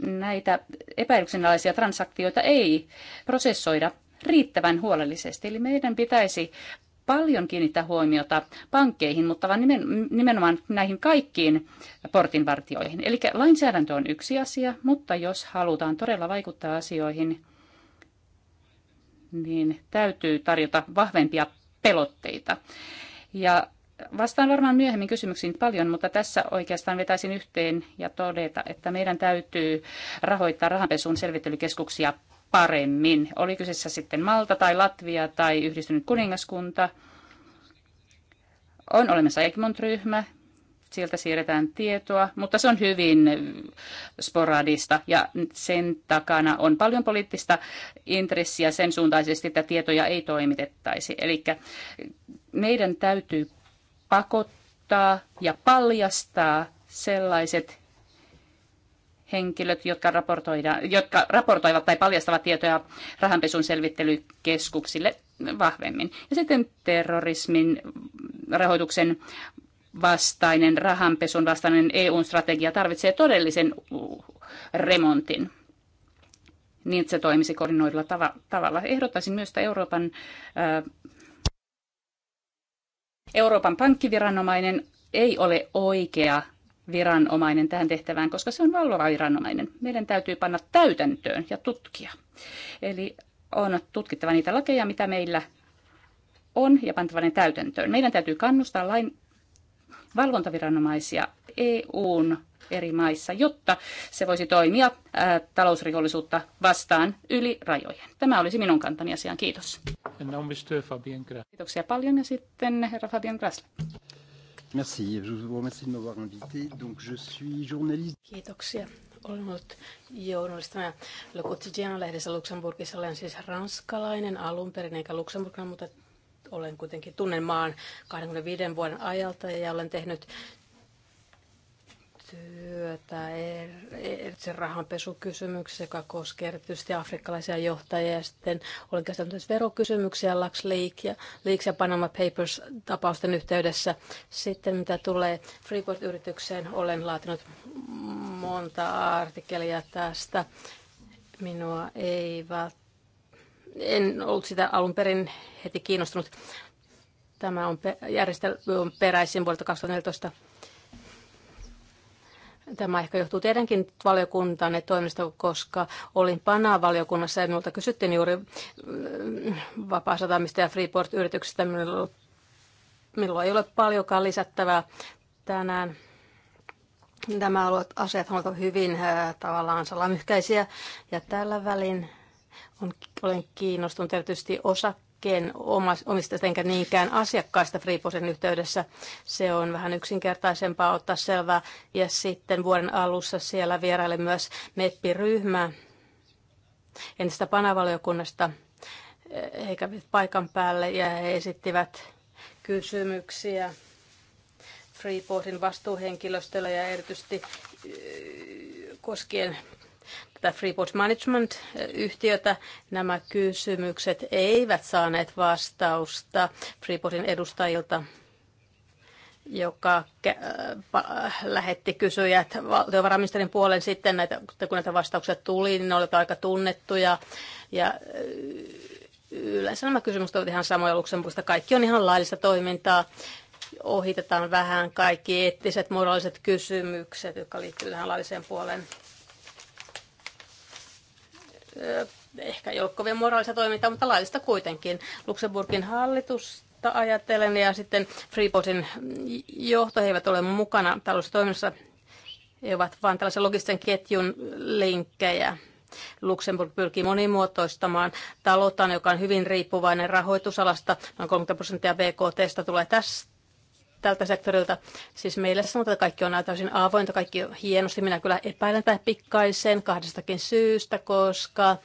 näitä epäilyksenalaisia transaktioita ei prosessoida riittävän huolellisesti. Eli meidän pitäisi paljon kiinnittää huomiota pankkeihin, mutta vaan nimenomaan näihin kaikkiin portinvartioihin. Eli lainsäädäntö on yksi asia, mutta jos halutaan todella vaikuttaa asioihin, niin täytyy tarjota vahvempia pelotteita. Ja vastaan varmaan myöhemmin kysymyksiin paljon, mutta tässä oikeastaan vetäisin yhteen ja todeta, että meidän täytyy rahoittaa rahanpesun selvittelykeskuksia paremmin. Oli kyseessä sitten Malta tai Latvia tai yhdistynyt kuningaskunta. On olemassa Egmont-ryhmä, sieltä siirretään tietoa, mutta se on hyvin sporadista ja sen takana on paljon poliittista intressiä sen suuntaisesti, että tietoja ei toimitettaisi. Eli meidän täytyy pakottaa ja paljastaa sellaiset henkilöt, jotka, jotka raportoivat tai paljastavat tietoja rahanpesun selvittelykeskuksille vahvemmin. Ja sitten terrorismin rahoituksen vastainen, rahanpesun vastainen EU-strategia tarvitsee todellisen remontin niin, että se toimisi koordinoidulla tav- tavalla. Ehdottaisin myös, että Euroopan, ää, äh, Euroopan pankkiviranomainen ei ole oikea viranomainen tähän tehtävään, koska se on valvova viranomainen. Meidän täytyy panna täytäntöön ja tutkia. Eli on tutkittava niitä lakeja, mitä meillä on, ja pantava ne täytäntöön. Meidän täytyy kannustaa lain valvontaviranomaisia EUn eri maissa, jotta se voisi toimia ää, talousrikollisuutta vastaan yli rajojen. Tämä olisi minun kantani asiaan. Kiitos. Kiitoksia paljon ja sitten herra Fabian Grasle. Merci, je vous remercie de m'avoir invité. Donc, je suis journaliste. Kiitoksia. Olen ollut journalistina Le Quotidien-lehdessä Luxemburgissa. Olen siis ranskalainen alun perin, eikä Luxemburgina, mutta olen kuitenkin tunnen maan 25 vuoden ajalta ja olen tehnyt työtä erityisen rahanpesukysymyksiä joka koskee erityisesti afrikkalaisia johtajia. Ja sitten olen käsitellyt myös verokysymyksiä Lux Leaks ja, Leaks ja Panama Papers-tapausten yhteydessä. Sitten mitä tulee Freeport-yritykseen, olen laatinut monta artikkelia tästä. Minua ei vält... En ollut sitä alun perin heti kiinnostunut. Tämä on järjestel on peräisin vuodelta 2014 Tämä ehkä johtuu teidänkin valiokuntanne toimista, koska olin panaa valiokunnassa ja minulta kysyttiin juuri mm, vapaasatamista ja Freeport-yrityksistä. Minulla ei ole paljonkaan lisättävää tänään. Nämä asiat ovat hyvin äh, tavallaan salamyhkäisiä ja tällä välin on, olen kiinnostunut erityisesti osakkeista hankkeen omista, enkä niinkään asiakkaista Freeposen yhteydessä. Se on vähän yksinkertaisempaa ottaa selvää. Ja sitten vuoden alussa siellä vieraili myös MEPPI-ryhmä entistä panavaliokunnasta he eh, kävivät paikan päälle ja he esittivät kysymyksiä Freeportin vastuuhenkilöstölle ja erityisesti eh, koskien tätä Freeport Management-yhtiötä. Eh, nämä kysymykset eivät saaneet vastausta Freeportin edustajilta joka eh, lähetti kysyjät valtiovarainministerin puolen sitten, näitä, kun näitä vastauksia tuli, niin ne olivat aika tunnettuja. Ja eh, yleensä nämä kysymykset ovat ihan samoja Luxemburgista. Kaikki on ihan laillista toimintaa. Ohitetaan vähän kaikki eettiset, moraaliset kysymykset, jotka liittyvät tähän lailliseen puoleen ehkä joukkovien moraalista toimintaa, mutta laillista kuitenkin. Luxemburgin hallitus ajatellen ja sitten Freeportin johto he eivät ole mukana taloudellisessa toiminnassa. He ovat vain tällaisen logisten ketjun linkkejä. Luxemburg pyrkii monimuotoistamaan talouttaan, joka on hyvin riippuvainen rahoitusalasta. Noin 30 prosenttia BKTstä tulee tästä tältä sektorilta. Siis meille sanotaan, että kaikki on täysin avointa, kaikki on hienosti. Minä kyllä epäilen tätä pikkaisen kahdestakin syystä, koska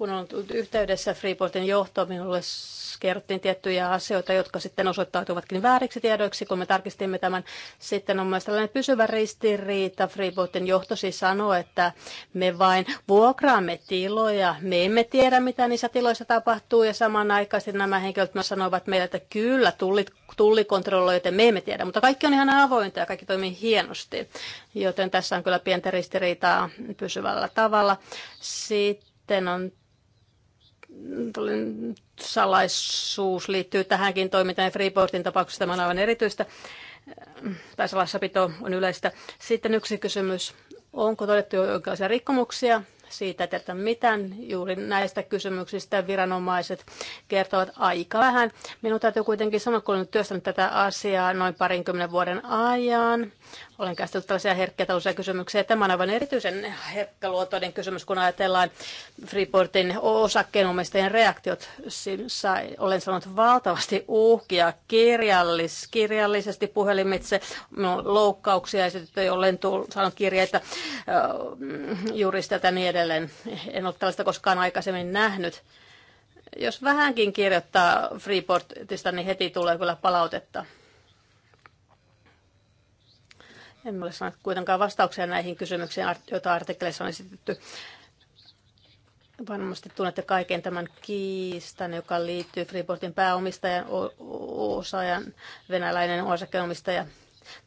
kun on tullut yhteydessä Freeportin johtoon, minulle kerrottiin tiettyjä asioita, jotka sitten osoittautuvatkin vääriksi tiedoiksi, kun me tarkistimme tämän. Sitten on myös tällainen pysyvä ristiriita. Freeportin johto siis sanoo, että me vain vuokraamme tiloja, me emme tiedä, mitä niissä tiloissa tapahtuu, ja samanaikaisesti nämä henkilöt myös sanoivat meille, että kyllä, tullit, tullikontrolloi, joten me emme tiedä, mutta kaikki on ihan avointa ja kaikki toimii hienosti, joten tässä on kyllä pientä ristiriitaa pysyvällä tavalla. Sitten on salaisuus liittyy tähänkin toimintaan ja Freeportin tapauksessa tämä on aivan erityistä tai salassapito on yleistä. Sitten yksi kysymys, onko todettu jonkinlaisia rikkomuksia? Siitä että mitään. Juuri näistä kysymyksistä viranomaiset kertovat aika vähän. Minun täytyy kuitenkin sanoa, kun olen työstänyt tätä asiaa noin parinkymmenen vuoden ajan, olen käsitellyt tällaisia herkkiä taloudellisia kysymyksiä. Tämä on aivan erityisen herkkäluotoinen kysymys, kun ajatellaan Freeportin osakkeenomistajien reaktiot. Siinä olen sanonut valtavasti uhkia kirjallis, kirjallisesti puhelimitse. Minulla on loukkauksia esitetty, olen tullut, saanut kirjeitä juristilta ja niin edelleen. En ole tällaista koskaan aikaisemmin nähnyt jos vähänkin kirjoittaa Freeportista, niin heti tulee kyllä palautetta. En ole saanut kuitenkaan vastauksia näihin kysymyksiin, joita artikkeleissa on esitetty. Varmasti tunnette kaiken tämän kiistan, joka liittyy Freeportin pääomistajan, osaajan, venäläinen osakeomistaja.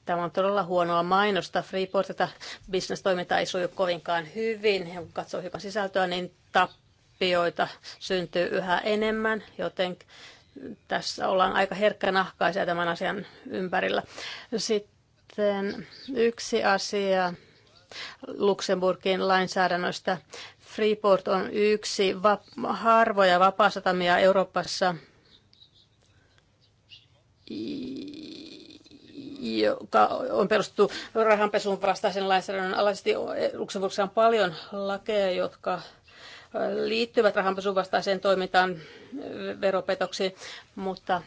Tämä on todella huonoa mainosta. Freeportilta bisnestoiminta ei suju kovinkaan hyvin. Ja kun katsoo hiukan sisältöä, niin tappioita syntyy yhä enemmän, joten tässä ollaan aika herkkänahkaisia tämän asian ympärillä. Sitten sitten yksi asia Luxemburgin lainsäädännöstä. Freeport on yksi va- harvoja vapaasatamia Euroopassa, joka on perustettu rahanpesun vastaisen lainsäädännön alaisesti. Luxemburgissa on paljon lakeja, jotka liittyvät rahanpesun vastaiseen toimintaan veropetoksiin, mutta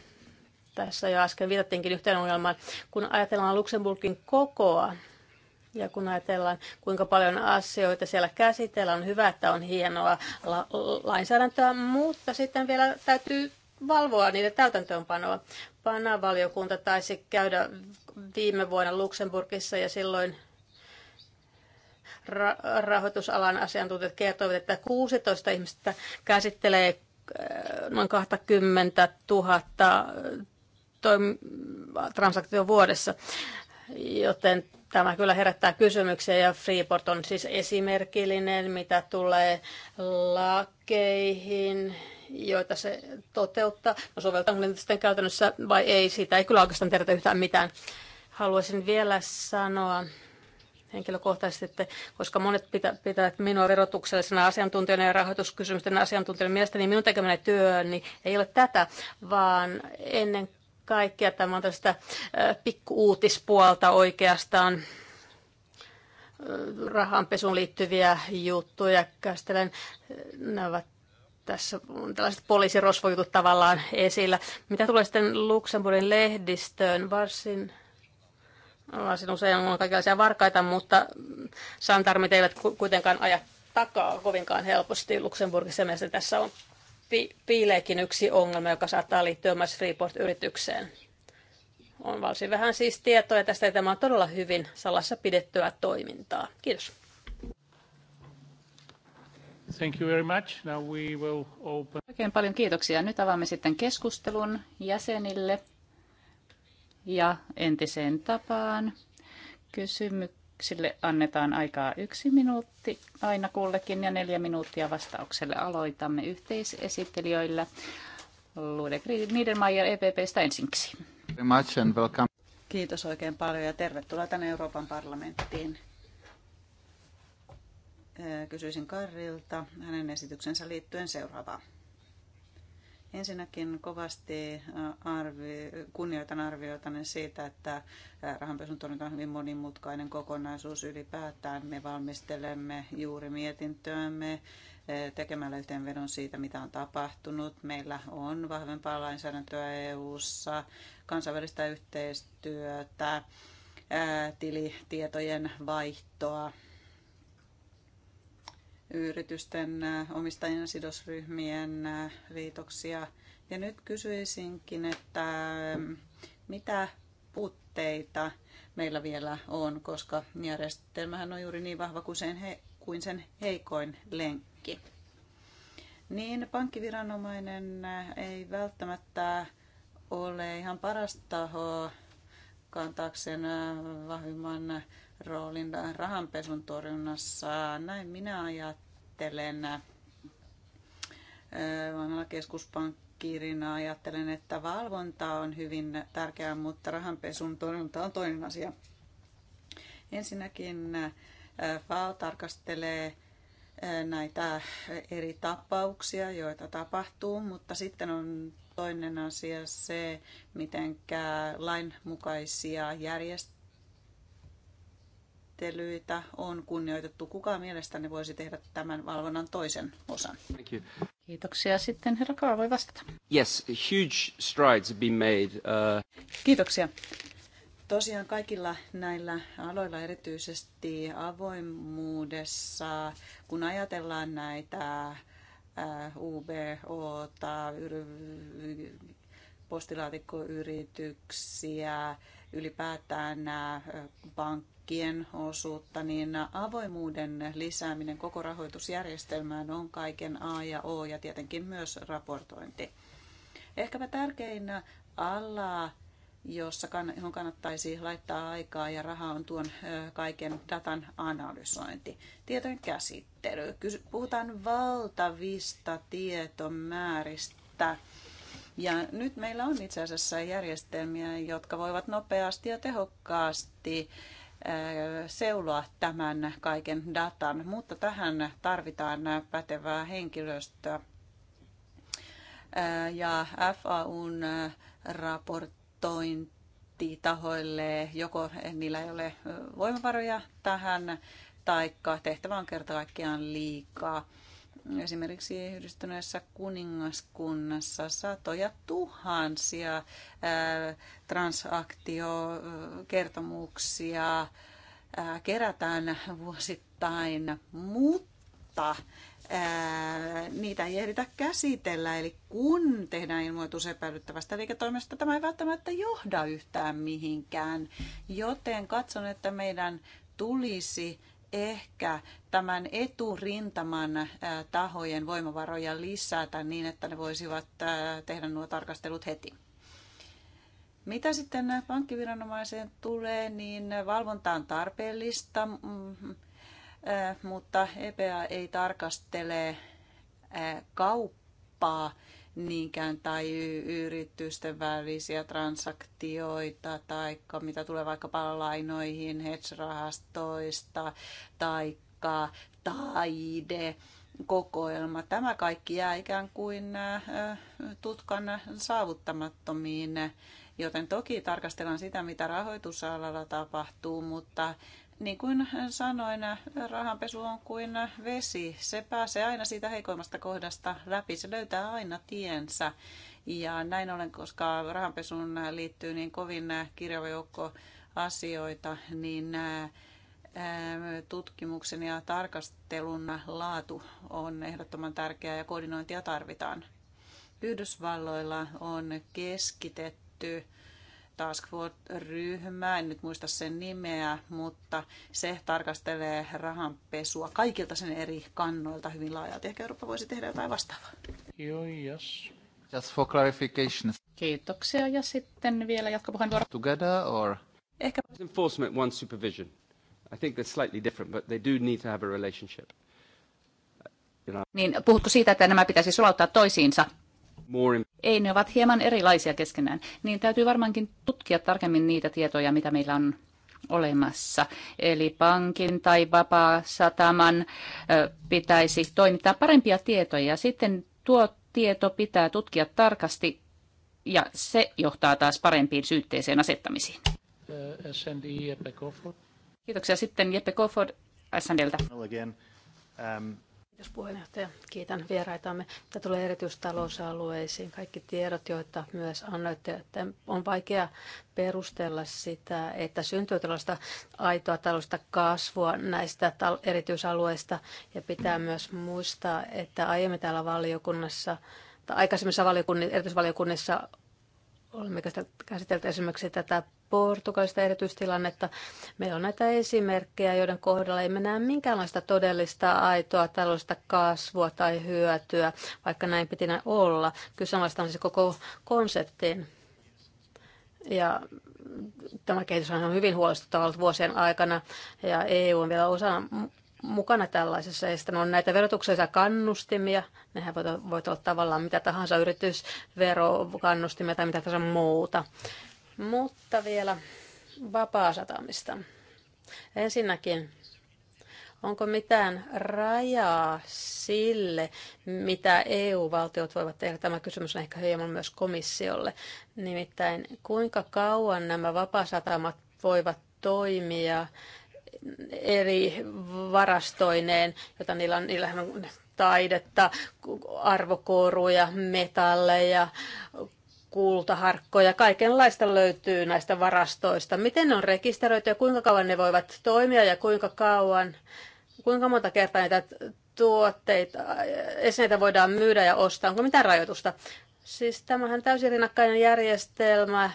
tässä jo äsken viitattiinkin yhteen ongelmaan. Kun ajatellaan Luxemburgin kokoa, ja kun ajatellaan, kuinka paljon asioita siellä käsitellään, on hyvä, että on hienoa la- lainsäädäntöä, mutta sitten vielä täytyy valvoa niiden täytäntöönpanoa. valiokunta taisi käydä viime vuonna Luxemburgissa ja silloin ra- rahoitusalan asiantuntijat kertoivat, että 16 ihmistä käsittelee äh, noin 20 000 transaktio vuodessa. Joten tämä kyllä herättää kysymyksiä ja Freeport on siis esimerkillinen, mitä tulee lakeihin, joita se toteuttaa. No soveltaanko niitä sitten käytännössä vai ei, siitä ei kyllä oikeastaan tiedetä yhtään mitään. Haluaisin vielä sanoa henkilökohtaisesti, että koska monet pitä, pitävät minua verotuksellisena asiantuntijana ja rahoituskysymysten asiantuntijana mielestäni niin minun tekemäni työ niin ei ole tätä, vaan ennen kaikkea. Tämä on tästä pikkuuutispuolta oikeastaan rahanpesuun liittyviä juttuja käsittelen. Nämä ovat tässä on tällaiset poliisirosvojutut tavallaan esillä. Mitä tulee sitten Luxemburgin lehdistöön, varsin, varsin usein on kaikenlaisia varkaita, mutta santarmit eivät kuitenkaan aja takaa kovinkaan helposti Luxemburgissa. Mielestäni tässä on pi- piileekin yksi ongelma, joka saattaa liittyä myös Freeport-yritykseen. On varsin vähän siis tietoja tästä, ja tämä on todella hyvin salassa pidettyä toimintaa. Kiitos. Thank you very much. Now we will open... Oikein paljon kiitoksia. Nyt avaamme sitten keskustelun jäsenille ja entiseen tapaan kysymyksiä Sille annetaan aikaa yksi minuutti aina kullekin ja neljä minuuttia vastaukselle. Aloitamme yhteisesittelijöillä. Lude Niedermayer EPPstä ensiksi. Kiitos oikein paljon ja tervetuloa tänne Euroopan parlamenttiin. Kysyisin Karilta hänen esityksensä liittyen seuraavaa. Ensinnäkin kovasti äh, arvi, kunnioitan arvioita siitä, että äh, rahanpesun torjunta on hyvin monimutkainen kokonaisuus ylipäätään. Me valmistelemme juuri mietintöämme äh, tekemällä yhteenvedon siitä, mitä on tapahtunut. Meillä on vahvempaa lainsäädäntöä EU-ssa, kansainvälistä yhteistyötä, tilitietojen vaihtoa yritysten omistajien sidosryhmien liitoksia. Ja nyt kysyisinkin, että mitä puutteita meillä vielä on, koska järjestelmähän on juuri niin vahva kuin sen, he, kuin sen heikoin lenkki. Niin pankkiviranomainen ei välttämättä ole ihan paras taho kantaakseen vahvimman roolin rahanpesun torjunnassa. Näin minä ajattelen. Vanhalla keskuspankkiirina ajattelen, että valvonta on hyvin tärkeää, mutta rahanpesun torjunta on toinen asia. Ensinnäkin FAO tarkastelee näitä eri tapauksia, joita tapahtuu, mutta sitten on toinen asia se, miten lainmukaisia järjestelmiä menettelyitä on kunnioitettu. Kuka mielestäni voisi tehdä tämän valvonnan toisen osan? Kiitoksia. Sitten herra Kaa voi vastata. Yes, huge strides have been made. Uh... Kiitoksia. Tosiaan kaikilla näillä aloilla, erityisesti avoimuudessa, kun ajatellaan näitä UBO, uh, postilaatikkoyrityksiä, ylipäätään nämä pankkien osuutta, niin avoimuuden lisääminen koko rahoitusjärjestelmään on kaiken A ja O ja tietenkin myös raportointi. Ehkäpä tärkein ala, jossa johon kannattaisi laittaa aikaa ja rahaa on tuon kaiken datan analysointi, tietojen käsittely. Puhutaan valtavista tietomääristä ja nyt meillä on itse asiassa järjestelmiä, jotka voivat nopeasti ja tehokkaasti seuloa tämän kaiken datan, mutta tähän tarvitaan pätevää henkilöstöä. Ja FAUn raportointitahoille, joko niillä ei ole voimavaroja tähän, taikka tehtävä on kerta kaikkiaan liikaa esimerkiksi yhdistyneessä kuningaskunnassa satoja tuhansia transaktiokertomuksia kerätään vuosittain, mutta niitä ei ehditä käsitellä. Eli kun tehdään ilmoitus epäilyttävästä liiketoimesta, tämä ei välttämättä johda yhtään mihinkään. Joten katson, että meidän tulisi ehkä tämän eturintaman äh, tahojen voimavaroja lisätä niin, että ne voisivat äh, tehdä nuo tarkastelut heti. Mitä sitten pankkiviranomaiseen tulee, niin valvonta on tarpeellista, mm, äh, mutta EPA ei tarkastele kauppaa niinkään tai yritysten välisiä transaktioita tai mitä tulee vaikkapa lainoihin hedge-rahastoista tai taide, kokoelma. Tämä kaikki jää ikään kuin äh, tutkan saavuttamattomiin, joten toki tarkastellaan sitä, mitä rahoitusalalla tapahtuu, mutta niin kuin sanoin, rahanpesu on kuin vesi. Se pääsee aina siitä heikoimmasta kohdasta läpi. Se löytää aina tiensä. Ja näin ollen, koska rahanpesuun liittyy niin kovin kirjava joukko asioita, niin ähm, tutkimuksen ja tarkastelun laatu on ehdottoman tärkeää ja koordinointia tarvitaan. Yhdysvalloilla on keskitetty task force-ryhmä, en nyt muista sen nimeä, mutta se tarkastelee rahanpesua kaikilta sen eri kannoilta hyvin laajalti. Ehkä Eurooppa voisi tehdä jotain vastaavaa. Joo, yes. Just for clarification. Kiitoksia. Ja sitten vielä jatkopuheenvuoro. Together or? Ehkä. Enforcement, one supervision. I think they're slightly different, but they do need to have a relationship. You know. Niin, puhutko siitä, että nämä pitäisi sulauttaa toisiinsa? More ei, ne ovat hieman erilaisia keskenään, niin täytyy varmaankin tutkia tarkemmin niitä tietoja, mitä meillä on olemassa. Eli pankin tai vapaa-sataman pitäisi toimittaa parempia tietoja. Sitten tuo tieto pitää tutkia tarkasti ja se johtaa taas parempiin syytteeseen asettamisiin. Kiitoksia sitten Jeppe Kofod SNDltä. Um, Kiitos puheenjohtaja. Kiitän vieraitamme. Tämä tulee erityistalousalueisiin. Kaikki tiedot, joita myös annoitte, että on vaikea perustella sitä, että syntyy tällaista aitoa taloudellista kasvua näistä erityisalueista. Ja pitää myös muistaa, että aiemmin täällä valiokunnassa tai aikaisemmissa valiokunnissa, erityisvaliokunnissa olemme käsitelleet esimerkiksi tätä Portugalista erityistilannetta. Meillä on näitä esimerkkejä, joiden kohdalla ei näe minkäänlaista todellista, aitoa taloudellista kasvua tai hyötyä, vaikka näin piti näin olla. on siis koko konseptin. Ja tämä kehitys on hyvin huolestuttava vuosien aikana, ja EU on vielä osana mukana tällaisessa. Ja on näitä verotuksellisia kannustimia. Nehän voivat olla tavallaan mitä tahansa yritysverokannustimia tai mitä tahansa muuta. Mutta vielä vapaasatamista. Ensinnäkin, onko mitään rajaa sille, mitä EU-valtiot voivat tehdä? Tämä kysymys on ehkä hieman myös komissiolle. Nimittäin, kuinka kauan nämä vapaasatamat voivat toimia eri varastoineen, jota niillä on, niillähän on taidetta, arvokoruja, metalleja, kultaharkkoja, kaikenlaista löytyy näistä varastoista. Miten ne on rekisteröity ja kuinka kauan ne voivat toimia ja kuinka kauan, kuinka monta kertaa näitä tuotteita, esineitä voidaan myydä ja ostaa, onko mitään rajoitusta? Siis tämähän täysin rinnakkainen järjestelmä,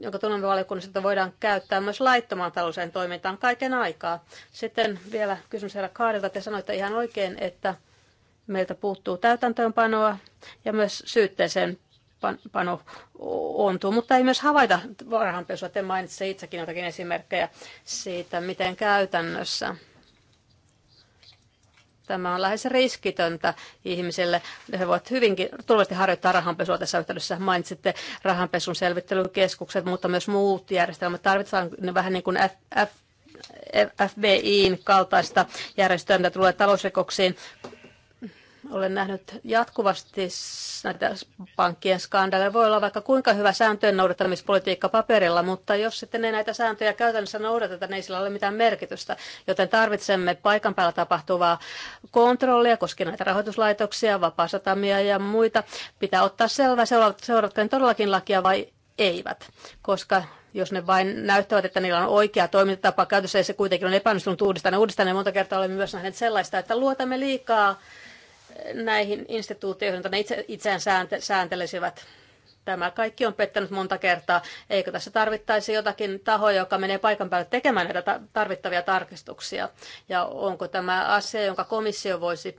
jonka tunnemme valiokunnassa, että voidaan käyttää myös laittomaan taloudelliseen toimintaan kaiken aikaa. Sitten vielä kysymys herra Kaarilta. Te sanoitte ihan oikein, että Meiltä puuttuu täytäntöönpanoa ja myös syytteeseen pano ontuu, mutta ei myös havaita varhanpesua. Te mainitsitte itsekin jotakin esimerkkejä siitä, miten käytännössä tämä on lähes riskitöntä ihmisille. He voivat hyvinkin tulevasti harjoittaa rahanpesua tässä yhteydessä. Mainitsitte rahanpesun selvittelykeskukset, mutta myös muut järjestelmät. Tarvitaan vähän niin kuin F, F, FBIin kaltaista järjestöä, mitä tulee talousrikoksiin. Olen nähnyt jatkuvasti näitä pankkien skandaaleja. Voi olla vaikka kuinka hyvä sääntöjen noudattamispolitiikka paperilla, mutta jos sitten ei näitä sääntöjä käytännössä noudateta, niin ei sillä ole mitään merkitystä. Joten tarvitsemme paikan päällä tapahtuvaa kontrollia koskien näitä rahoituslaitoksia, vapaasatamia ja muita. Pitää ottaa selvä, seuratko ne niin todellakin lakia vai eivät, koska jos ne vain näyttävät, että niillä on oikea toimintatapa käytössä, ja se kuitenkin on epäonnistunut uudistaa ne uudistaa, ne niin monta kertaa olemme myös nähneet sellaista, että luotamme liikaa näihin instituutioihin, joita ne itse, itseään sääntelisivät. Tämä kaikki on pettänyt monta kertaa. Eikö tässä tarvittaisi jotakin tahoa, joka menee paikan päälle tekemään näitä tarvittavia tarkistuksia? Ja onko tämä asia, jonka komissio voisi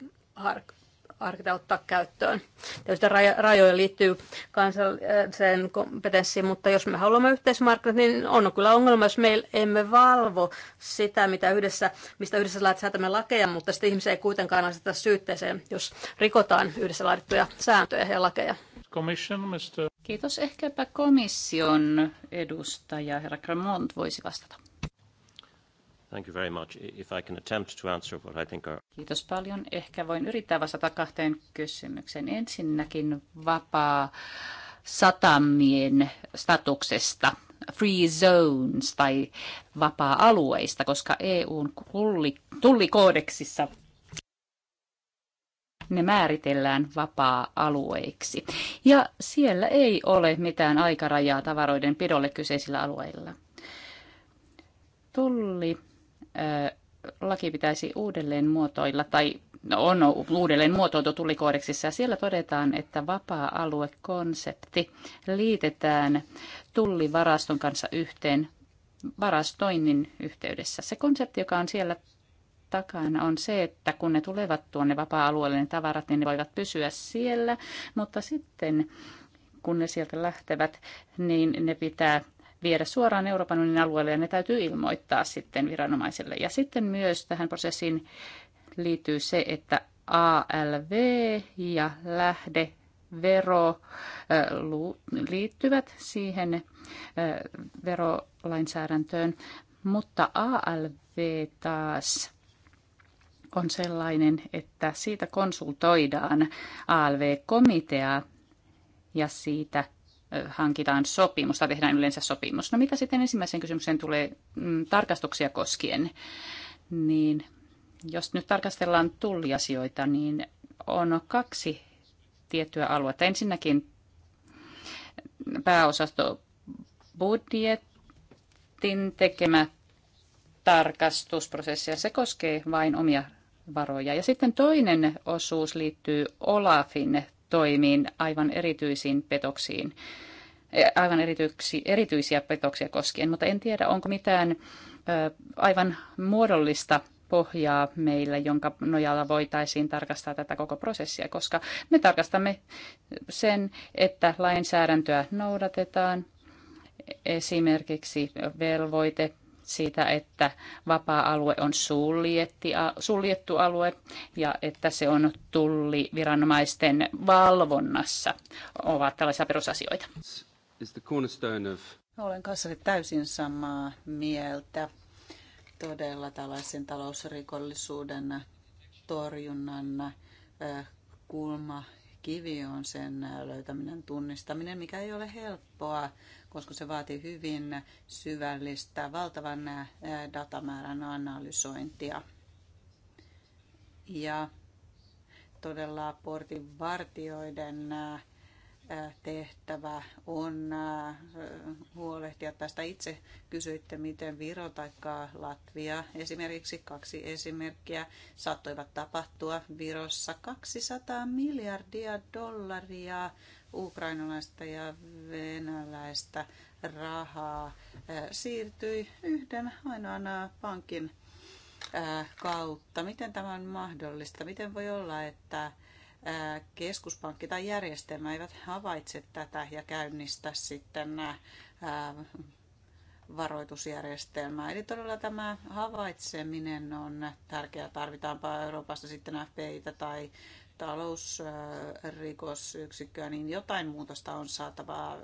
harkita ottaa käyttöön. Tietysti rajoja liittyy kansalliseen kompetenssiin, mutta jos me haluamme yhteismarkkinat, niin on kyllä ongelma, jos me emme valvo sitä, mitä yhdessä, mistä yhdessä säätämme lakeja, mutta sitten ihmisiä ei kuitenkaan aseteta syytteeseen, jos rikotaan yhdessä laadittuja sääntöjä ja lakeja. Kiitos. Ehkäpä komission edustaja, herra Cremont, voisi vastata. Thank you very much. If I can attempt to answer what I think are... Kiitos paljon. Ehkä voin yrittää vastata kahteen kysymykseen. Ensinnäkin vapaa satamien statuksesta free zones tai vapaa-alueista, koska EUn tullikoodeksissa ne määritellään vapaa-alueiksi. Ja siellä ei ole mitään aikarajaa tavaroiden pidolle kyseisillä alueilla. Tulli laki pitäisi uudelleen muotoilla, tai on uudelleen muotoiltu tullikoodeksissa, ja siellä todetaan, että vapaa-aluekonsepti liitetään tullivaraston kanssa yhteen varastoinnin yhteydessä. Se konsepti, joka on siellä takana on se, että kun ne tulevat tuonne vapaa-alueelle ne tavarat, niin ne voivat pysyä siellä, mutta sitten kun ne sieltä lähtevät, niin ne pitää viedä suoraan Euroopan unionin alueelle ja ne täytyy ilmoittaa sitten viranomaiselle. Ja sitten myös tähän prosessiin liittyy se, että ALV ja lähde vero liittyvät siihen verolainsäädäntöön, mutta ALV taas on sellainen, että siitä konsultoidaan ALV-komitea ja siitä hankitaan sopimus tai tehdään yleensä sopimus. No mitä sitten ensimmäiseen kysymykseen tulee mm, tarkastuksia koskien, niin jos nyt tarkastellaan tulliasioita, niin on kaksi tiettyä aluetta. Ensinnäkin pääosasto budjetin tekemä tarkastusprosessi ja se koskee vain omia varoja. Ja sitten toinen osuus liittyy Olafin toimiin aivan erityisiin petoksiin, eh, aivan erityksi, erityisiä petoksia koskien, mutta en tiedä, onko mitään aivan muodollista pohjaa meillä, jonka nojalla voitaisiin tarkastaa tätä koko prosessia, koska me tarkastamme sen, että lainsäädäntöä noudatetaan, esimerkiksi velvoite siitä, että vapaa-alue on suljettu alue ja että se on tulli viranomaisten valvonnassa, ovat tällaisia perusasioita. Olen kanssani täysin samaa mieltä. Todella tällaisen talousrikollisuuden torjunnan kulma kivi on sen löytäminen, tunnistaminen, mikä ei ole helppoa, koska se vaatii hyvin syvällistä, valtavan datamäärän analysointia. Ja todella portin vartioiden tehtävä on huolehtia tästä. Itse kysyitte, miten Viro tai Latvia, esimerkiksi kaksi esimerkkiä, saattoivat tapahtua Virossa 200 miljardia dollaria ukrainalaista ja venäläistä rahaa siirtyi yhden ainoana pankin kautta. Miten tämä on mahdollista? Miten voi olla, että keskuspankki tai järjestelmä eivät havaitse tätä ja käynnistä sitten varoitusjärjestelmää. Eli todella tämä havaitseminen on tärkeää. Tarvitaanpa Euroopassa sitten FBItä tai talousrikosyksikköä, niin jotain muutosta on saatava.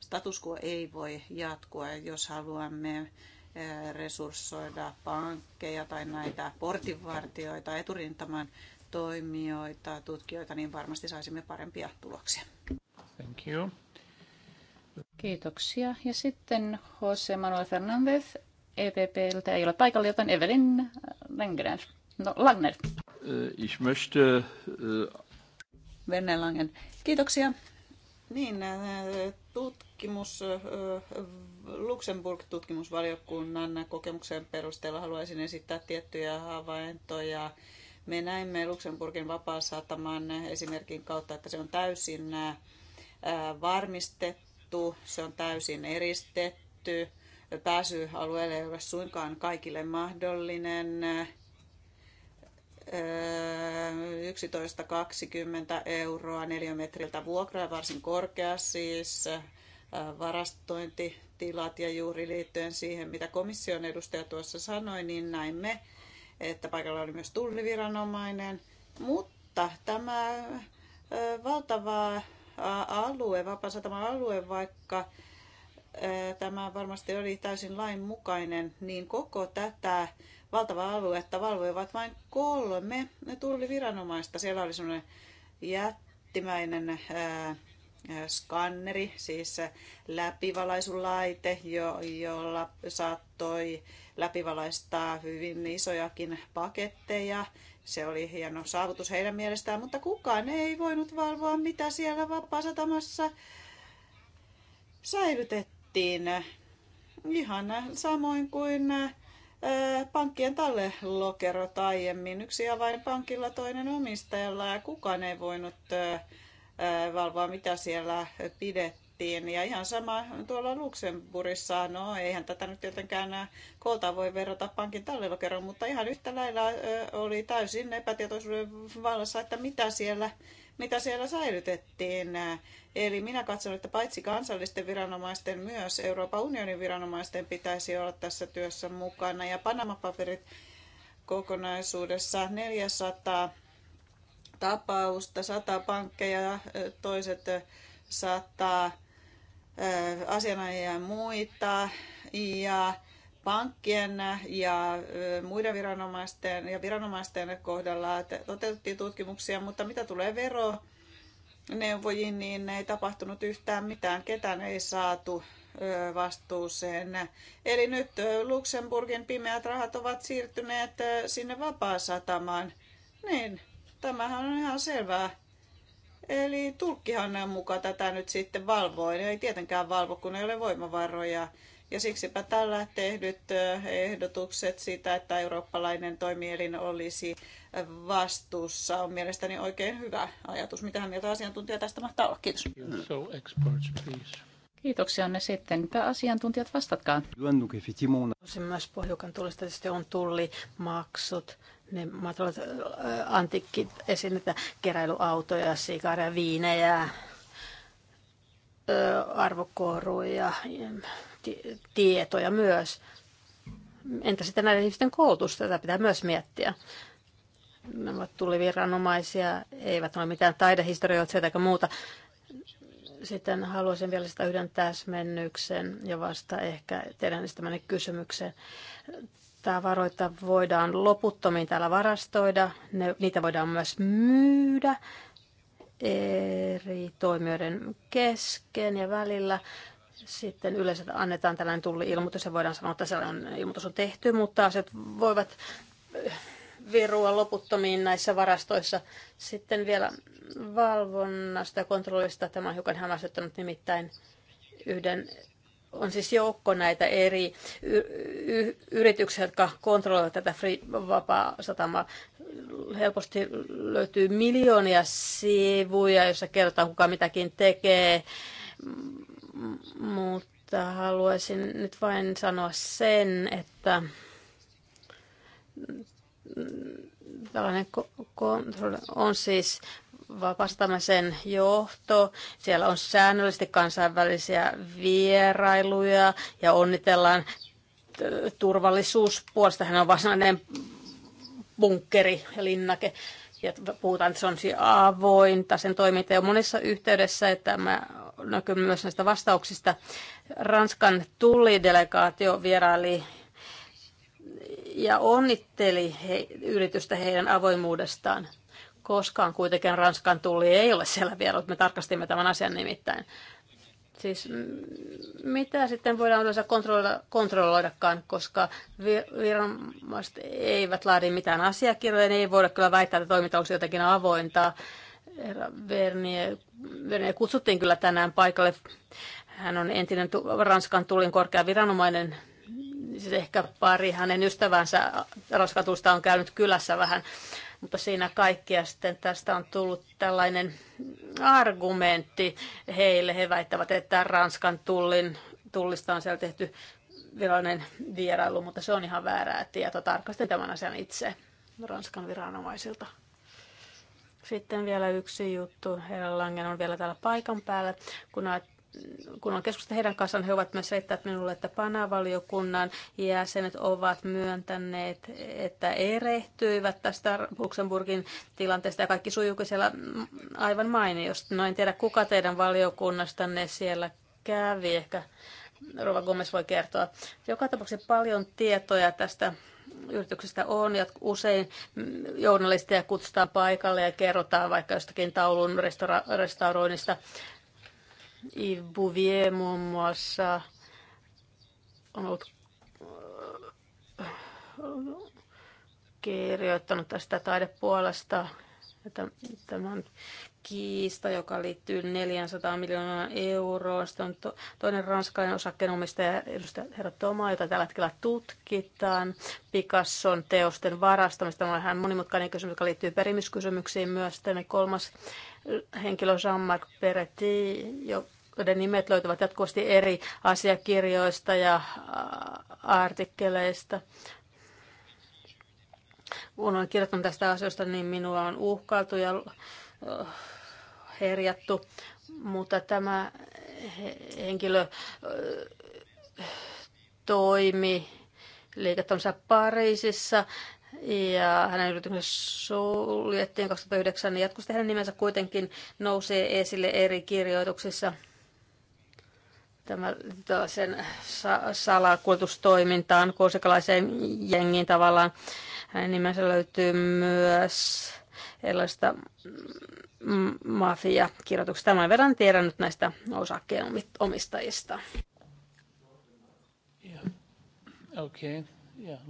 Status quo ei voi jatkua, jos haluamme eh, resurssoida pankkeja tai näitä portinvartioita, eturintaman toimijoita, tutkijoita, niin varmasti saisimme parempia tuloksia. Thank you. Kiitoksia. Ja sitten Jose Manuel Fernandez EPPltä ei ole paikalla, joten Evelin Langner. No, Langner. Äh, ich möchte... Äh, Werner Langen. Kiitoksia. Niin, äh, tutkimus, Luxemburg-tutkimusvaliokunnan kokemuksen perusteella haluaisin esittää tiettyjä havaintoja. Me näimme Luxemburgin vapaasataman esimerkin kautta, että se on täysin varmistettu, se on täysin eristetty, pääsy alueelle ei ole suinkaan kaikille mahdollinen 11-20 euroa neliömetriltä vuokraa, varsin korkea siis varastointitilat ja juuri liittyen siihen, mitä komission edustaja tuossa sanoi, niin näimme, että paikalla oli myös tulliviranomainen, mutta tämä valtava alue, Vapaasatama alue, vaikka tämä varmasti oli täysin lainmukainen, niin koko tätä valtavaa aluetta valvoivat vain kolme tulliviranomaista. Siellä oli semmoinen jättimäinen ää, skanneri, siis läpivalaisulaite, jo, jolla saattoi läpivalaistaa hyvin isojakin paketteja. Se oli hieno saavutus heidän mielestään, mutta kukaan ei voinut valvoa, mitä siellä vapaasatamassa säilytettiin tehtiin eh, ihan samoin kuin eh, pankkien tallelokerot aiemmin. Yksi vain pankilla, toinen omistajalla ja kukaan ei voinut eh, valvoa, mitä siellä pidettiin. Ja ihan sama tuolla Luxemburissa, no eihän tätä nyt jotenkään kolta voi verrata pankin tallelokeroon, mutta ihan yhtä lailla oli täysin epätietoisuuden vallassa, että mitä siellä mitä siellä säilytettiin. Eli minä katson, että paitsi kansallisten viranomaisten, myös Euroopan unionin viranomaisten pitäisi olla tässä työssä mukana. Ja Panama-paperit kokonaisuudessa 400 tapausta, 100 pankkeja, toiset 100 asianajia ja muita. Ja pankkien ja muiden viranomaisten ja viranomaisten kohdalla toteutettiin tutkimuksia, mutta mitä tulee vero neuvojiin, niin ei tapahtunut yhtään mitään, ketään ei saatu vastuuseen. Eli nyt Luxemburgin pimeät rahat ovat siirtyneet sinne vapaasatamaan. Niin, tämähän on ihan selvää. Eli tulkkihan muka tätä nyt sitten valvoi. Ei tietenkään valvo, kun ei ole voimavaroja. Ja siksipä tällä tehdyt ehdotukset siitä, että eurooppalainen toimielin olisi vastuussa, on mielestäni oikein hyvä ajatus. mitä mieltä asiantuntija tästä mahtaa olla? Kiitos. So experts, Kiitoksia ne sitten. Mitä asiantuntijat vastatkaa? Se myös pohjukan tulista tietysti on tulli, maksut, ne matalat antiikkit esineitä, keräilyautoja, sikareja, viinejä, arvokoruja, tietoja myös. Entä sitten näiden ihmisten koulutus? Tätä pitää myös miettiä. Nämä tuli viranomaisia, eivät ole mitään taidehistorioitsijoita eikä muuta. Sitten haluaisin vielä sitä yhden täsmennyksen ja vasta ehkä teidän esittämänne kysymykseen. Tämä varoita voidaan loputtomiin täällä varastoida, ne, niitä voidaan myös myydä eri toimijoiden kesken ja välillä sitten yleensä annetaan tällainen tulli-ilmoitus ja voidaan sanoa, että sellainen ilmoitus on tehty, mutta asiat voivat eh, virua loputtomiin näissä varastoissa. Sitten vielä valvonnasta ja kontrollista tämä on hiukan hämmästyttänyt nimittäin yhden on siis joukko näitä eri yrityksiä, jotka kontrolloivat tätä free, vapaa-satamaa. Helposti löytyy miljoonia sivuja, joissa kerrotaan, kuka mitäkin tekee, mutta haluaisin nyt vain sanoa sen, että tällainen kontrolli on siis vapastamisen johto. Siellä on säännöllisesti kansainvälisiä vierailuja ja onnitellaan turvallisuuspuolesta. Hän on varsinainen bunkkeri ja linnake. Ja puhutaan, että se on siis avointa sen toiminta. Ja monessa yhteydessä että mä näkyy myös näistä vastauksista. Ranskan tullidelegaatio vieraili ja onnitteli he, yritystä heidän avoimuudestaan. Koskaan kuitenkin Ranskan tulli ei ole siellä mutta Me tarkastimme tämän asian nimittäin. Siis mitä sitten voidaan yleensä kontrolloida, kontrolloidakaan, koska viranomaiset eivät laadi mitään asiakirjoja, niin ei voida kyllä väittää, että toiminta olisi jotenkin avointa. Herra Vernier, Vernier kutsuttiin kyllä tänään paikalle. Hän on entinen Ranskan tulin korkea viranomainen. Siis ehkä pari hänen ystävänsä Ranskatusta on käynyt kylässä vähän. Mutta siinä kaikkia sitten tästä on tullut tällainen argumentti heille. He väittävät, että Ranskan tullin, tullista on siellä tehty virallinen vierailu, mutta se on ihan väärää tietoa. Tarkastin tämän asian itse Ranskan viranomaisilta. Sitten vielä yksi juttu. Herra Langen on vielä täällä paikan päällä. Kun kun on keskustellut heidän kanssaan, he ovat myös selittäneet minulle, että panavaliokunnan jäsenet ovat myöntäneet, että erehtyivät tästä Luxemburgin tilanteesta ja kaikki sujuuko siellä aivan mainiosti. No en tiedä, kuka teidän valiokunnastanne siellä kävi, ehkä Rova Gomez voi kertoa. Joka tapauksessa paljon tietoja tästä yrityksestä on, ja usein journalisteja kutsutaan paikalle ja kerrotaan vaikka jostakin taulun restaura- restauroinnista. Yves Bouvier muun muassa on ollut äh, kirjoittanut tästä taidepuolesta. Tämä on kiista, joka liittyy 400 miljoonaa euroa. Sitten on to, toinen ranskalainen osakkeenomistaja, edustaja herra Toma, jota tällä hetkellä tutkitaan. pikasson teosten varastamista. Tämä on vähän monimutkainen kysymys, joka liittyy perimyskysymyksiin myös. Sitten kolmas henkilö Jean-Marc Peretti, joiden nimet löytyvät jatkuvasti eri asiakirjoista ja artikkeleista kun olen kirjoittanut tästä asioista, niin minua on uhkailtu ja herjattu, mutta tämä henkilö toimi liiketoimissa Pariisissa ja hänen yrityksensä suljettiin 2009. Niin Jatkuvasti hänen nimensä kuitenkin nousee esille eri kirjoituksissa tämä, sen salakuljetustoimintaan, korsikalaiseen jengiin tavallaan. Hänen nimensä löytyy myös erilaisista mm, mafiakirjoituksista. Tämän verran tiedän nyt näistä osakkeenomistajista. Yeah. Okay. Yeah,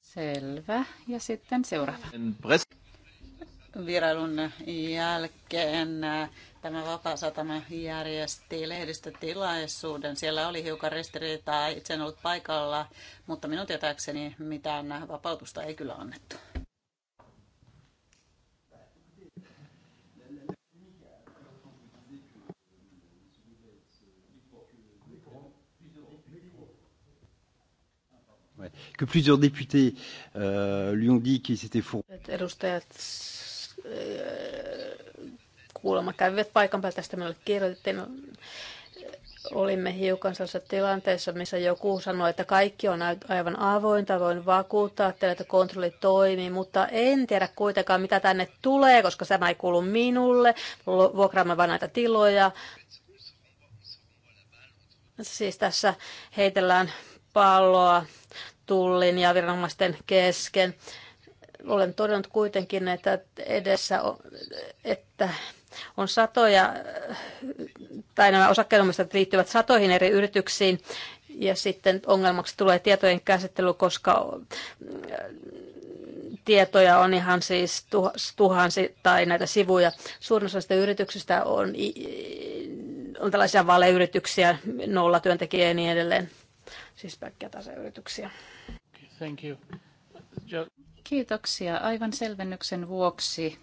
Selvä. Ja sitten seuraava. Vierailun jälkeen äh, tämä Vapaasatama järjesti lehdistötilaisuuden. Siellä oli hiukan ristiriitaa. Itse en ollut paikalla, mutta minun tietääkseni mitään vapautusta ei kyllä annettu. que plusieurs députés euh, lui ont dit Edustajat äh, kuulemma kävivät paikan päällä, tästä meille kirjoitettiin. Olimme hiukan sellaisessa tilanteessa, missä joku sanoi, että kaikki on aivan avointa, voin vakuuttaa teille, että kontrolli toimii, mutta en tiedä kuitenkaan, mitä tänne tulee, koska tämä ei kuulu minulle, vuokraamme vain näitä tiloja. Siis tässä heitellään palloa tullin ja viranomaisten kesken. Olen todennut kuitenkin, että edessä on, että on satoja, tai nämä osakkeenomistajat liittyvät satoihin eri yrityksiin, ja sitten ongelmaksi tulee tietojen käsittely, koska mm, tietoja on ihan siis tuhansi tai näitä sivuja. Suurin osa yrityksistä on, on tällaisia valeyrityksiä, nolla työntekijä ja niin edelleen, siis pelkkiä taseyrityksiä. Thank you. Kiitoksia. Aivan selvennyksen vuoksi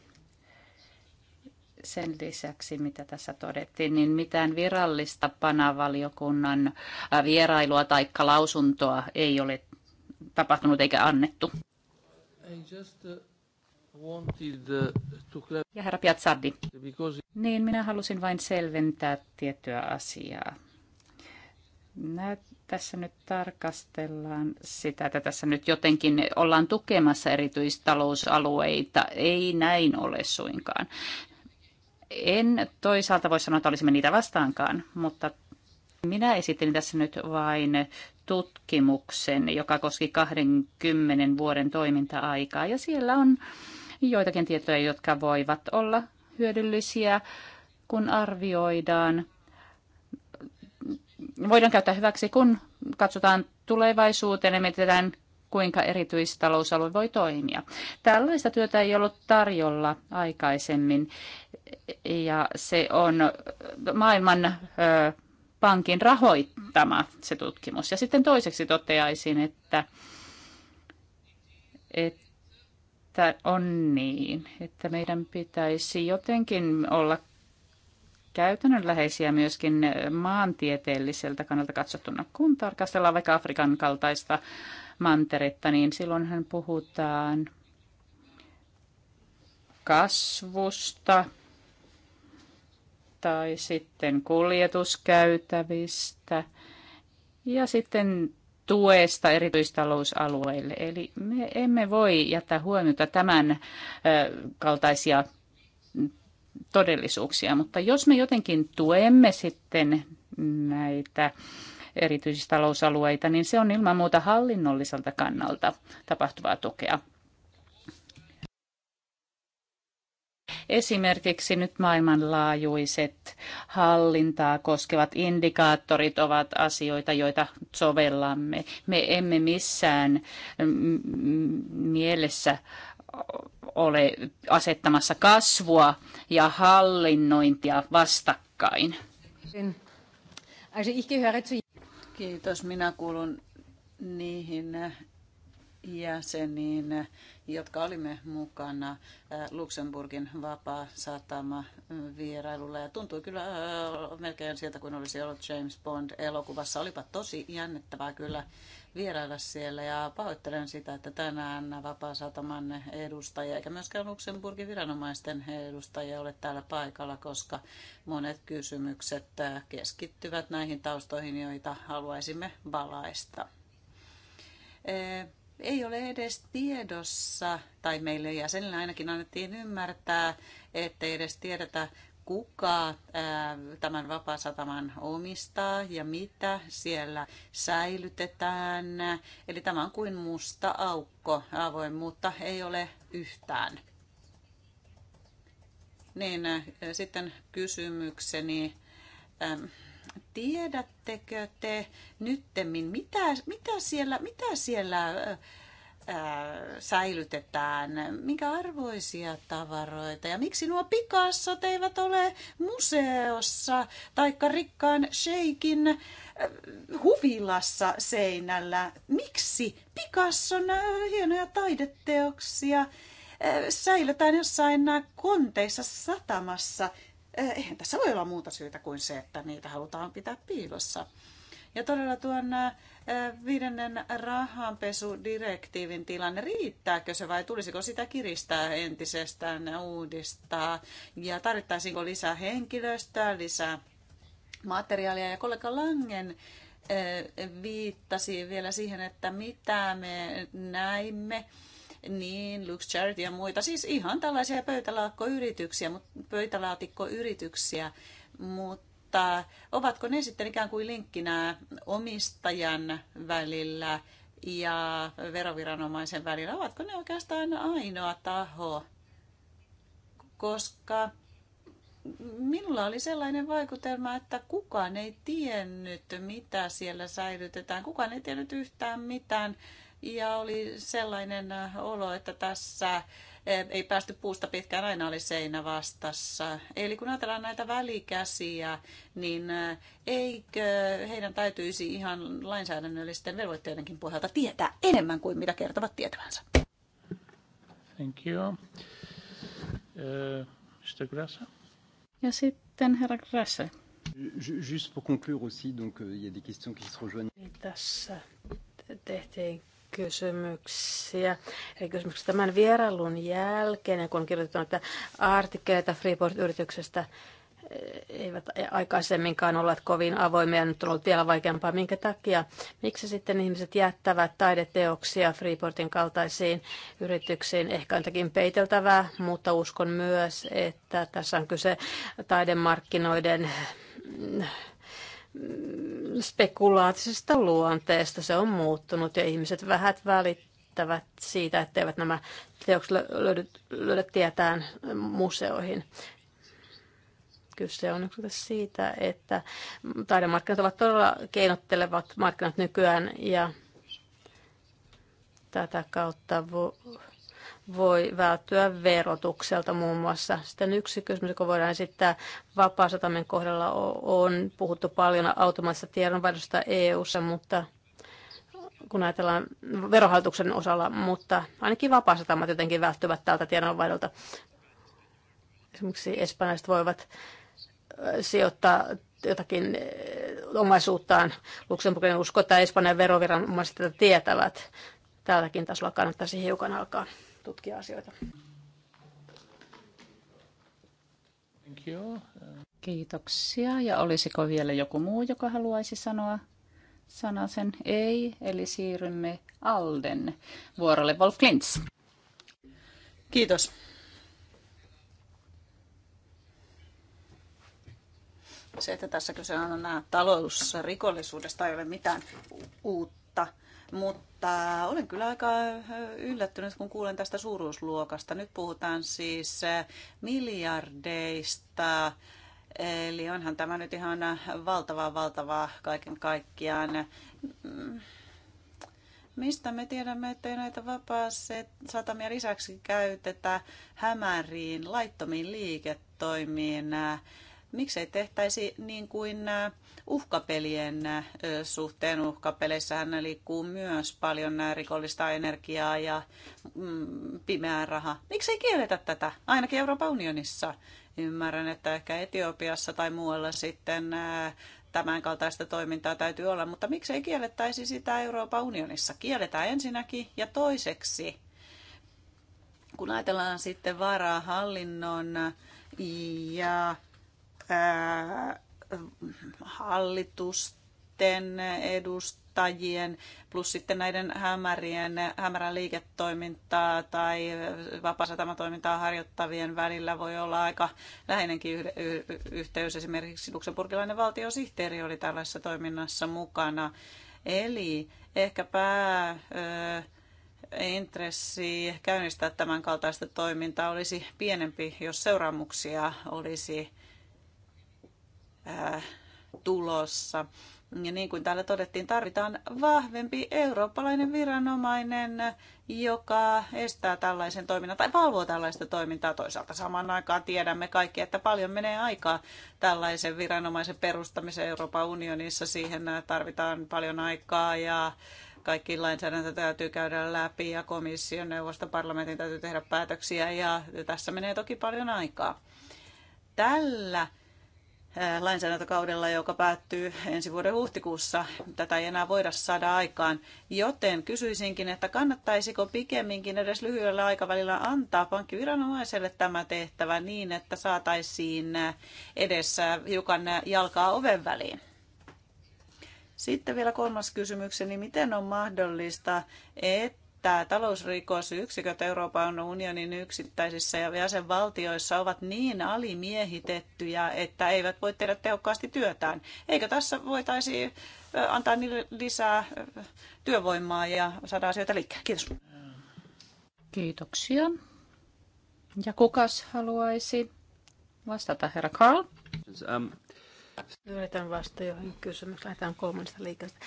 sen lisäksi, mitä tässä todettiin, niin mitään virallista panavaliokunnan äh, vierailua tai lausuntoa ei ole tapahtunut eikä annettu. Uh, uh, ja herra Piazzardi, niin minä halusin vain selventää tiettyä asiaa. Nä, tässä nyt tarkastellaan sitä, että tässä nyt jotenkin ollaan tukemassa erityistalousalueita. Ei näin ole suinkaan. En toisaalta voi sanoa, että olisimme niitä vastaankaan, mutta minä esittelin tässä nyt vain tutkimuksen, joka koski 20 vuoden toiminta-aikaa. Ja siellä on joitakin tietoja, jotka voivat olla hyödyllisiä, kun arvioidaan – voidaan käyttää hyväksi, kun katsotaan tulevaisuuteen ja mietitään, kuinka erityistalousalue voi toimia. Tällaista työtä ei ollut tarjolla aikaisemmin ja se on maailman ö, pankin rahoittama se tutkimus. Ja sitten toiseksi toteaisin, että, että on niin, että meidän pitäisi jotenkin olla käytännönläheisiä myöskin maantieteelliseltä kannalta katsottuna. Kun tarkastellaan vaikka Afrikan kaltaista manteretta, niin silloinhan puhutaan kasvusta tai sitten kuljetuskäytävistä ja sitten tuesta erityistalousalueille. Eli me emme voi jättää huomiota tämän kaltaisia todellisuuksia. Mutta jos me jotenkin tuemme sitten näitä erityistalousalueita, niin se on ilman muuta hallinnolliselta kannalta tapahtuvaa tukea. Esimerkiksi nyt maailmanlaajuiset hallintaa koskevat indikaattorit ovat asioita, joita sovellamme. Me emme missään mielessä ole asettamassa kasvua ja hallinnointia vastakkain. Kiitos. Minä kuulun niihin jäseniin, jotka olimme mukana äh, Luxemburgin vapaa satama vierailulla. Ja tuntui kyllä äh, melkein sieltä, kun olisi ollut James Bond-elokuvassa. Olipa tosi jännittävää kyllä vierailla siellä ja pahoittelen sitä, että tänään Vapaa-Sataman edustajia eikä myöskään Luxemburgin viranomaisten edustajia ole täällä paikalla, koska monet kysymykset äh, keskittyvät näihin taustoihin, joita haluaisimme valaista ei ole edes tiedossa, tai meille jäsenille ainakin annettiin ymmärtää, ettei edes tiedetä, kuka ähm, tämän vapaasataman omistaa ja mitä siellä säilytetään. Eli tämä on kuin musta aukko. Avoimuutta ei ole yhtään. Niin, äh, sitten kysymykseni. Ähm, tiedättekö te nyttemmin, mitä, mitä siellä, mitä siellä äh, Äh, säilytetään, minkä arvoisia tavaroita ja miksi nuo pikassot eivät ole museossa taikka rikkaan sheikin äh, huvilassa seinällä. Miksi pikasson äh, hienoja taideteoksia säilytetään jossain konteissa satamassa? Eihän tässä voi olla muuta syytä kuin se, että niitä halutaan pitää piilossa. Ja todella tuon viidennen rahanpesudirektiivin tilanne, riittääkö se vai tulisiko sitä kiristää entisestään ja uudistaa ja tarvittaisiinko lisää henkilöstöä, lisää materiaalia ja kollega Langen viittasi vielä siihen, että mitä me näimme niin, Lux Charity ja muita, siis ihan tällaisia pöytälaatikkoyrityksiä, pöytälaatikkoyrityksiä, mutta mutta ovatko ne sitten ikään kuin linkkinä omistajan välillä ja veroviranomaisen välillä? Ovatko ne oikeastaan ainoa taho? Koska minulla oli sellainen vaikutelma, että kukaan ei tiennyt, mitä siellä säilytetään. Kukaan ei tiennyt yhtään mitään. Ja oli sellainen olo, että tässä Eh, ei päästy puusta pitkään, aina oli seinä vastassa. Eli kun ajatellaan näitä välikäsiä, niin eh, eikö heidän täytyisi ihan lainsäädännöllisten velvoitteidenkin pohjalta tietää enemmän kuin mitä kertovat tietävänsä? Thank you. Uh, eh, Mr. Grasse. Ja sitten herra Grasse. Just pour conclure aussi, donc euh, il y a des questions qui se rejoignent. Niin tässä tehtiin kysymyksiä. Eli kysymyksiä tämän vierailun jälkeen, kun kirjoitetaan että artikkeleita Freeport-yrityksestä, eh, eivät aikaisemminkaan olleet kovin avoimia, nyt on ollut vielä vaikeampaa. Minkä takia? Miksi sitten ihmiset jättävät taideteoksia Freeportin kaltaisiin yrityksiin? Ehkä jotakin peiteltävää, mutta uskon myös, että tässä on kyse taidemarkkinoiden spekulaatisesta luonteesta. Se on muuttunut ja ihmiset vähät välittävät siitä, etteivät nämä teokset löydy, löydy tietään museoihin. Kyse on siitä, että taidemarkkinat ovat todella keinottelevat markkinat nykyään ja tätä kautta vo- voi välttyä verotukselta muun muassa. Sitten yksi kysymys, joka voidaan esittää vapaasatamen kohdalla, on puhuttu paljon automaattisesta tiedonvaihdosta EU-ssa, mutta kun ajatellaan verohallituksen osalla, mutta ainakin vapaasatamat jotenkin välttyvät tältä tiedonvaihdolta. Esimerkiksi espanjalaiset voivat sijoittaa jotakin omaisuuttaan. Luxemburgin usko, että Espanjan veroviranomaiset tätä tietävät. Tälläkin tasolla kannattaisi hiukan alkaa tutkia asioita. Kiitoksia. Ja olisiko vielä joku muu, joka haluaisi sanoa sanasen ei? Eli siirrymme Alden vuorolle. Wolf Klintz. Kiitos. Se, että tässä kyse on nämä taloudellisessa rikollisuudesta, ei ole mitään uutta, mutta mutta olen kyllä aika yllättynyt, kun kuulen tästä suuruusluokasta. Nyt puhutaan siis miljardeista, eli onhan tämä nyt ihan valtavaa, valtavaa kaiken kaikkiaan. Mm. Mistä me tiedämme, että näitä vapaa satamia lisäksi käytetä hämäriin, laittomiin liiketoimiin, miksei tehtäisi niin kuin äh, uhkapelien äh, suhteen. Uhkapeleissähän liikkuu myös paljon äh, rikollista energiaa ja mm, pimeää rahaa. Miksei kielletä tätä, ainakin Euroopan unionissa? Ymmärrän, että ehkä Etiopiassa tai muualla sitten tämän kaltaista toimintaa täytyy olla, mutta miksei kiellettäisi sitä Euroopan unionissa? Kielletään ensinnäkin ja toiseksi, kun ajatellaan sitten varaa hallinnon ja hallitusten edustajien plus sitten näiden hämärien, hämärän liiketoimintaa tai vapaasatamatoimintaa harjoittavien välillä voi olla aika läheinenkin yhteys. Esimerkiksi Luxemburgilainen valtiosihteeri oli tällaisessa toiminnassa mukana. Eli ehkä pää... Ö, intressi käynnistää tämän kaltaista toimintaa olisi pienempi, jos seuraamuksia olisi Äh, tulossa. Ja niin kuin täällä todettiin, tarvitaan vahvempi eurooppalainen viranomainen, joka estää tällaisen toiminnan tai valvoo tällaista toimintaa. Toisaalta samaan aikaan tiedämme kaikki, että paljon menee aikaa tällaisen viranomaisen perustamiseen Euroopan unionissa. Siihen tarvitaan paljon aikaa ja kaikki lainsäädäntö täytyy käydä läpi ja komission, neuvosto, parlamentin täytyy tehdä päätöksiä ja tässä menee toki paljon aikaa. Tällä Äh, lainsäädäntökaudella, joka päättyy ensi vuoden huhtikuussa. Tätä ei enää voida saada aikaan, joten kysyisinkin, että kannattaisiko pikemminkin edes lyhyellä aikavälillä antaa pankkiviranomaiselle tämä tehtävä niin, että saataisiin edessä äh, hiukan äh, jalkaa oven väliin. Sitten vielä kolmas kysymykseni, miten on mahdollista, että että talousrikosyksiköt Euroopan unionin yksittäisissä ja jäsenvaltioissa ovat niin alimiehitettyjä, että eivät voi tehdä tehokkaasti työtään. Eikö tässä voitaisi antaa niille lisää työvoimaa ja saada asioita liikkeelle? Kiitos. Kiitoksia. Ja kukas haluaisi vastata, herra Karl? Um, Yritän vastata johonkin kysymykseen. Lähdetään kolmannesta liikkeestä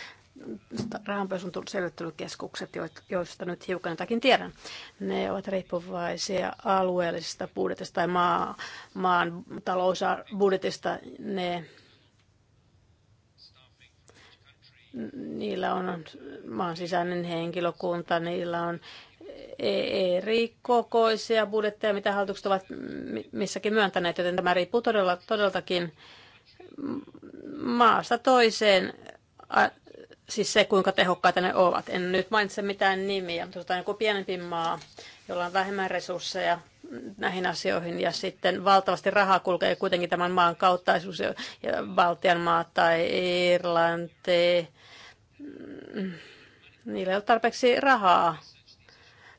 rahanpesun selvittelykeskukset, joista nyt hiukan jotakin tiedän. Ne ovat riippuvaisia alueellisesta budjetista tai maa, maan talousbudjetista. Ne, niillä on maan sisäinen henkilökunta, niillä on e- eri kokoisia budjetteja, mitä hallitukset ovat missäkin myöntäneet, joten tämä riippuu todella, todellakin maasta toiseen siis se, kuinka tehokkaita ne ovat. En nyt mainitse mitään nimiä, mutta tuota, joku pienempi maa, jolla on vähemmän resursseja näihin asioihin ja sitten valtavasti rahaa kulkee kuitenkin tämän maan kautta, ja Baltian maa tai Irlanti. Mm, niillä ei ole tarpeeksi rahaa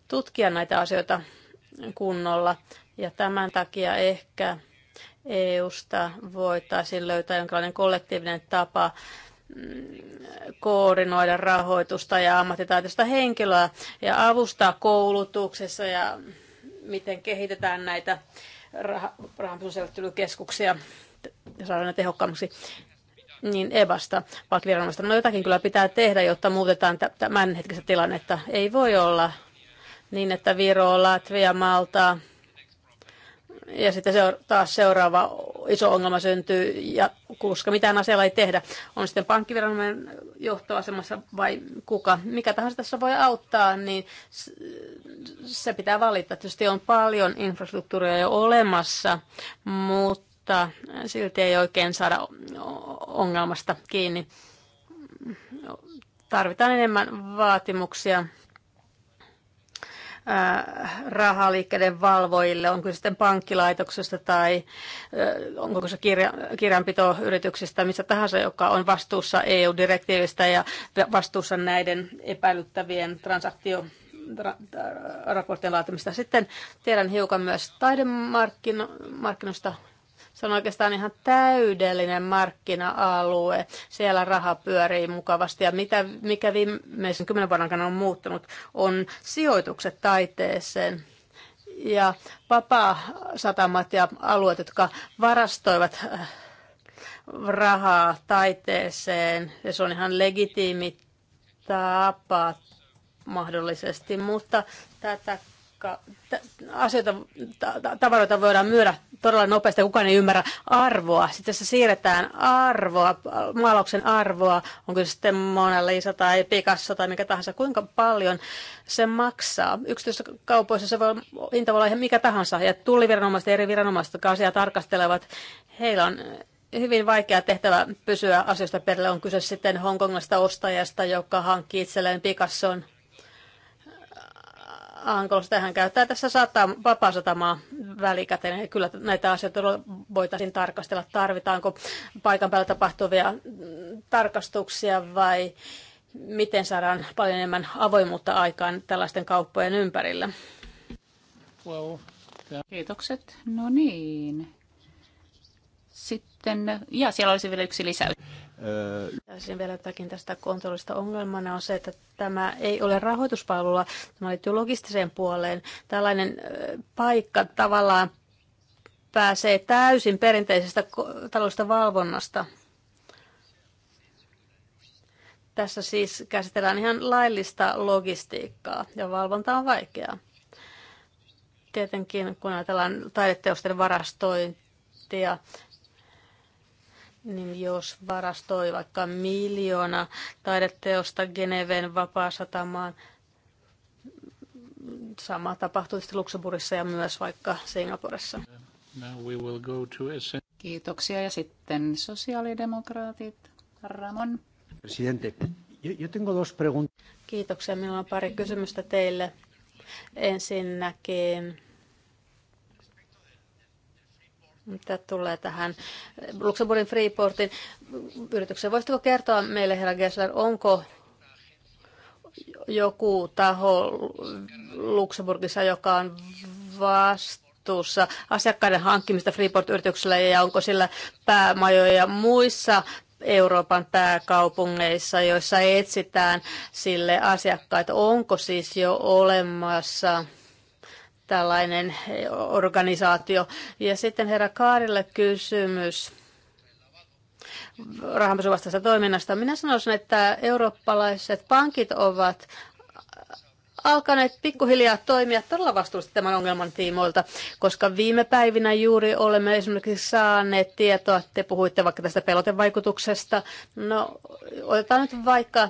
tutkia näitä asioita kunnolla ja tämän takia ehkä EUsta voitaisiin löytää jonkinlainen kollektiivinen tapa Mm, koordinoida rahoitusta ja ammattitaitoista henkilöä ja avustaa koulutuksessa ja miten kehitetään näitä rahanpysyselittelykeskuksia ja saada ne tehokkaammaksi niin evasta vaikka No jotakin kyllä pitää tehdä, jotta muutetaan tämän tilannetta. Ei voi olla niin, että Viro, Latvia, Malta, ja sitten seura- taas seuraava iso ongelma syntyy, ja koska mitään asialla ei tehdä, on sitten pankkiviranomainen johtoasemassa vai kuka, mikä tahansa tässä voi auttaa, niin se pitää valita. Tietysti on paljon infrastruktuuria jo olemassa, mutta silti ei oikein saada ongelmasta kiinni. Tarvitaan enemmän vaatimuksia rahaliikkeiden valvojille, onko se sitten pankkilaitoksesta tai onko se kirja, kirjanpitoyrityksistä, missä tahansa, joka on vastuussa EU-direktiivistä ja vastuussa näiden epäilyttävien transaktio raportin laatimista. Sitten tiedän hiukan myös taidemarkkinoista se on oikeastaan ihan täydellinen markkina-alue. Siellä raha pyörii mukavasti ja mitä, mikä viimeisen kymmenen vuoden aikana on muuttunut, on sijoitukset taiteeseen ja vapaa-satamat ja alueet, jotka varastoivat äh, rahaa taiteeseen. Ja se on ihan legitiimi tapa mahdollisesti, mutta tätä koska asioita, tavaroita voidaan myydä todella nopeasti, kukaan ei ymmärrä arvoa. Sitten se siirretään arvoa, maalauksen arvoa, onko se sitten Mona Lisa tai Picasso tai mikä tahansa, kuinka paljon se maksaa. Yksityisissä kaupoissa se voi, hinta voi olla ihan mikä tahansa, ja tulliviranomaiset ja eri viranomaiset, jotka asiaa tarkastelevat, heillä on hyvin vaikea tehtävä pysyä asioista perille On kyse sitten Hongkonglaista ostajasta, joka hankkii itselleen Picasson Ankolosta. Hän käyttää tässä sata, vapaasatamaa välikäteen. Ja kyllä näitä asioita voitaisiin tarkastella. Tarvitaanko paikan päällä tapahtuvia tarkastuksia vai miten saadaan paljon enemmän avoimuutta aikaan tällaisten kauppojen ympärillä? Wow. Kiitokset. No niin. Sitten, ja siellä olisi vielä yksi lisäys. Taisin vielä jotakin tästä kontrollista ongelmana on se, että tämä ei ole rahoituspalvelua, tämä liittyy logistiseen puoleen. Tällainen paikka tavallaan pääsee täysin perinteisestä taloudellisesta valvonnasta. Tässä siis käsitellään ihan laillista logistiikkaa ja valvonta on vaikeaa. Tietenkin kun ajatellaan taideteosten varastointia, niin jos varastoi vaikka miljoona taideteosta Geneven vapaasatamaan, sama tapahtui sitten Luxemburgissa ja myös vaikka Singaporessa. Kiitoksia ja sitten sosiaalidemokraatit. Ramon. Presidente, yo tengo dos preguntas. Kiitoksia. Minulla on pari kysymystä teille. Ensinnäkin mitä tulee tähän Luxemburgin Freeportin yritykseen. Voisitko kertoa meille, herra Gessler, onko joku taho Luxemburgissa, joka on vastuussa asiakkaiden hankkimista Freeport-yrityksellä ja onko sillä päämajoja muissa Euroopan pääkaupungeissa, joissa etsitään sille asiakkaita. Onko siis jo olemassa tällainen organisaatio. Ja sitten herra Kaarille kysymys rahanpesuvastaisesta toiminnasta. Minä sanoisin, että eurooppalaiset pankit ovat alkaneet pikkuhiljaa toimia todella vastuullisesti tämän ongelman tiimoilta, koska viime päivinä juuri olemme esimerkiksi saaneet tietoa, te puhuitte vaikka tästä pelotevaikutuksesta. No, otetaan nyt vaikka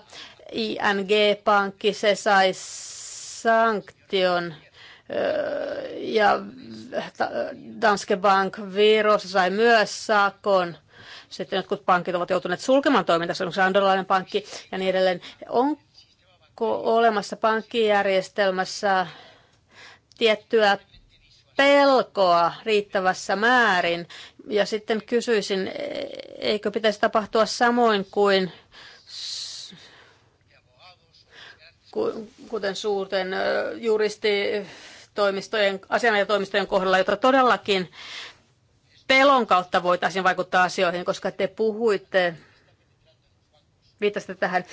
ING-pankki, se sai sanktion ja Danske Bank Virossa sai myös sakon. Sitten jotkut pankit ovat joutuneet sulkemaan toimintansa, esimerkiksi Andorlainen pankki ja niin edelleen. Onko olemassa pankkijärjestelmässä tiettyä pelkoa riittävässä määrin? Ja sitten kysyisin, eikö pitäisi tapahtua samoin kuin kuten suurten juristi toimistojen, asianajotoimistojen kohdalla, jota todellakin pelon kautta voitaisiin vaikuttaa asioihin, koska te puhuitte, viittasitte tähän,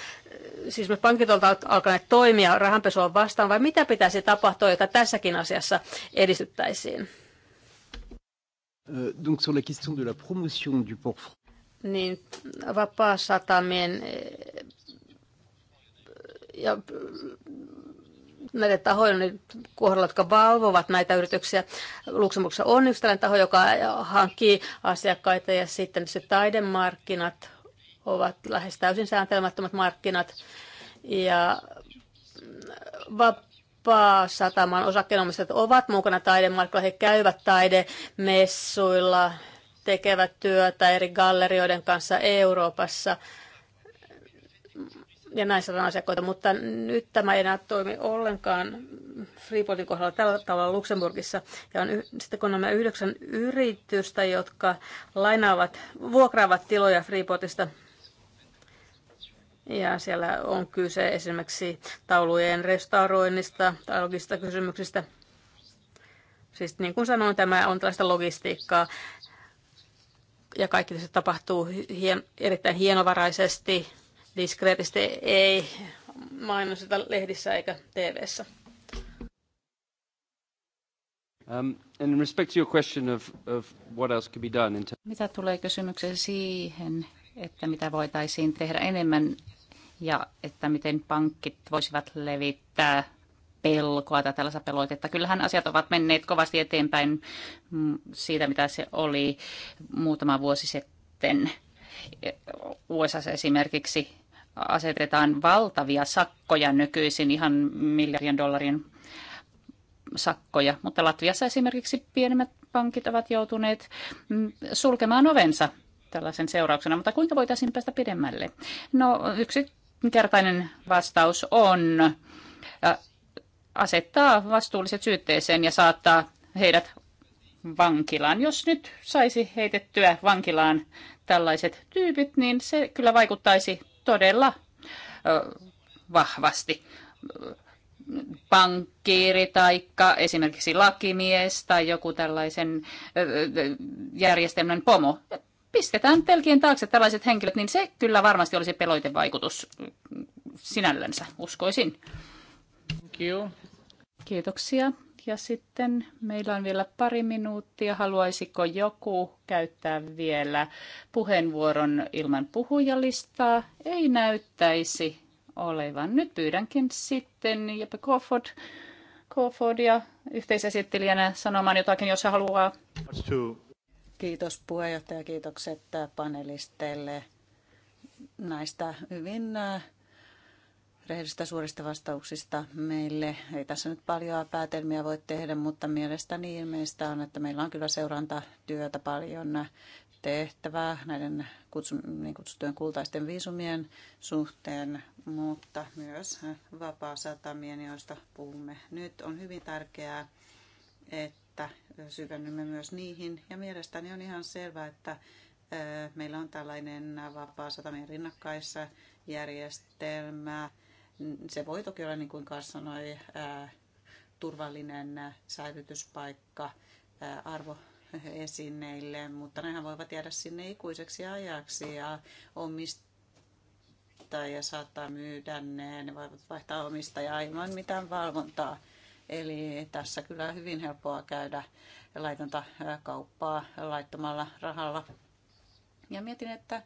siis me pankit ovat alkaneet toimia rahanpesua vastaan, vai mitä pitäisi tapahtua, jota tässäkin asiassa edistyttäisiin? Euh, donc sur la question de la promotion du port niin satamien ja näitä tahoja nyt kohdalla, jotka valvovat näitä yrityksiä. Luxemburgissa on yksi tällainen taho, joka hankkii asiakkaita ja sitten se taidemarkkinat ovat lähes täysin sääntelemättömät markkinat. Ja vapaa sataman osakkeenomistajat ovat mukana taidemarkkinoilla, he käyvät taidemessuilla, tekevät työtä eri gallerioiden kanssa Euroopassa – ja näin saadaan asiakkoita, mutta nyt tämä ei enää toimi ollenkaan Freeportin kohdalla tällä tavalla Luxemburgissa. Ja on, sitten kun nämä yhdeksän yritystä, jotka lainaavat, vuokraavat tiloja Freeportista, ja siellä on kyse esimerkiksi taulujen restauroinnista tai logisista kysymyksistä. Siis niin kuin sanoin, tämä on tällaista logistiikkaa ja kaikki se tapahtuu hien, erittäin hienovaraisesti diskreetisti ei mainosteta lehdissä eikä TV:ssä. Um, in respect to your question of, of what else could be done in mitä tulee kysymykseen siihen, että mitä voitaisiin tehdä enemmän ja että miten pankit voisivat levittää pelkoa tai tällaista peloitetta, Kyllähän asiat ovat menneet kovasti eteenpäin mm, siitä, mitä se oli muutama vuosi sitten. USA esimerkiksi asetetaan valtavia sakkoja nykyisin, ihan miljardien dollarin sakkoja, mutta Latviassa esimerkiksi pienemmät pankit ovat joutuneet mm, sulkemaan ovensa tällaisen seurauksena, mutta kuinka voitaisiin päästä pidemmälle? No yksinkertainen vastaus on äh, asettaa vastuulliset syytteeseen ja saattaa heidät vankilaan. Jos nyt saisi heitettyä vankilaan tällaiset tyypit, niin se kyllä vaikuttaisi todella vahvasti pankkiiri tai esimerkiksi lakimies tai joku tällaisen järjestelmän pomo. Pistetään pelkien taakse tällaiset henkilöt, niin se kyllä varmasti olisi peloitevaikutus sinällänsä, uskoisin. Thank you. Kiitoksia. Ja sitten meillä on vielä pari minuuttia. Haluaisiko joku käyttää vielä puheenvuoron ilman puhujalistaa? Ei näyttäisi olevan. Nyt pyydänkin sitten Jeppe Kofod, Kofodia yhteisesittelijänä sanomaan jotakin, jos haluaa. Kiitos puheenjohtaja, kiitokset panelisteille näistä hyvin äh, rehellisistä suorista vastauksista meille. Ei tässä nyt paljon päätelmiä voi tehdä, mutta mielestäni ilmeistä on, että meillä on kyllä seurantatyötä paljon tehtävää näiden kutsu, niin kutsuttujen kultaisten viisumien suhteen, mutta myös vapaa-satamien, joista puhumme nyt, on hyvin tärkeää, että syvennymme myös niihin. Ja mielestäni on ihan selvää, että meillä on tällainen vapaa satamien rinnakkaissa järjestelmä, se voi toki olla, niin kuin Kars sanoi, turvallinen säilytyspaikka arvoesineille, mutta nehän voivat jäädä sinne ikuiseksi ajaksi ja omistaa ja saattaa myydä ne, ne voivat vaihtaa omistajaa ilman mitään valvontaa. Eli tässä kyllä on hyvin helppoa käydä laitonta kauppaa laittomalla rahalla. Ja mietin, että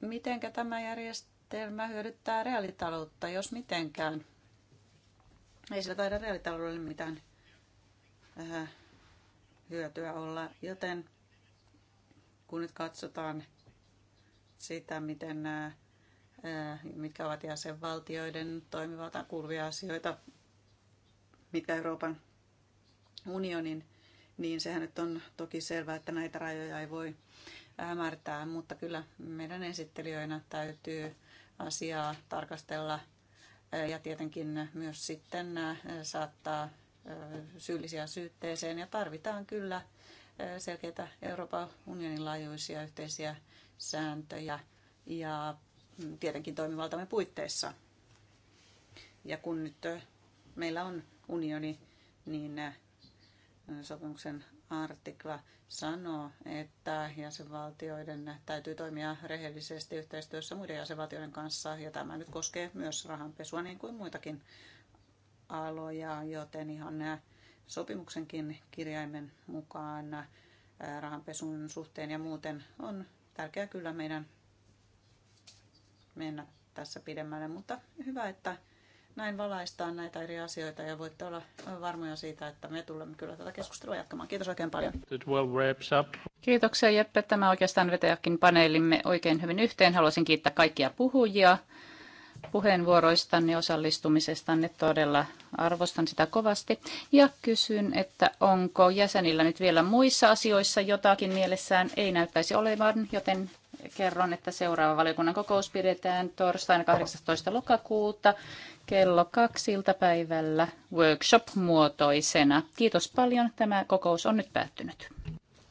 mitenkä tämä järjestelmä määritelmä hyödyttää reaalitaloutta, jos mitenkään. Ei sillä taida reaalitaloudelle mitään äh, hyötyä olla, joten kun nyt katsotaan sitä, miten nämä, äh, äh, mitkä ovat jäsenvaltioiden toimivaltaan kuuluvia asioita, mitkä Euroopan unionin, niin sehän nyt on toki selvää, että näitä rajoja ei voi äh, määrittää, mutta kyllä meidän esittelijöinä täytyy asiaa tarkastella ja tietenkin myös sitten saattaa syyllisiä syytteeseen ja tarvitaan kyllä selkeitä Euroopan unionin laajuisia yhteisiä sääntöjä ja mm, tietenkin toimivaltamme puitteissa. Ja kun nyt meillä on unioni, niin sopimuksen artikla sanoo, että jäsenvaltioiden täytyy toimia rehellisesti yhteistyössä muiden jäsenvaltioiden kanssa, ja tämä nyt koskee myös rahanpesua niin kuin muitakin aloja, joten ihan sopimuksenkin kirjaimen mukaan rahanpesun suhteen ja muuten on tärkeää kyllä meidän mennä tässä pidemmälle, mutta hyvä, että näin valaistaan näitä eri asioita ja voitte olla varmoja siitä, että me tulemme kyllä tätä keskustelua jatkamaan. Kiitos oikein paljon. Kiitoksia Jeppe. Tämä oikeastaan vetäjäkin paneelimme oikein hyvin yhteen. Haluaisin kiittää kaikkia puhujia puheenvuoroistanne, osallistumisestanne todella arvostan sitä kovasti. Ja kysyn, että onko jäsenillä nyt vielä muissa asioissa jotakin mielessään ei näyttäisi olevan, joten kerron, että seuraava valiokunnan kokous pidetään torstaina 18. lokakuuta kello kaksi iltapäivällä workshop-muotoisena. Kiitos paljon. Tämä kokous on nyt päättynyt.